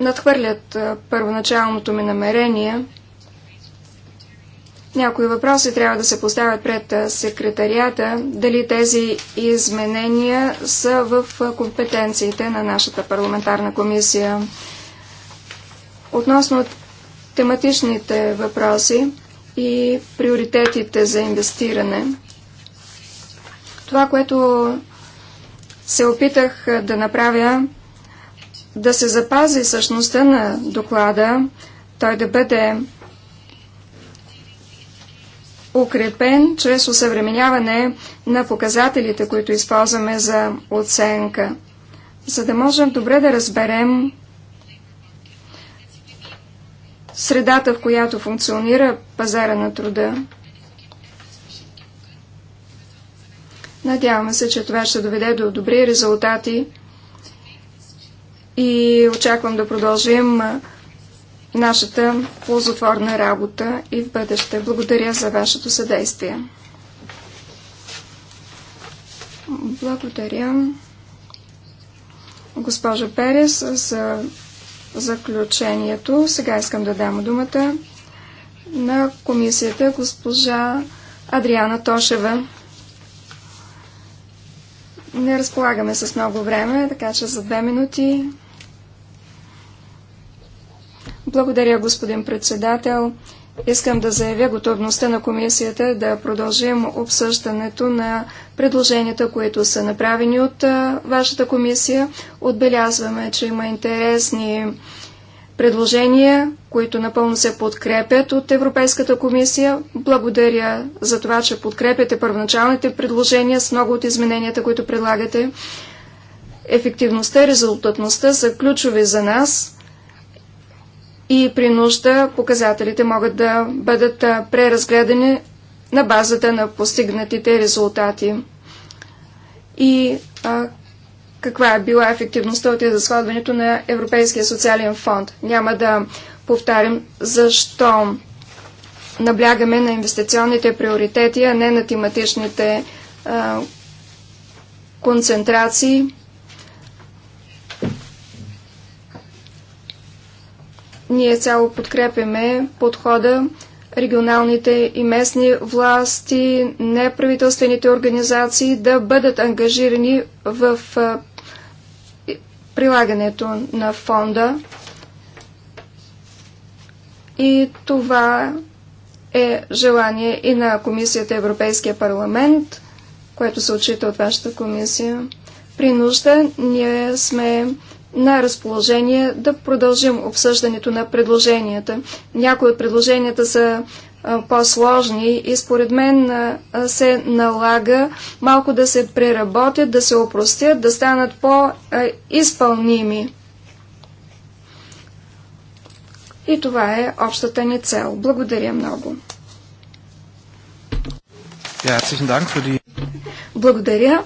надхвърлят първоначалното ми намерение. Някои въпроси трябва да се поставят пред секретарията, дали тези изменения са в компетенциите на нашата парламентарна комисия. Относно тематичните въпроси и приоритетите за инвестиране – това, което се опитах да направя, да се запази същността на доклада, той да бъде укрепен чрез усъвременяване на показателите, които използваме за оценка, за да можем добре да разберем средата, в която функционира пазара на труда. Надяваме се, че това ще доведе до добри резултати и очаквам да продължим нашата ползотворна работа и в бъдеще. Благодаря за вашето съдействие. Благодаря, госпожа Перес, за заключението. Сега искам да дам думата на комисията госпожа Адриана Тошева. Не разполагаме с много време, така че за две минути. Благодаря, господин председател. Искам да заявя готовността на комисията да продължим обсъждането на предложенията, които са направени от вашата комисия. Отбелязваме, че има интересни предложения, които напълно се подкрепят от Европейската комисия. Благодаря за това, че подкрепяте първоначалните предложения с много от измененията, които предлагате. Ефективността и резултатността са ключови за нас и при нужда показателите могат да бъдат преразгледани на базата на постигнатите резултати. И а, каква е била ефективността от изразходването на Европейския социален фонд. Няма да повтарям защо наблягаме на инвестиционните приоритети, а не на тематичните а, концентрации. Ние цяло подкрепяме подхода регионалните и местни власти, неправителствените организации да бъдат ангажирани в прилагането на фонда и това е желание и на Комисията Европейския парламент, което се отчита от вашата комисия. При нужда ние сме на разположение да продължим обсъждането на предложенията. Някои от предложенията са по-сложни и според мен се налага малко да се преработят, да се опростят, да станат по-изпълними. И това е общата ни цел. Благодаря много. Благодаря.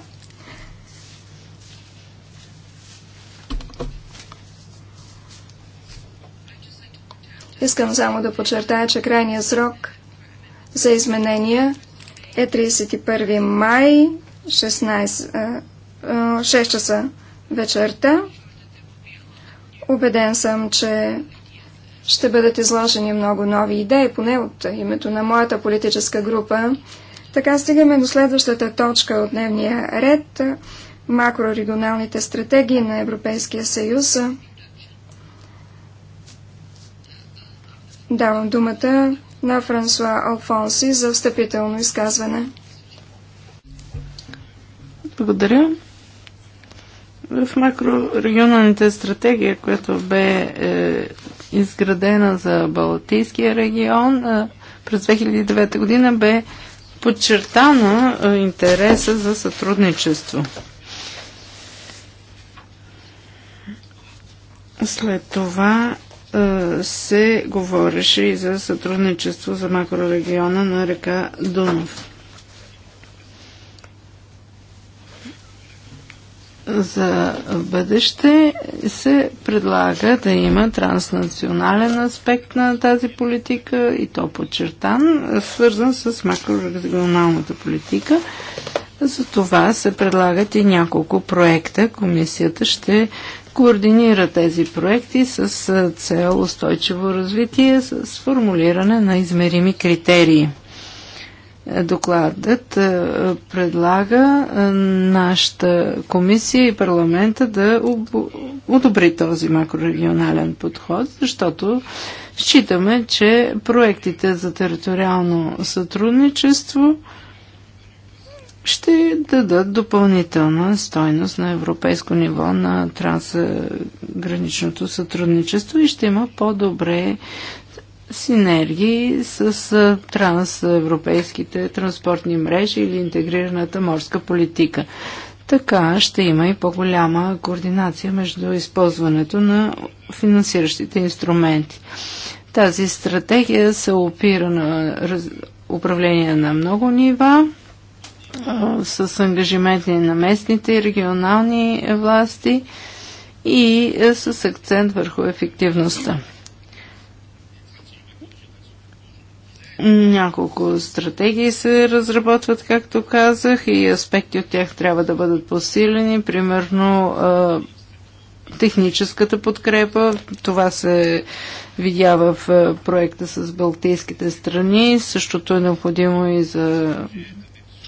Искам само да подчертая, че крайният срок за изменения е 31 май 16, 6 часа вечерта. Обеден съм, че ще бъдат изложени много нови идеи, поне от името на моята политическа група. Така стигаме до следващата точка от дневния ред – макрорегионалните стратегии на Европейския съюз – Давам думата на Франсуа Алфонси за встъпително изказване. Благодаря. В макрорегионалните стратегия, която бе е, изградена за Балтийския регион, е, през 2009 година бе подчертана е, интереса за сътрудничество. След това е, се говореше и за сътрудничество за макрорегиона на река Дунав. За бъдеще се предлага да има транснационален аспект на тази политика и то подчертан, свързан с макрорегионалната политика. За това се предлагат и няколко проекта. Комисията ще координира тези проекти с цел устойчиво развитие, с формулиране на измерими критерии. Е, докладът е, предлага е, нашата комисия и парламента да одобри този макрорегионален подход, защото считаме, че проектите за териториално сътрудничество – ще дадат допълнителна стойност на европейско ниво на трансграничното сътрудничество и ще има по-добре синергии с трансевропейските транспортни мрежи или интегрираната морска политика. Така ще има и по-голяма координация между използването на финансиращите инструменти. Тази стратегия се опира на управление на много нива с ангажименти на местните и регионални власти и е, с акцент върху ефективността. Няколко стратегии се разработват, както казах, и аспекти от тях трябва да бъдат посилени. Примерно е, техническата подкрепа. Това се видя в е, проекта с балтийските страни. Същото е необходимо и за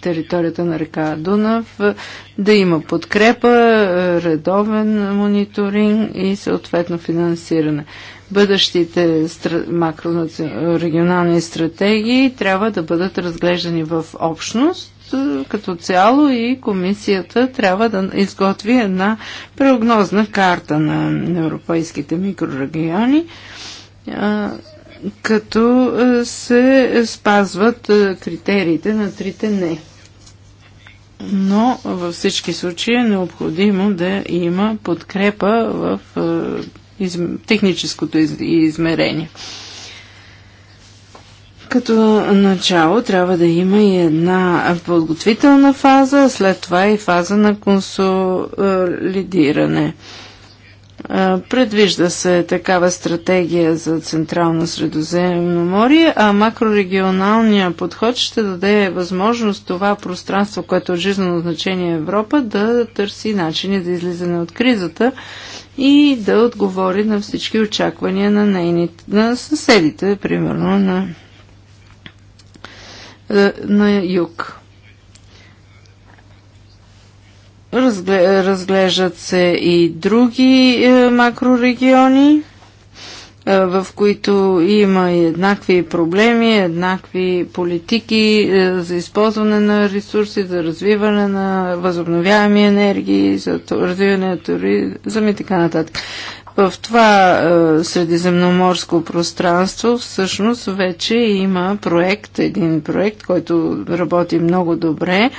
територията на река Дунав, е, да има подкрепа, е, редовен мониторинг и съответно финансиране. Бъдещите макрорегионални стратегии трябва да бъдат разглеждани в общност е, като цяло и комисията трябва да изготви една прогнозна карта на европейските микрорегиони като се спазват критериите на трите не но във всички случаи е необходимо да има подкрепа в е, из... техническото из... измерение. Като начало трябва да има и една подготвителна фаза, след това и фаза на консолидиране. Предвижда се такава стратегия за Централно средоземно море, а макрорегионалният подход ще даде възможност това пространство, което е от жизнено значение Европа, да търси начини да излизане от кризата и да отговори на всички очаквания на, нейните, на съседите, примерно на, е, на юг разглеждат се и други е, макрорегиони, е, в които има и еднакви проблеми, еднакви политики е, за използване на ресурси, за развиване на възобновяеми енергии, за развиване на туризъм и така нататък. В това е, средиземноморско пространство всъщност вече има проект, един проект, който работи много добре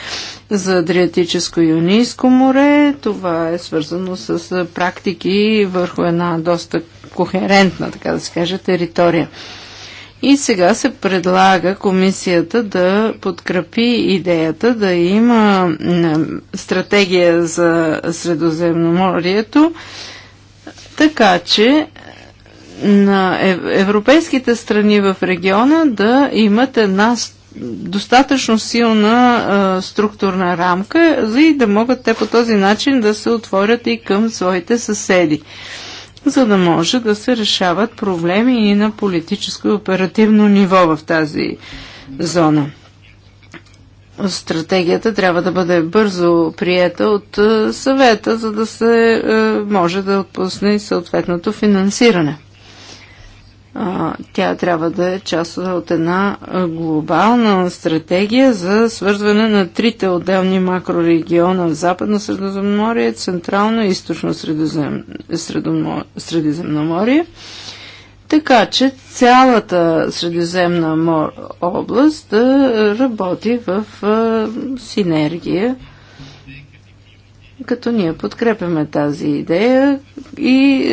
за Адриатическо и Юнийско море. Това е свързано с е, практики върху една доста кохерентна, така да се каже, територия. И сега се предлага комисията да подкрепи идеята да има стратегия за Средоземноморието така че е, на европейските страни в региона да имат една достатъчно силна а, е, структурна рамка, за и да могат те по този начин да се отворят и към своите съседи, за да може да се решават проблеми и на политическо и оперативно ниво в тази зона стратегията трябва да бъде бързо приета от е, съвета, за да се е, може да отпусне и съответното финансиране. Тя трябва да е част от една глобална стратегия за свързване на трите отделни макрорегиона в Западно Средоземноморие, Централно и Източно Средоземноморие. Средиземноморие така че цялата Средиземна мор област да работи в синергия, като ние подкрепяме тази идея и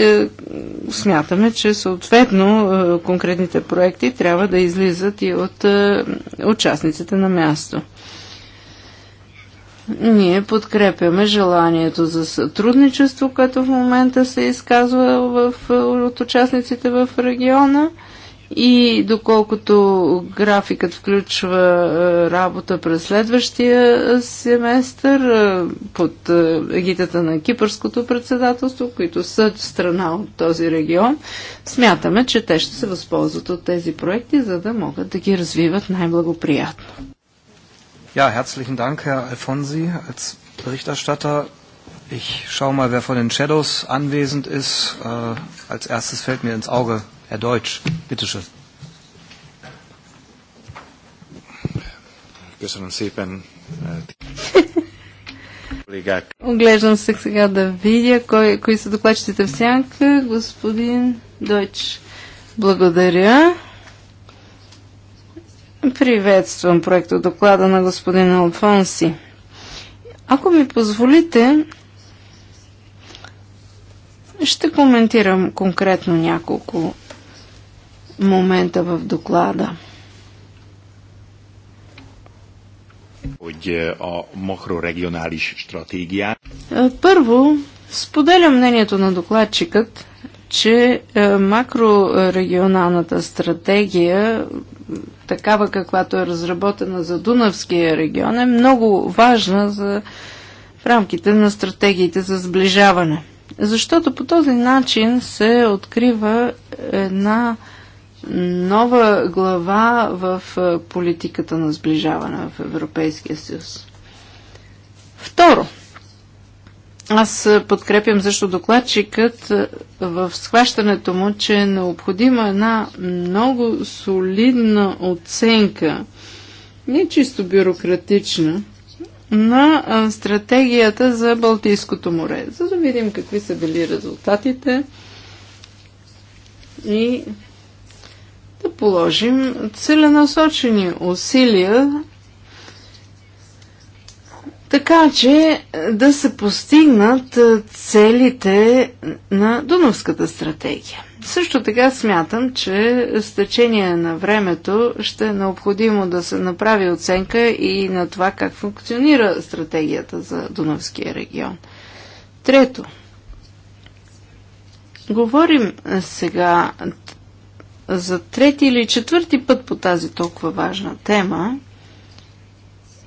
смятаме, че съответно конкретните проекти трябва да излизат и от участниците на място. Ние подкрепяме желанието за сътрудничество, като в момента се изказва в, от участниците в региона. И доколкото графикът включва е, работа през следващия семестър е, под е, егитата на Кипърското председателство, които са страна от този регион, смятаме, че те ще се възползват от тези проекти, за да могат да ги развиват най-благоприятно. Ja, herzlichen Dank, Herr Alfonsi, als Berichterstatter. Ich schaue mal, wer von den Shadows anwesend ist. Äh, als erstes fällt mir ins Auge Herr Deutsch. Bitte schön. Оглеждам се сега да видя кой, кои са докладчиците в сянка. Господин Дойч, благодаря. Приветствам проекто доклада на господин Алфонси. Ако ми позволите, ще коментирам конкретно няколко момента в доклада. Е, първо, споделям мнението на докладчикът, че е, макрорегионалната стратегия такава каквато е разработена за Дунавския регион, е много важна за, в рамките на стратегиите за сближаване. Защото по този начин се открива една нова глава в е, политиката на сближаване в Европейския съюз. Второ, аз подкрепям също докладчикът в схващането му, че е необходима една много солидна оценка, не чисто бюрократична, на стратегията за Балтийското море, за да видим какви са били резултатите и да положим целенасочени усилия така че е, да се постигнат е, целите на Дунавската стратегия. Също така смятам, че с течение на времето ще е необходимо да се направи оценка и на това как функционира стратегията за Дунавския регион. Трето. Говорим е, сега за трети или четвърти път по тази толкова важна тема –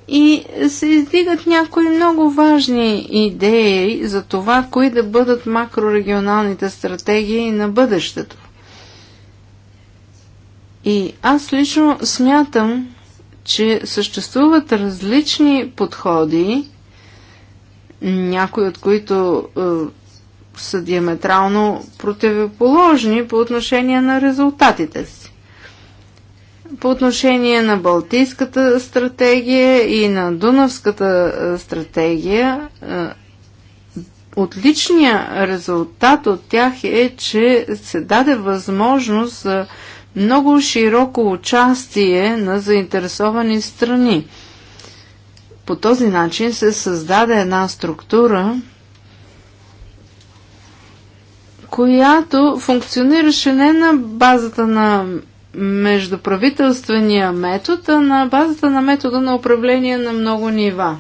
и се издигат някои много важни идеи за това, кои да бъдат макрорегионалните стратегии на бъдещето. И аз лично смятам, че съществуват различни подходи, някои от които е, са диаметрално противоположни по отношение на резултатите си по отношение на Балтийската стратегия и на Дунавската е, стратегия, е, отличният резултат от тях е, че се даде възможност за много широко участие на заинтересовани страни. По този начин се създаде една структура, която функционираше не на базата на междуправителствения метод, а на базата на метода на управление на много нива.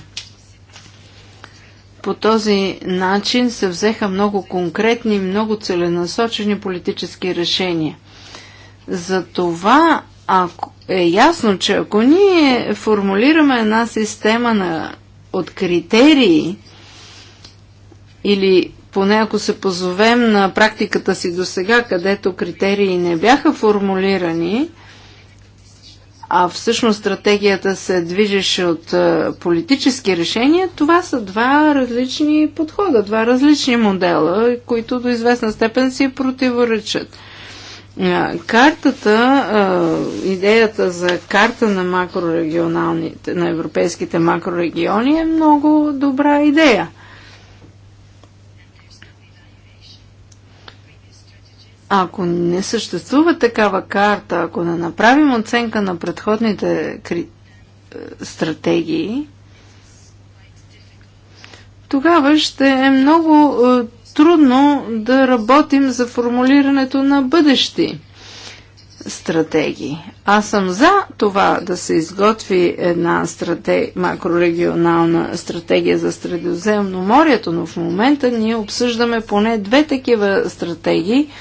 По този начин се взеха много конкретни, много целенасочени политически решения. Затова ако, е ясно, че ако ние формулираме една система на, от критерии или поне ако се позовем на практиката си до сега, където критерии не бяха формулирани, а всъщност стратегията се движеше от е, политически решения, това са два различни подхода, два различни модела, които до известна степен си противоречат. Е, картата, е, идеята за карта на макрорегионалните, на европейските макрорегиони е много добра идея. Ако не съществува такава карта, ако не направим оценка на предходните кри... Е, стратегии, тогава ще е много е, трудно да работим за формулирането на бъдещи стратегии. Аз съм за това да се изготви една стратег... макрорегионална стратегия за морето, но в момента ние обсъждаме поне две такива стратегии –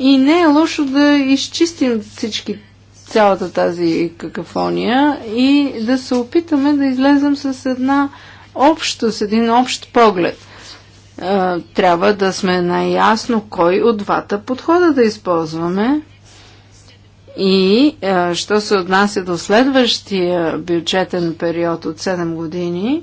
и не е лошо да изчистим всички цялата тази какафония и да се опитаме да излезем с една общо, с един общ поглед. Трябва да сме най-ясно кой от двата подхода да използваме. И що се отнася до следващия бюджетен период от 7 години,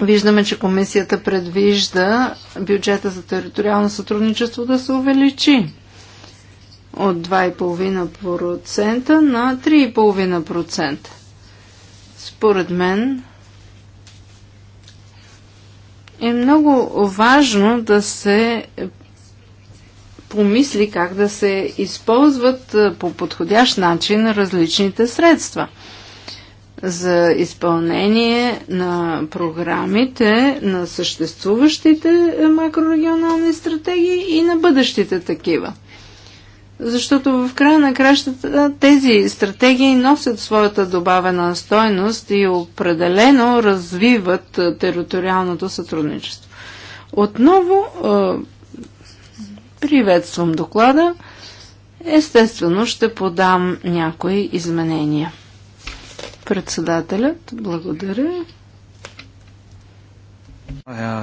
Виждаме, че комисията предвижда бюджета за териториално сътрудничество да се увеличи от 2,5% на 3,5%. Според мен е много важно да се помисли как да се използват по подходящ начин различните средства – за изпълнение на програмите на съществуващите макрорегионални стратегии и на бъдещите такива. Защото в края на кращата тези стратегии носят своята добавена стойност и определено развиват териториалното сътрудничество. Отново приветствам доклада. Естествено ще подам някои изменения. Председателят, благодаря.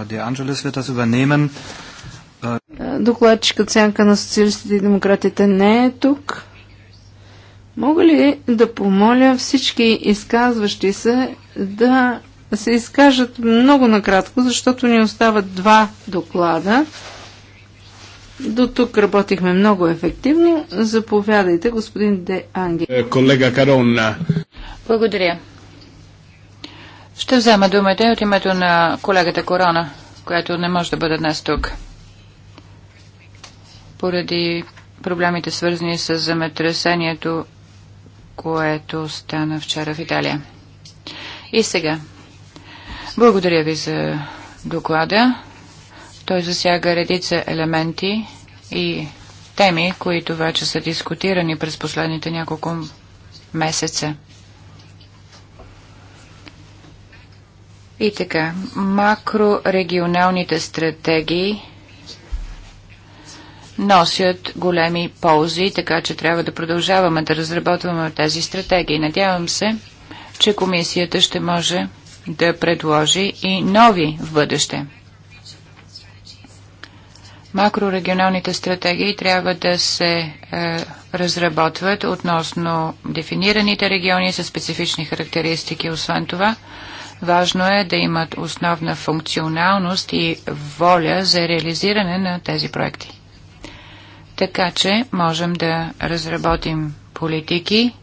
Де Анджелес wird се übernehmen. Е, Докладчика сянка на социалистите и демократите не е тук. Мога ли да помоля всички изказващи се да се изкажат много накратко, защото ни остават два доклада. До тук работихме много ефективно. Заповядайте, господин Де Анги. Е, колега Каронна. Благодаря. Ще взема думата от името на колегата Корона, която не може да бъде днес тук. Поради проблемите свързани с земетресението, което стана вчера в Италия. И сега. Благодаря ви за доклада. Той засяга редица елементи и теми, които вече са дискутирани през последните няколко месеца. И така, макрорегионалните стратегии носят големи ползи, така че трябва да продължаваме да разработваме тези стратегии. Надявам се, че комисията ще може да предложи и нови в бъдеще. Макрорегионалните стратегии трябва да се е, разработват относно дефинираните региони със специфични характеристики. Освен това, Важно е да имат основна функционалност и воля за реализиране на тези проекти. Така че можем да разработим политики,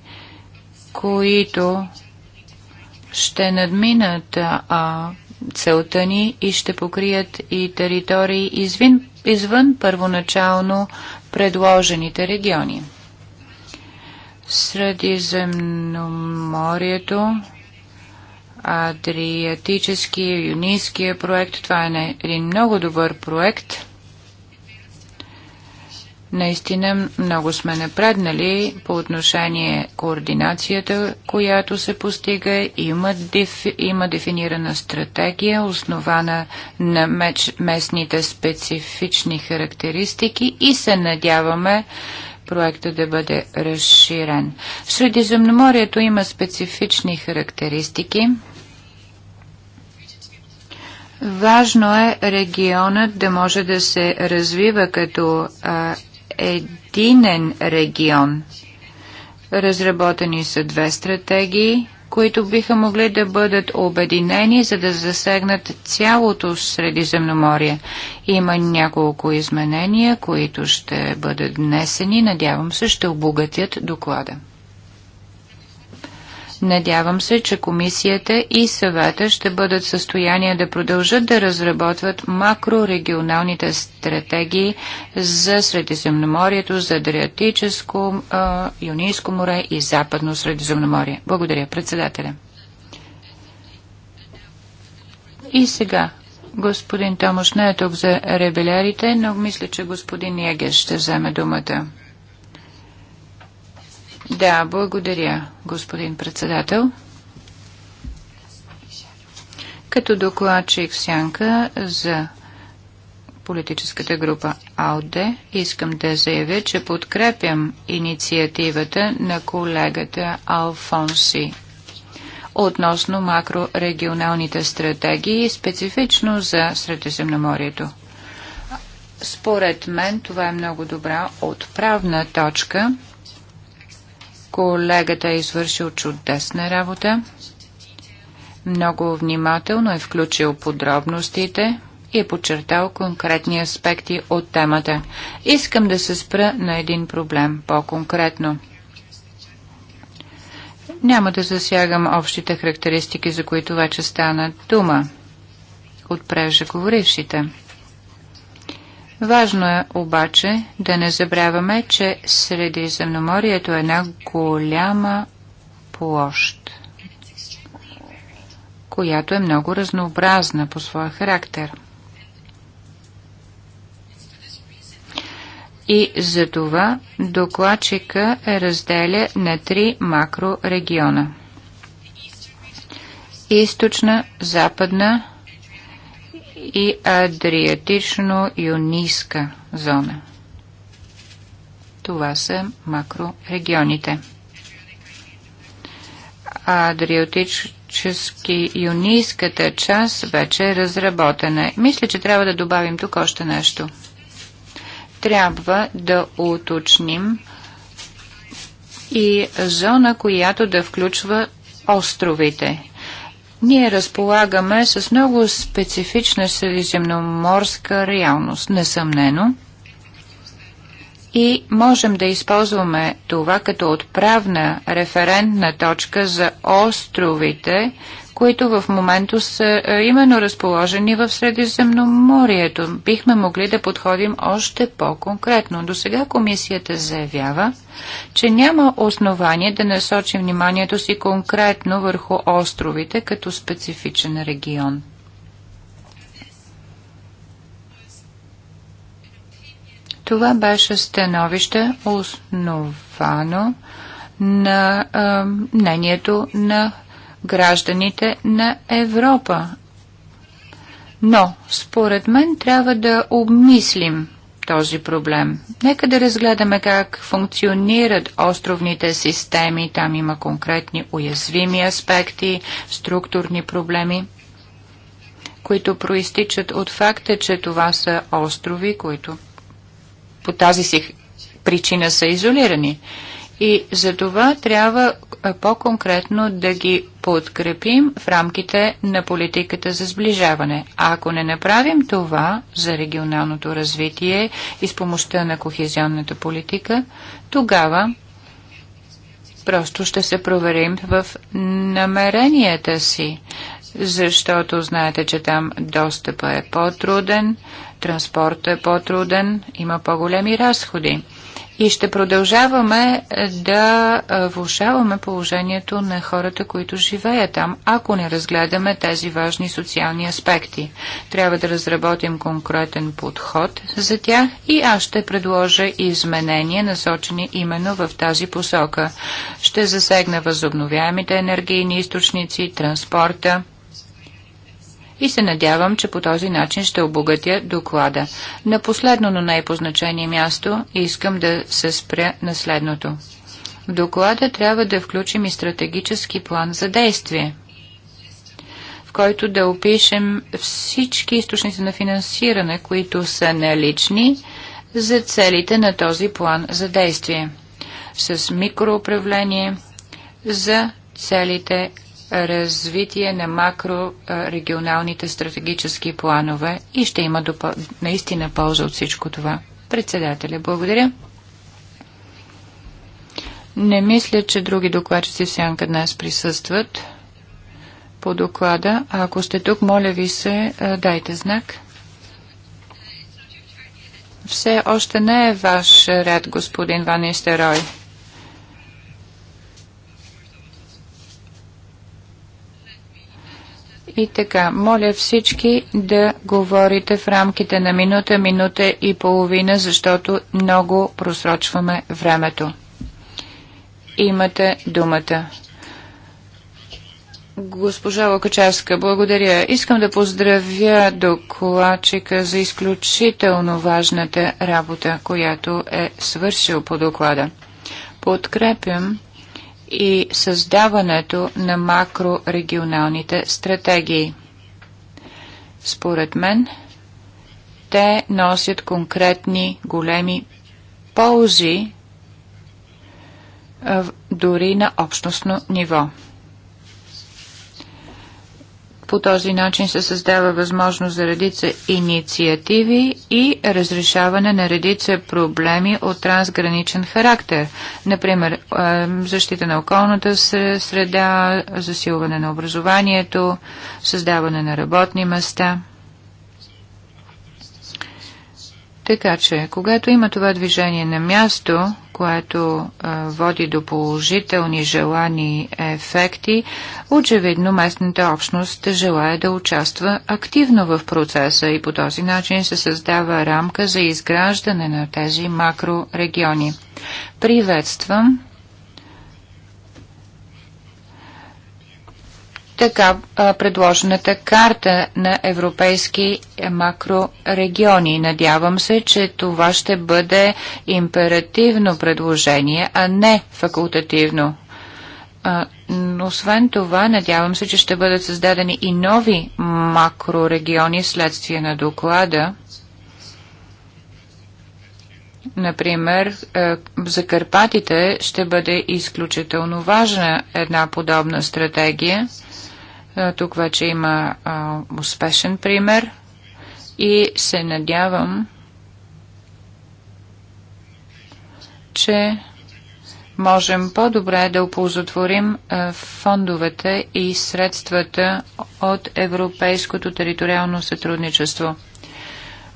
които ще надминат а, целта ни и ще покрият и територии извин, извън първоначално предложените региони. Средиземноморието Адриатическия, Юнийския проект. Това е един много добър проект. Наистина много сме напреднали по отношение координацията, която се постига. Има, дефи, има дефинирана стратегия, основана на меч, местните специфични характеристики и се надяваме проекта да бъде разширен. Средиземноморието има специфични характеристики. Важно е регионът да може да се развива като а, единен регион. Разработени са две стратегии – които биха могли да бъдат обединени, за да засегнат цялото Средиземноморие. Има няколко изменения, които ще бъдат внесени. Надявам се, ще обогатят доклада. Надявам се, че комисията и съвета ще бъдат в състояние да продължат да разработват макрорегионалните стратегии за Средиземноморието, за Адриатическо, Юнийско море и Западно Средиземноморие. Благодаря, председателя. И сега господин Томаш не е тук за ребелярите, но мисля, че господин Ягеш ще вземе думата. Да, благодаря, господин председател. Като докладчик сянка за политическата група АЛДЕ, искам да заявя, че подкрепям инициативата на колегата Алфонси относно макрорегионалните стратегии, специфично за Средиземноморието. Според мен това е много добра отправна точка – Колегата е извършил чудесна работа. Много внимателно е включил подробностите и е подчертал конкретни аспекти от темата. Искам да се спра на един проблем по-конкретно. Няма да засягам общите характеристики, за които вече стана дума от преждеговорившите. Важно е обаче да не забравяме, че Средиземноморието е една голяма площ, която е много разнообразна по своя характер. И за това докладчика е разделя на три макрорегиона. Източна, западна и Адриатично-юнийска зона. Това са макрорегионите. Адриатически-юнийската част вече е разработена. Мисля, че трябва да добавим тук още нещо. Трябва да уточним и зона, която да включва островите ние разполагаме с много специфична средиземноморска реалност, несъмнено и можем да използваме това като отправна референтна точка за островите, които в момента са е, именно разположени в Средиземноморието. Бихме могли да подходим още по-конкретно. До сега комисията заявява, че няма основание да насочи вниманието си конкретно върху островите като специфичен регион. Това беше становище основано на а, мнението на гражданите на Европа. Но, според мен, трябва да обмислим този проблем. Нека да разгледаме как функционират островните системи. Там има конкретни уязвими аспекти, структурни проблеми, които проистичат от факта, че това са острови, които по тази си причина са изолирани. И за това трябва по-конкретно да ги подкрепим в рамките на политиката за сближаване. А ако не направим това за регионалното развитие и с помощта на кохезионната политика, тогава просто ще се проверим в намеренията си защото знаете, че там достъпа е по-труден, транспорта е по-труден, има по-големи разходи. И ще продължаваме да влушаваме положението на хората, които живеят там, ако не разгледаме тези важни социални аспекти. Трябва да разработим конкретен подход за тях и аз ще предложа изменения, насочени именно в тази посока. Ще засегна възобновяемите енергийни източници, транспорта и се надявам, че по този начин ще обогатя доклада. На последно, но не по значение място, искам да се спря на следното. В доклада трябва да включим и стратегически план за действие, в който да опишем всички източници на финансиране, които са налични за целите на този план за действие, с микроуправление за целите развитие на макрорегионалните стратегически планове и ще има допъл... наистина полза от всичко това. Председателя, благодаря. Не мисля, че други докладчици в сянка днес присъстват по доклада. А ако сте тук, моля ви се, е, дайте знак. Все още не е ваш ред, господин Ванистерой. Рой. И така, моля всички да говорите в рамките на минута, минута и половина, защото много просрочваме времето. Имате думата. Госпожа Локачевска, благодаря. Искам да поздравя докладчика за изключително важната работа, която е свършил по доклада. Подкрепям и създаването на макрорегионалните стратегии. Според мен, те носят конкретни големи ползи дори на общностно ниво. По този начин се създава възможност за редица инициативи и разрешаване на редица проблеми от трансграничен характер. Например, защита на околната среда, засилване на образованието, създаване на работни места. Така че, когато има това движение на място, което а, води до положителни желани ефекти, очевидно местната общност желая да участва активно в процеса и по този начин се създава рамка за изграждане на тези макрорегиони. Приветствам така предложената карта на европейски макрорегиони. Надявам се, че това ще бъде императивно предложение, а не факултативно. Но освен това, надявам се, че ще бъдат създадени и нови макрорегиони следствие на доклада. Например, е, за Карпатите ще бъде изключително важна една подобна стратегия тук вече има а, успешен пример и се надявам, че можем по-добре да оползотворим фондовете и средствата от Европейското териториално сътрудничество.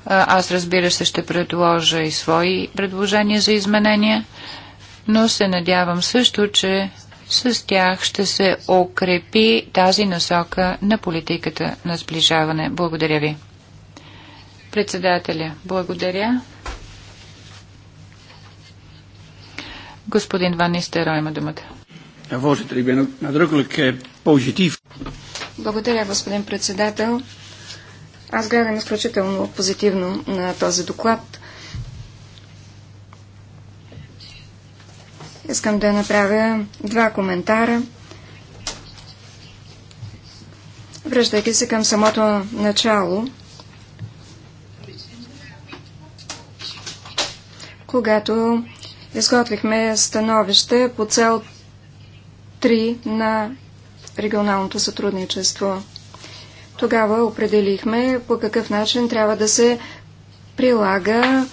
Аз разбира се ще предложа и свои предложения за изменения, но се надявам също, че с тях ще се укрепи тази насока на политиката на сближаване. Благодаря ви. Председателя, благодаря. Господин Ван Нистеро има думата. Е благодаря, господин председател. Аз гледам изключително позитивно на този доклад. Искам да направя два коментара. Връщайки се към самото начало, когато изготвихме становище по цел 3 на регионалното сътрудничество. Тогава определихме по какъв начин трябва да се прилага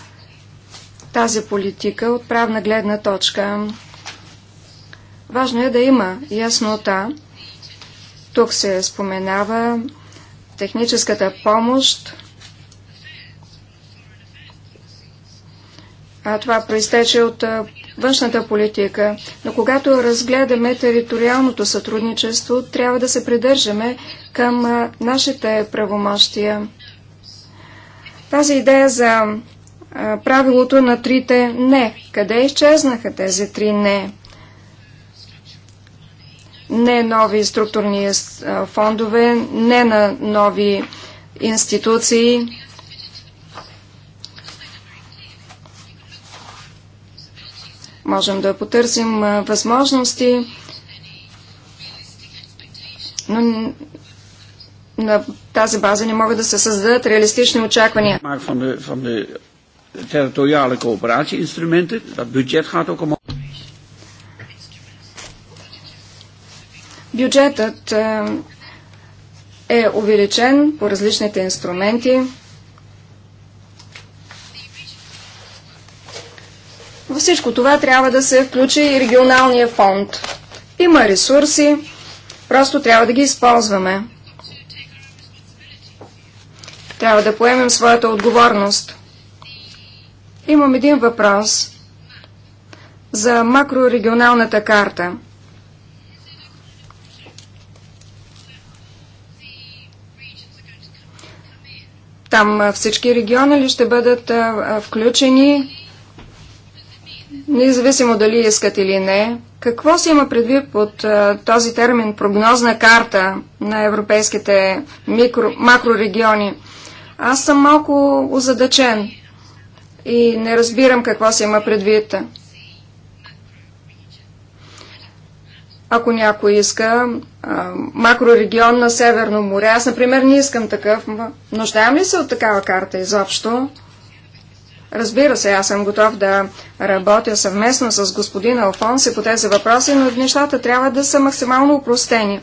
тази политика от правна гледна точка. Важно е да има яснота. Тук се споменава техническата помощ. А това проистече от външната политика. Но когато разгледаме териториалното сътрудничество, трябва да се придържаме към нашите правомощия. Тази идея за правилото на трите не. Къде изчезнаха тези три не? Не нови структурни фондове, не на нови институции. Можем да потърсим възможности, но на тази база не могат да се създадат реалистични очаквания territoriale coöperatie-instrumenten. Dat budget gaat ook omhoog. Бюджетът е, е увеличен по различните инструменти. Във всичко това трябва да се включи и регионалния фонд. Има ресурси, просто трябва да ги използваме. Трябва да поемем своята отговорност. Имам един въпрос за макрорегионалната карта. Там всички региони ли ще бъдат включени, независимо дали искат или не? Какво се има предвид под този термин прогнозна карта на европейските микро, макрорегиони? Аз съм малко озадачен и не разбирам какво се има предвид. Ако някой иска а, макрорегион на Северно море, аз, например, не искам такъв. Нуждаем ли се от такава карта изобщо? Разбира се, аз съм готов да работя съвместно с господин Алфонси по тези въпроси, но нещата трябва да са максимално упростени.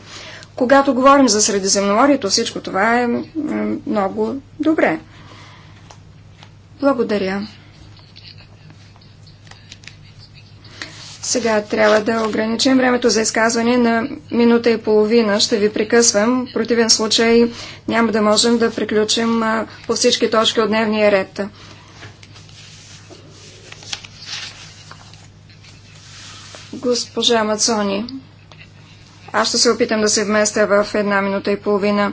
Когато говорим за Средиземноморието, всичко това е много добре. Благодаря. Сега трябва да ограничим времето за изказване на минута и половина. Ще ви прекъсвам. В противен случай няма да можем да приключим по всички точки от дневния ред. Госпожа Мацони, аз ще се опитам да се вместя в една минута и половина.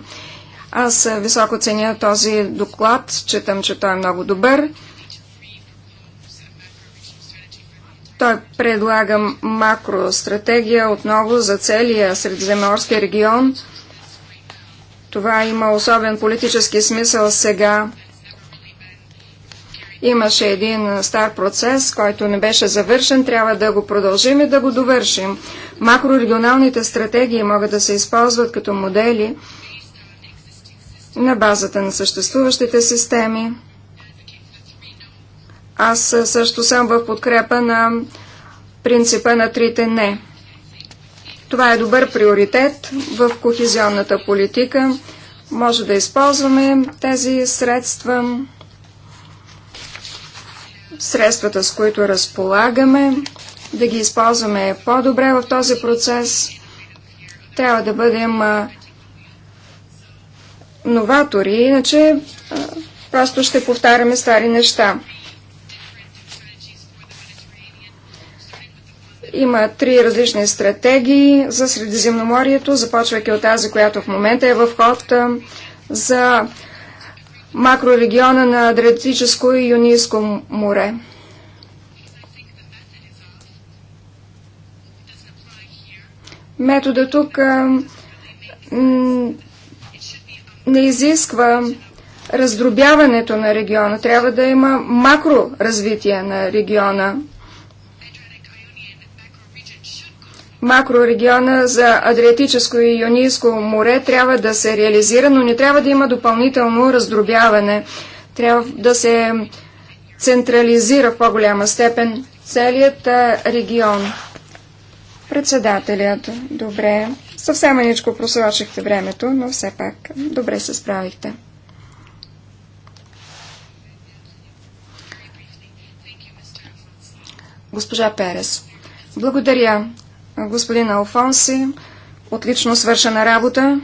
Аз е, високо ценя този доклад, считам, че той е много добър. Той предлага макростратегия отново за целия Средиземноморски регион. Това има особен политически смисъл сега. Имаше един е, стар процес, който не беше завършен, трябва да го продължим и да го довършим. Макрорегионалните стратегии могат да се използват като модели – на базата на съществуващите системи. Аз също съм в подкрепа на принципа на трите не. Това е добър приоритет в кохезионната политика. Може да използваме тези средства, средствата с които разполагаме, да ги използваме по-добре в този процес. Трябва да бъдем новатори, иначе а, просто ще повтаряме стари неща. Има три различни стратегии за Средиземноморието, започвайки от тази, която в момента е в ход за макрорегиона на Адриатическо и Юнийско море. Метода тук не изисква раздробяването на региона. Трябва да има макроразвитие на региона. Макрорегиона за Адриатическо и Йонийско море трябва да се реализира, но не трябва да има допълнително раздробяване. Трябва да се централизира в по-голяма степен целият регион. Председателят. Добре. Съвсем маничко просрочихте времето, но все пак добре се справихте. Госпожа Перес. Благодаря, господин Алфонси. Отлично свършена работа.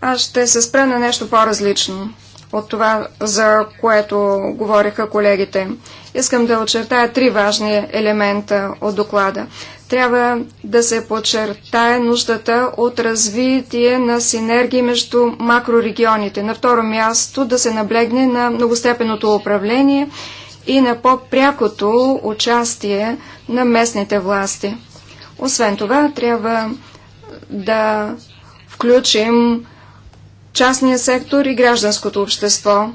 Аз ще се спра на нещо по-различно от това, за което говориха колегите. Искам да очертая три важни елемента от доклада. Трябва да се подчертае нуждата от развитие на синергии между макрорегионите. На второ място да се наблегне на многостепенното управление и на по-прякото участие на местните власти. Освен това, трябва да включим частния сектор и гражданското общество,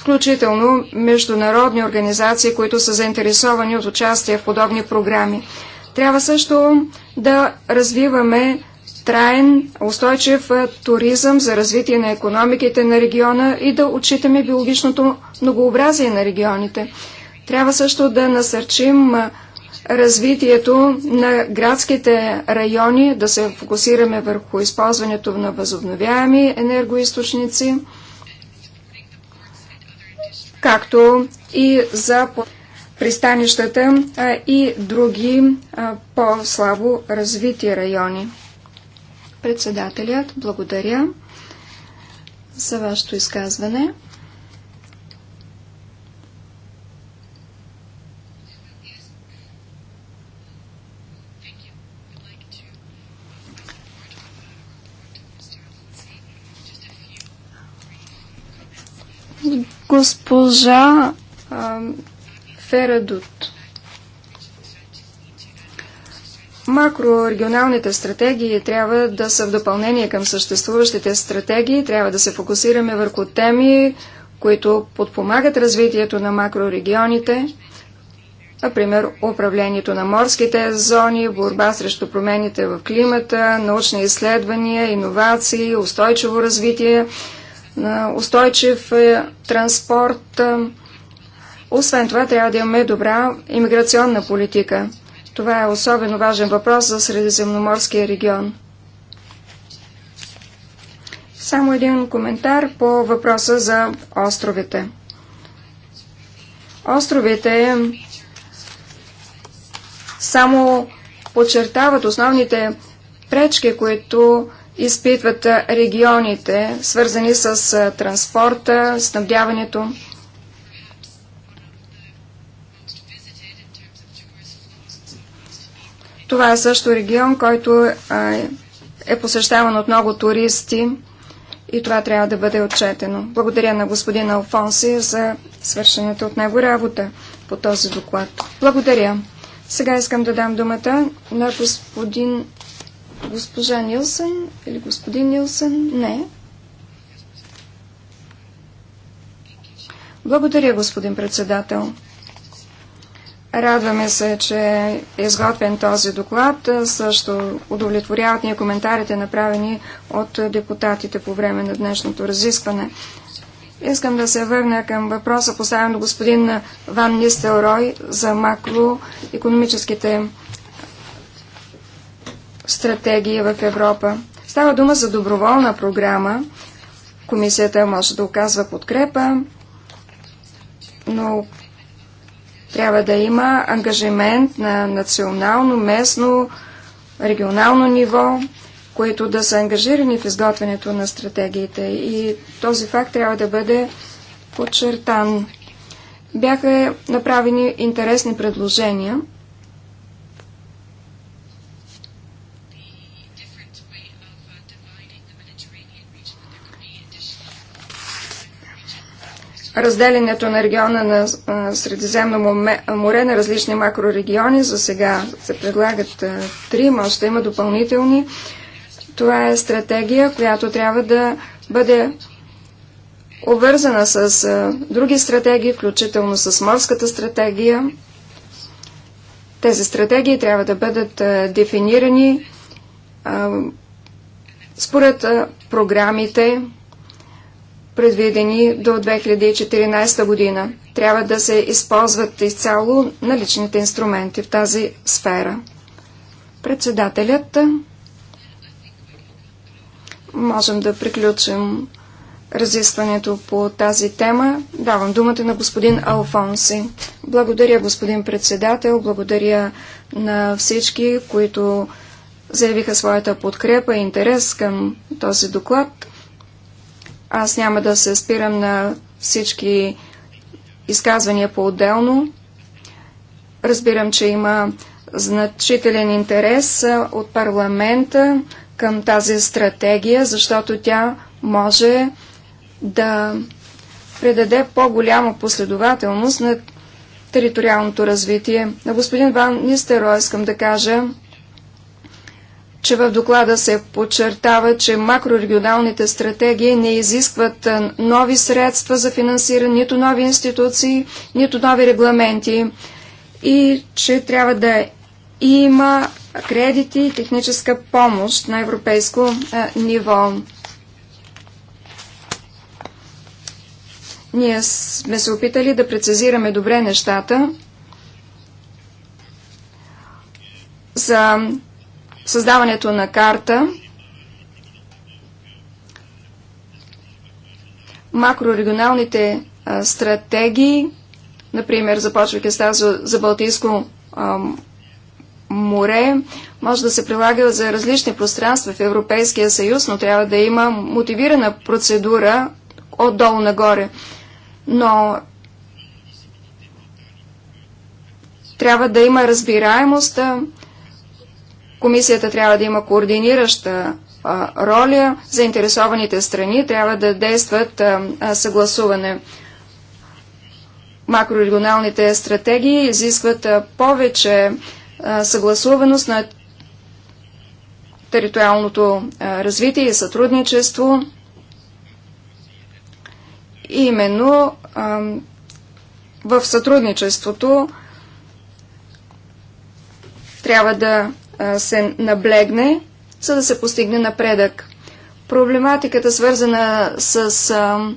включително международни организации, които са заинтересовани от участие в подобни програми. Трябва също да развиваме траен, устойчив туризъм за развитие на економиките на региона и да отчитаме биологичното многообразие на регионите. Трябва също да насърчим развитието на градските райони, да се фокусираме върху използването на възобновяеми енергоисточници, както и за пристанищата и други по-слабо развити райони. Председателят, благодаря за вашето изказване. Госпожа Ферадут. Макрорегионалните стратегии трябва да са в допълнение към съществуващите стратегии, трябва да се фокусираме върху теми, които подпомагат развитието на макрорегионите, например управлението на морските зони, борба срещу промените в климата, научни изследвания, иновации, устойчиво развитие, устойчив е, транспорт, е, освен това, трябва да имаме добра иммиграционна политика. Това е особено важен въпрос за Средиземноморския регион. Само един коментар по въпроса за островите. Островите само подчертават основните пречки, които изпитват регионите, свързани с транспорта, снабдяването. Това е също регион, който е посещаван от много туристи и това трябва да бъде отчетено. Благодаря на господин Алфонси за свършената от него работа по този доклад. Благодаря. Сега искам да дам думата на господин госпожа Нилсен или господин Нилсен. Не. Благодаря, господин председател. Радваме се, че е изготвен този доклад. Е, също удовлетворяват ние коментарите, направени от депутатите по време на днешното разискване. Искам да се върна към въпроса, поставен до господин Ван Нистелрой за макроекономическите стратегии в Европа. Става дума за доброволна програма. Комисията може да оказва подкрепа, но трябва да има ангажимент на национално, местно, регионално ниво, които да са ангажирани в изготвянето на стратегиите. И този факт трябва да бъде подчертан. Бяха направени интересни предложения – разделянето на региона на Средиземно море на различни макрорегиони. За сега се предлагат три, може да има допълнителни. Това е стратегия, която трябва да бъде обвързана с други стратегии, включително с морската стратегия. Тези стратегии трябва да бъдат дефинирани според програмите, предвидени до 2014 година. Трябва да се използват изцяло наличните инструменти в тази сфера. Председателят можем да приключим разискването по тази тема. Давам думата на господин Алфонси. Благодаря, господин председател, благодаря на всички, които заявиха своята подкрепа и интерес към този доклад. Аз няма да се спирам на всички изказвания по-отделно. Разбирам, че има значителен интерес от парламента към тази стратегия, защото тя може да предаде по-голяма последователност на териториалното развитие. На господин Ван Нистеро искам да кажа, че в доклада се подчертава, че макрорегионалните стратегии не изискват нови средства за финансиране, нито нови институции, нито нови регламенти и че трябва да има кредити и техническа помощ на европейско а, ниво. Ние сме се опитали да прецизираме добре нещата за създаването на карта, макрорегионалните а, стратегии, например, започвайки с тази за Балтийско а, море, може да се прилага за различни пространства в Европейския съюз, но трябва да има мотивирана процедура отдолу нагоре. Но трябва да има разбираемост, Комисията трябва да има координираща роля. Заинтересованите страни трябва да действат съгласуване. Макрорегионалните стратегии изискват повече съгласуваност на териториалното развитие и сътрудничество. И именно в сътрудничеството трябва да се наблегне, за да се постигне напредък. Проблематиката, свързана с а,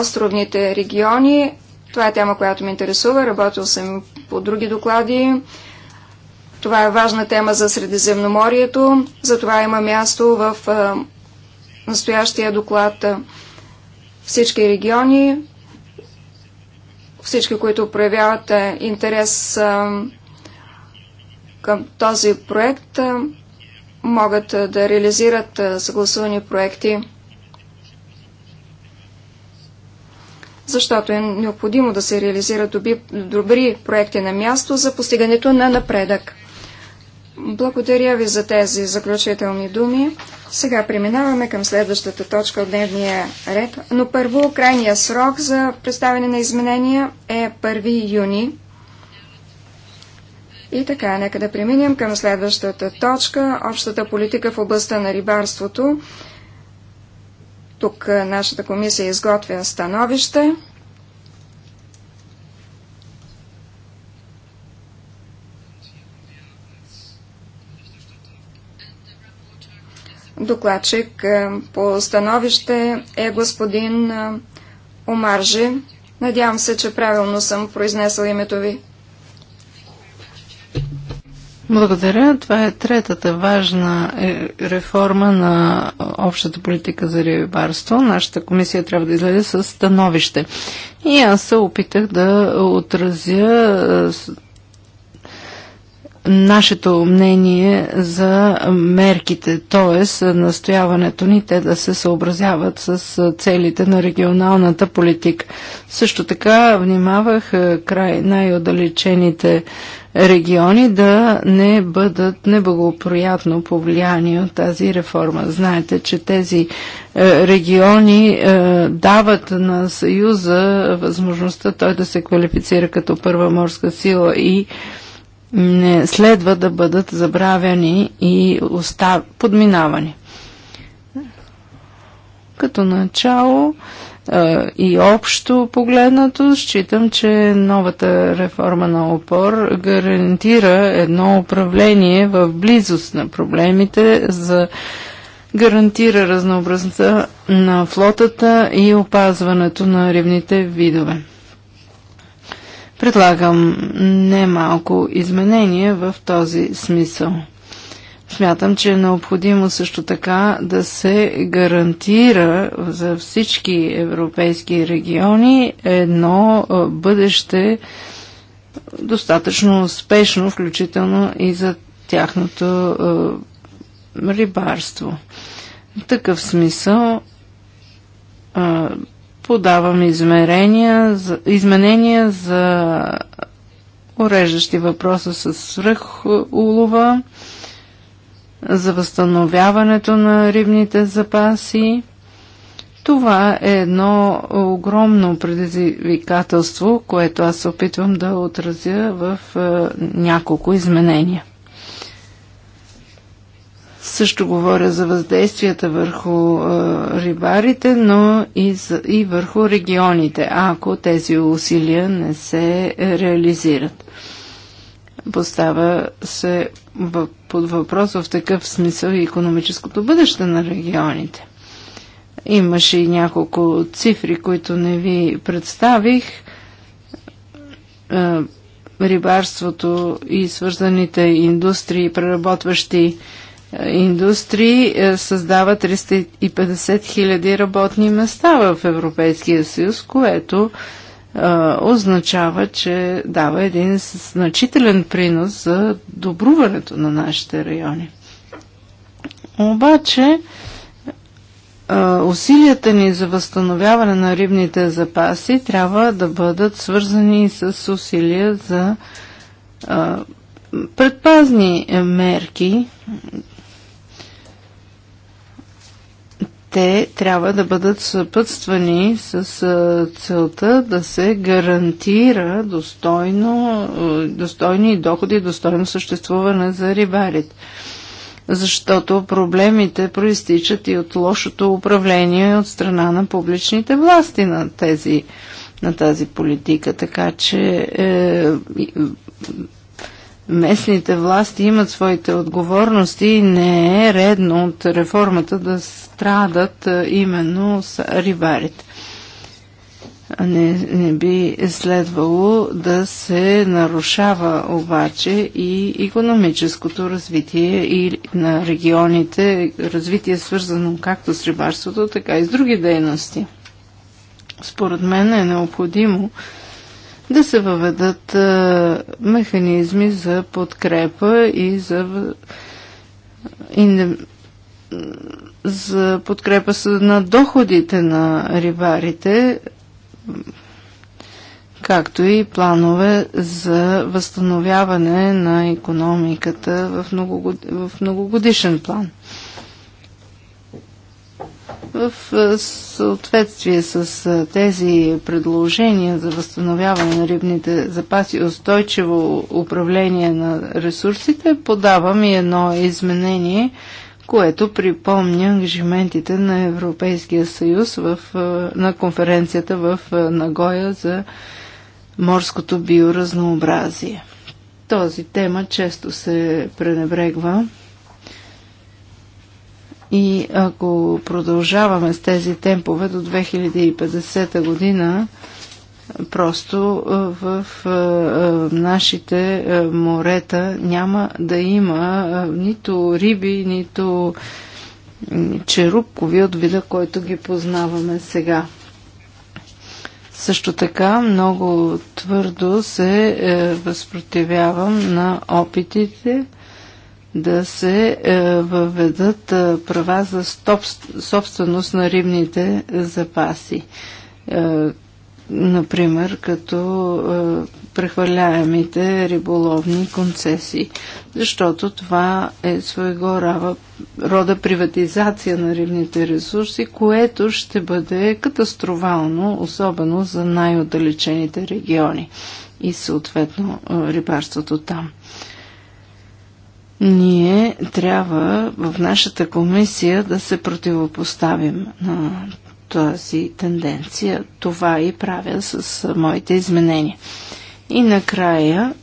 островните региони, това е тема, която ме интересува. Работил съм по други доклади. Това е важна тема за Средиземноморието. Затова има място в а, настоящия доклад. Всички региони, всички, които проявяват а, интерес. А, към този проект могат да реализират съгласувани проекти, защото е необходимо да се реализират добри проекти на място за постигането на напредък. Благодаря ви за тези заключителни думи. Сега преминаваме към следващата точка от дневния ред, но първо крайния срок за представяне на изменения е 1 юни и така, нека да преминем към следващата точка – общата политика в областта на рибарството. Тук нашата комисия изготвя становище. Докладчик по становище е господин Омаржи. Надявам се, че правилно съм произнесъл името ви. Благодаря. Това е третата важна е, реформа на общата политика за рибарство. Нашата комисия трябва да излезе с становище. И аз се опитах да отразя е, нашето мнение за мерките, т.е. настояването ни те да се съобразяват с е, целите на регионалната политика. Също така внимавах край най-отдалечените региони да не бъдат неблагоприятно повлияни от тази реформа. Знаете, че тези е, региони е, дават на Съюза възможността той да се квалифицира като първа морска сила и не следва да бъдат забравяни и подминавани. Като начало е, и общо погледнато, считам, че новата реформа на опор гарантира едно управление в близост на проблемите за гарантира разнообразността на флотата и опазването на ревните видове. Предлагам немалко изменения в този смисъл. Смятам, че е необходимо също така да се гарантира за всички европейски региони едно бъдеще достатъчно успешно, включително и за тяхното рибарство. В такъв смисъл подавам измерения, за, изменения за уреждащи въпроса с свръх улова, за възстановяването на рибните запаси. Това е едно огромно предизвикателство, което аз се опитвам да отразя в е, няколко изменения. Също говоря за въздействията върху е, рибарите, но и, за, и върху регионите, ако тези усилия не се е, реализират. Поставя се под въпрос в такъв смисъл и економическото бъдеще на регионите. Имаше и няколко цифри, които не ви представих. Е, рибарството и свързаните индустрии, преработващи е, индустрии създава 350 000 работни места в Европейския съюз, което означава, че дава един значителен принос за добруването на нашите райони. Обаче, усилията ни за възстановяване на рибните запаси трябва да бъдат свързани с усилия за предпазни мерки, те трябва да бъдат съпътствани с целта да се гарантира достойно, достойни доходи, достойно съществуване за рибарите. Защото проблемите проистичат и от лошото управление от страна на публичните власти на тези на тази политика. Така че е, местните власти имат своите отговорности и не е редно от реформата да страдат именно с рибарите. Не, не би следвало да се нарушава обаче и економическото развитие и на регионите, развитие свързано както с рибарството, така и с други дейности. Според мен е необходимо да се въведат механизми за подкрепа и за, за подкрепа на доходите на рибарите, както и планове за възстановяване на економиката в, в многогодишен план. В съответствие с тези предложения за възстановяване на рибните запаси и устойчиво управление на ресурсите, подавам и едно изменение, което припомня ангажиментите на Европейския съюз в, на конференцията в Нагоя за морското биоразнообразие. Този тема често се пренебрегва и ако продължаваме с тези темпове до 2050 година, просто в нашите морета няма да има нито риби, нито черупкови от вида, който ги познаваме сега. Също така много твърдо се е, възпротивявам на опитите да се е, въведат е, права за стоп, собственост на рибните запаси. Е, например, като прехвърляемите риболовни концесии, защото това е своего рава, рода приватизация на рибните ресурси, което ще бъде катастрофално, особено за най-отдалечените региони и съответно рибарството там. Ние трябва в нашата комисия да се противопоставим на тази тенденция. Това и правя с моите изменения. И накрая,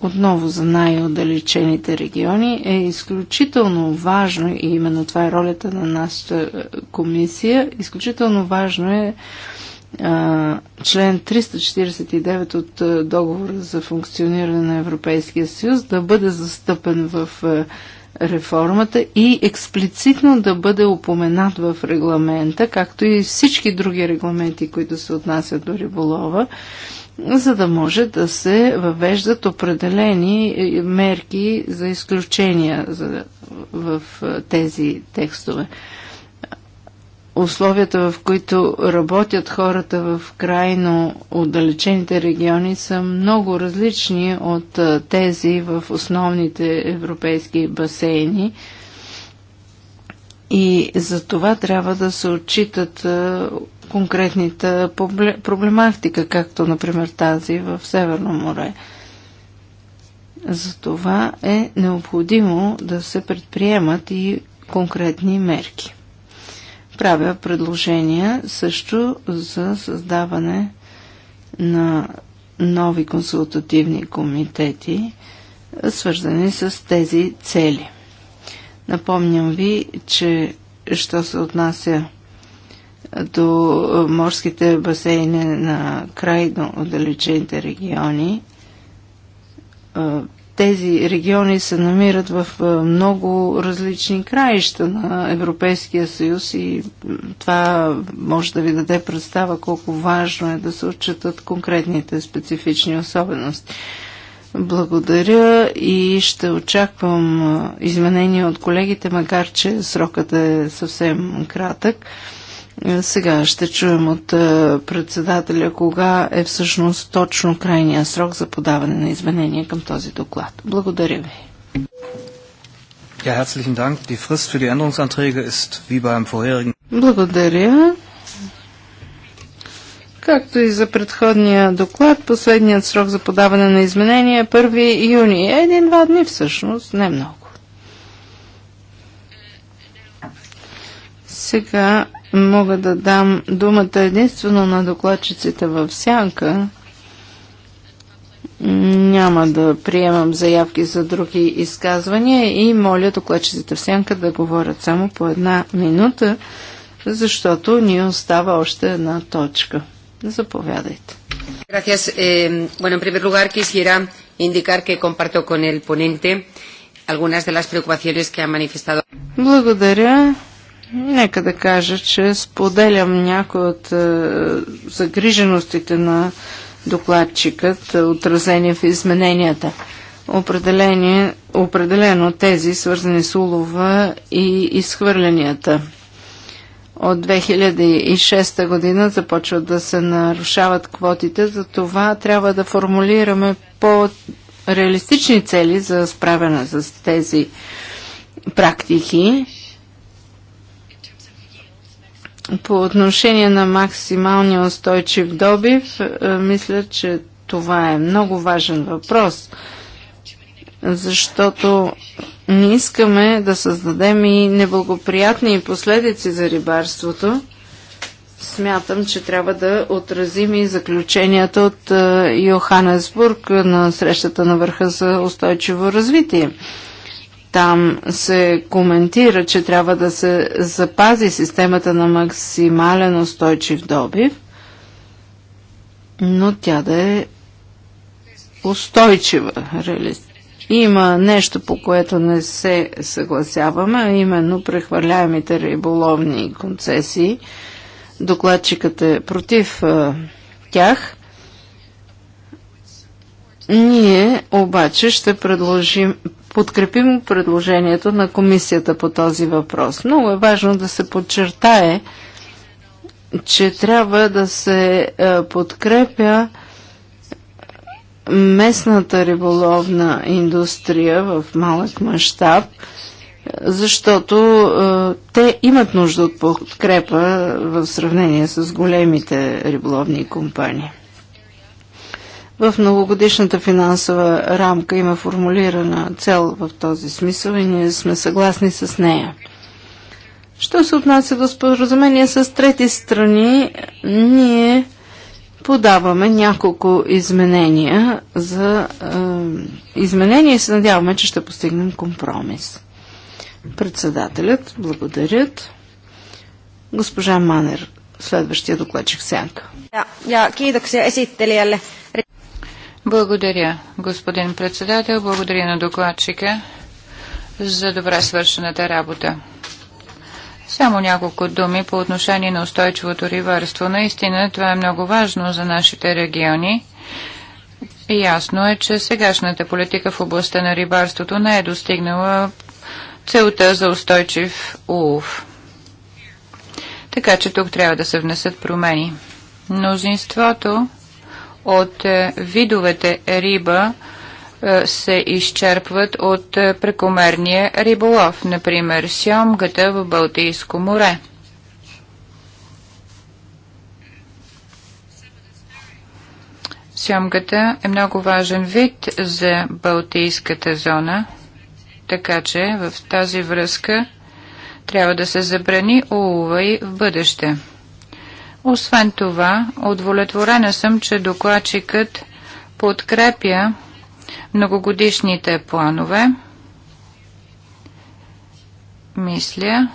отново за най-отдалечените региони, е изключително важно, и именно това е ролята на нашата комисия, изключително важно е член 349 от договора за функциониране на Европейския съюз да бъде застъпен в реформата и експлицитно да бъде упоменат в регламента, както и всички други регламенти, които се отнасят до риболова, за да може да се въвеждат определени е, мерки за изключения в тези текстове условията, в които работят хората в крайно отдалечените региони, са много различни от тези в основните европейски басейни. И за това трябва да се отчитат конкретната проблематика, както например тази в Северно море. За това е необходимо да се предприемат и конкретни мерки. Правя предложения също за създаване на нови консултативни комитети, свързани с тези цели. Напомням ви, че що се отнася до морските басейни на крайно отдалечените региони, тези региони се намират в много различни краища на Европейския съюз и това може да ви даде представа колко важно е да се отчитат конкретните специфични особености. Благодаря и ще очаквам изменения от колегите, макар че срокът е съвсем кратък. Е, сега ще чуем от е, председателя кога е всъщност точно крайния срок за подаване на изменения към този доклад. Благодаря ви. Ja, herzlichen Dank. Die Frist für die Änderungsanträge ist wie beim vorherigen. Благодаря. Както и за предходния доклад, последният срок за подаване на изменения е 1 юни. Един-два дни всъщност, не много. Сега мога да дам думата единствено на докладчиците в сянка. Няма да приемам заявки за други изказвания и моля докладчиците в сянка да говорят само по една минута, защото ни остава още една точка. Заповядайте. Gracias. Eh, bueno, en primer lugar quisiera indicar que comparto con el ponente algunas de las preocupaciones que ha manifestado. Благодаря. Нека да кажа, че споделям някои от е, загриженостите на докладчикът, отразени в измененията. Определени, определено тези, свързани с улова и изхвърленията. От 2006 година започват да се нарушават квотите, за това трябва да формулираме по-реалистични цели за справяне с тези практики по отношение на максималния устойчив добив, е, мисля, че това е много важен въпрос, защото не искаме да създадем и неблагоприятни последици за рибарството. Смятам, че трябва да отразим и заключенията от е, Йоханесбург на срещата на върха за устойчиво развитие. Там се коментира, че трябва да се запази системата на максимален устойчив добив, но тя да е устойчива, Има нещо, по което не се съгласяваме, а именно прехвърляемите риболовни концесии. Докладчикът е против тях. Ние обаче ще предложим, подкрепим предложението на комисията по този въпрос. Много е важно да се подчертае, че трябва да се е, подкрепя местната риболовна индустрия в малък мащаб, защото е, те имат нужда от подкрепа в сравнение с големите риболовни компании. В многогодишната финансова рамка има формулирана цел в този смисъл и ние сме съгласни с нея. Що се отнася до споразумение с трети страни, ние подаваме няколко изменения за е, изменения и се надяваме, че ще постигнем компромис. Председателят, благодарят. Госпожа Манер, следващия докладчик Сянка. Ja, ja kiitoksia esittelijälle. Благодаря, господин председател. Благодаря на докладчика за добре свършената работа. Само няколко думи по отношение на устойчивото рибарство. Наистина това е много важно за нашите региони. ясно е, че сегашната политика в областта на рибарството не е достигнала целта за устойчив улов. Така че тук трябва да се внесат промени. Мнозинството от е, видовете риба е, се изчерпват от е, прекомерния риболов, например сьомгата в Балтийско море. Сьомгата е много важен вид за Балтийската зона, така че в тази връзка трябва да се забрани улова и в бъдеще. Освен това, удовлетворена съм, че докладчикът подкрепя многогодишните планове. Мисля,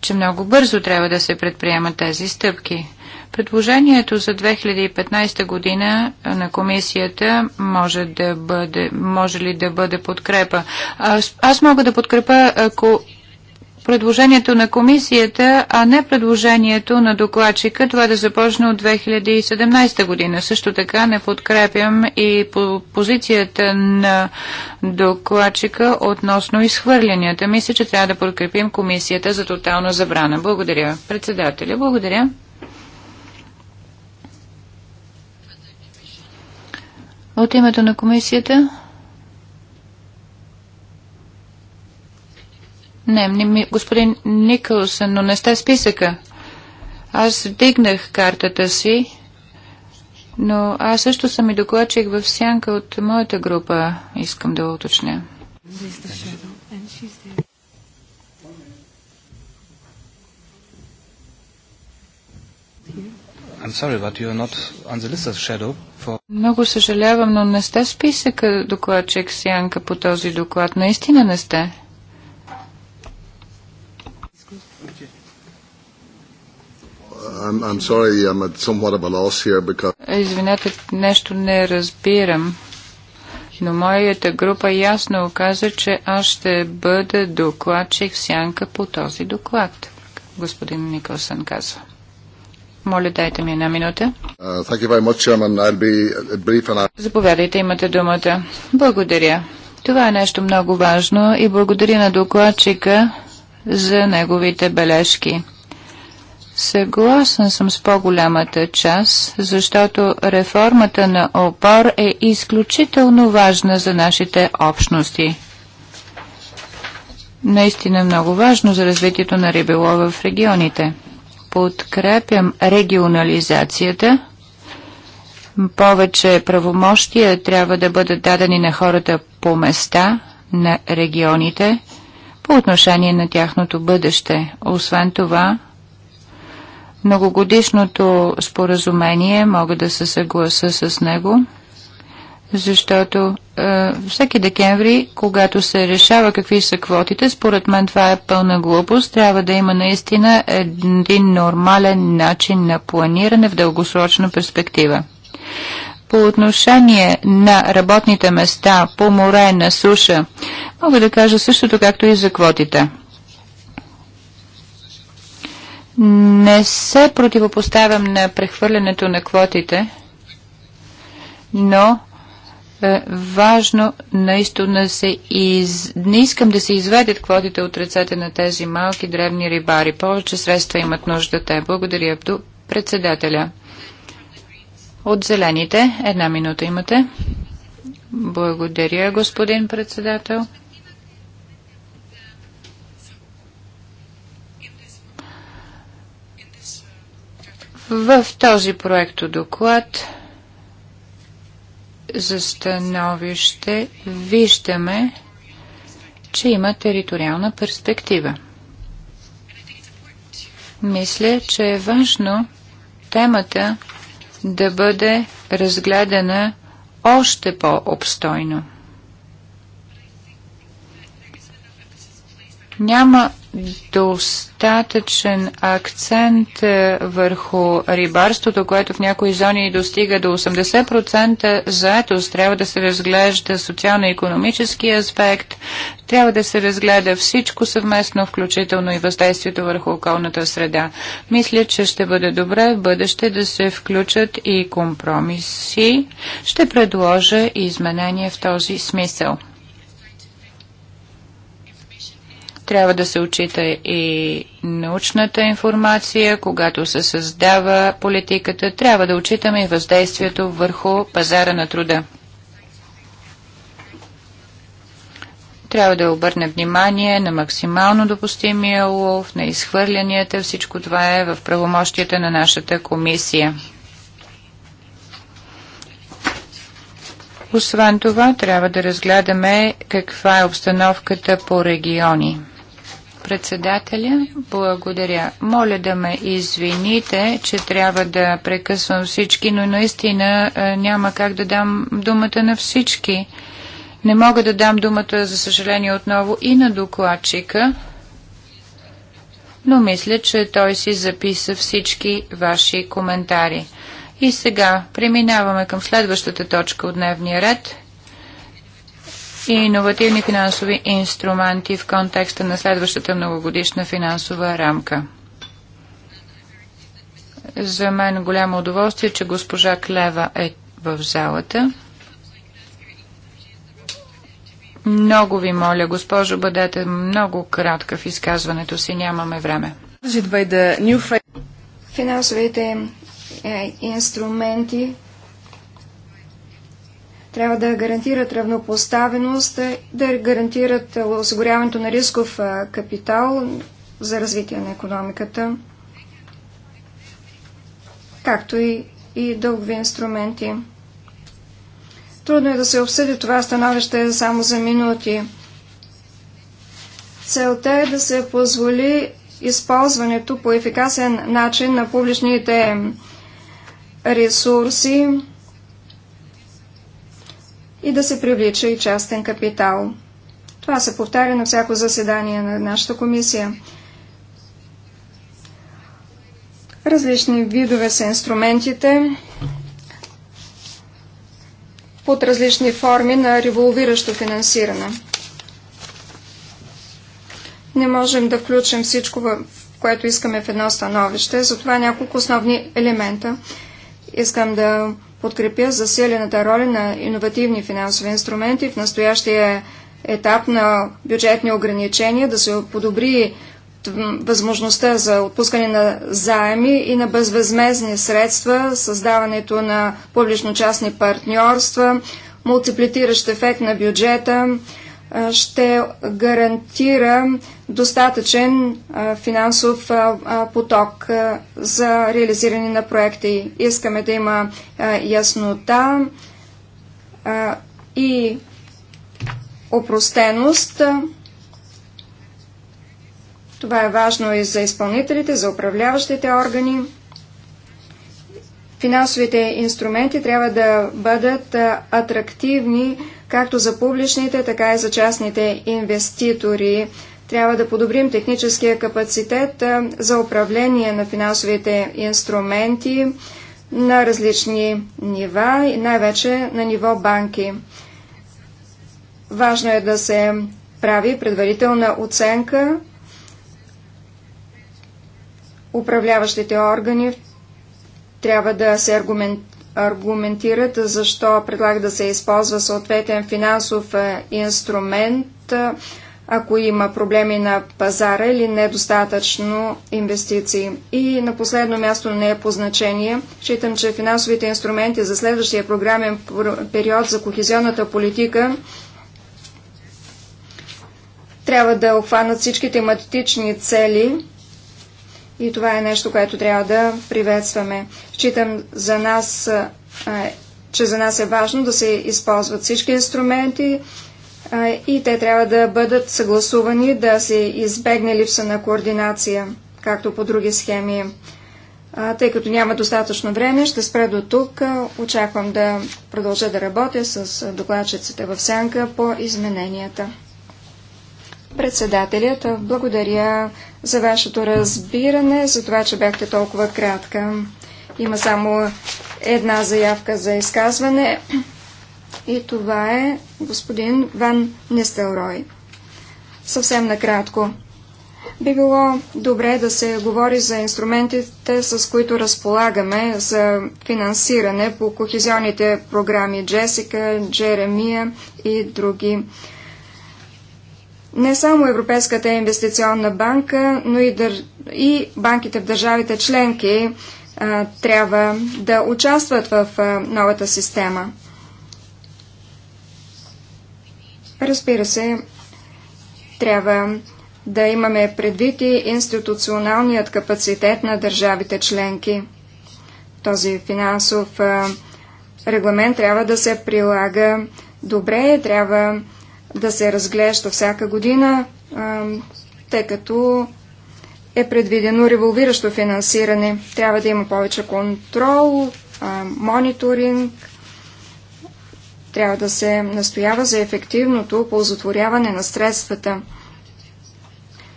че много бързо трябва да се предприемат тези стъпки. Предложението за 2015 година на комисията може, да бъде, може ли да бъде подкрепа? Аз, аз мога да подкрепа ако предложението на комисията, а не предложението на докладчика, това да започне от 2017 година. Също така не подкрепям и по позицията на докладчика относно изхвърлянията. Мисля, че трябва да подкрепим комисията за тотална забрана. Благодаря. Председателя, благодаря. От името на комисията? Не, не господин Никълсън, но не сте списъка. Аз вдигнах картата си, но аз също съм и докладчик в сянка от моята група, искам да уточня. Sorry, for... Много съжалявам, но не сте списъка докладчик сянка по този доклад. Наистина не сте. I'm, I'm sorry, I'm at somewhat of a loss here because... Извинете, нещо не разбирам. Но моята група ясно оказа, че аз ще бъда докладчик в сянка по този доклад, господин Николсън казва. Моля, дайте ми една минута. Заповядайте, имате думата. Благодаря. Това е нещо много важно и благодаря на докладчика за неговите бележки. Съгласен съм с по-голямата част, защото реформата на опор е изключително важна за нашите общности. Наистина много важно за развитието на рибелова в регионите. Подкрепям регионализацията. Повече правомощия трябва да бъдат дадени на хората по места, на регионите, по отношение на тяхното бъдеще. Освен това, многогодишното споразумение, мога да се съгласа с него, защото е, всеки декември, когато се решава какви са квотите, според мен това е пълна глупост. Трябва да има наистина един нормален начин на планиране в дългосрочна перспектива. По отношение на работните места по море, на суша, мога да кажа същото както и за квотите – не се противопоставям на прехвърлянето на квотите, но е важно наистина се из... не искам да се изведят квотите от ръцете на тези малки древни рибари. Повече средства имат нужда те. Благодаря до председателя. От зелените една минута имате. Благодаря, господин председател. В този проекто доклад за становище виждаме, че има териториална перспектива. Мисля, че е важно темата да бъде разгледана още по-обстойно. Няма достатъчен акцент е, върху рибарството, което в някои зони достига до 80% заетост. Трябва да се разглежда социално-економически аспект, трябва да се разгледа всичко съвместно, включително и въздействието върху околната среда. Мисля, че ще бъде добре в бъдеще да се включат и компромиси. Ще предложа изменения в този смисъл. Трябва да се отчита и научната информация, когато се създава политиката. Трябва да отчитаме и въздействието върху пазара на труда. Трябва да обърнем внимание на максимално допустимия улов, на изхвърлянията. Всичко това е в правомощията на нашата комисия. Освен това, трябва да разгледаме каква е обстановката по региони. Председателя, благодаря. Моля да ме извините, че трябва да прекъсвам всички, но наистина е, няма как да дам думата на всички. Не мога да дам думата, за съжаление, отново и на докладчика, но мисля, че той си записа всички ваши коментари. И сега преминаваме към следващата точка от дневния ред – и иновативни финансови инструменти в контекста на следващата многогодишна финансова рамка. За мен голямо удоволствие, че госпожа Клева е в залата. Много ви моля, госпожо, бъдете много кратка в изказването си, нямаме време. Финансовите е, инструменти трябва да гарантират равнопоставеност, да гарантират осигуряването на рисков капитал за развитие на економиката, както и, и дългови инструменти. Трудно е да се обсъди това становище само за минути. Целта е да се позволи използването по ефикасен начин на публичните ресурси, и да се привлича и частен капитал. Това се повтаря на всяко заседание на нашата комисия. Различни видове са инструментите под различни форми на револвиращо финансиране. Не можем да включим всичко, което искаме в едно становище, затова няколко основни елемента. Искам да подкрепя засилената роля на иновативни финансови инструменти в настоящия етап на бюджетни ограничения, да се подобри възможността за отпускане на заеми и на безвъзмезни средства, създаването на публично-частни партньорства, мултиплитиращ ефект на бюджета, ще гарантира достатъчен финансов поток за реализиране на проекти. Искаме да има яснота и опростеност. Това е важно и за изпълнителите, за управляващите органи. Финансовите инструменти трябва да бъдат атрактивни както за публичните, така и за частните инвеститори. Трябва да подобрим техническия капацитет за управление на финансовите инструменти на различни нива и най-вече на ниво банки. Важно е да се прави предварителна оценка. Управляващите органи трябва да се аргументират аргументират защо предлага да се използва съответен финансов е, инструмент, е, ако има проблеми на пазара или недостатъчно инвестиции. И на последно място не е по значение. Считам, че финансовите инструменти за следващия програмен период за кохезионната политика трябва да обхванат всички тематични цели – и това е нещо, което трябва да приветстваме. Считам за нас, че за нас е важно да се използват всички инструменти и те трябва да бъдат съгласувани, да се избегне липса на координация, както по други схеми. Тъй като няма достатъчно време, ще спра до тук. Очаквам да продължа да работя с докладчиците в сянка по измененията. Председателят, благодаря за вашето разбиране, за това, че бяхте толкова кратка. Има само една заявка за изказване и това е господин Ван Нестелрой. Съвсем накратко. Би било добре да се говори за инструментите, с които разполагаме за финансиране по кохезионните програми Джесика, Джеремия и други не само Европейската инвестиционна банка, но и, дър... и банките в държавите членки а, трябва да участват в а, новата система. Разбира се, трябва да имаме предвид и институционалният капацитет на държавите членки. Този финансов а, регламент трябва да се прилага добре, трябва да се разглежда всяка година, тъй като е предвидено револвиращо финансиране. Трябва да има повече контрол, мониторинг, трябва да се настоява за ефективното ползотворяване на средствата.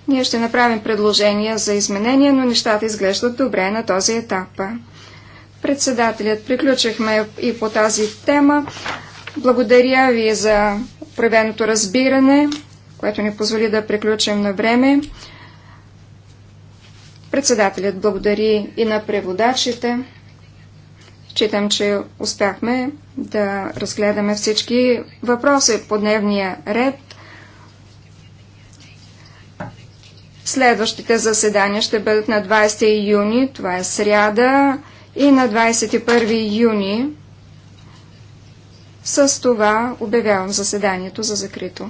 Ние ще направим предложения за изменения, но нещата изглеждат добре на този етап. Председателят, приключихме и по тази тема. Благодаря ви за проявеното разбиране, което ни позволи да приключим на време. Председателят благодари и на преводачите. Читам, че успяхме да разгледаме всички въпроси по дневния ред. Следващите заседания ще бъдат на 20 юни, това е сряда, и на 21 юни с това обявявам заседанието за закрито.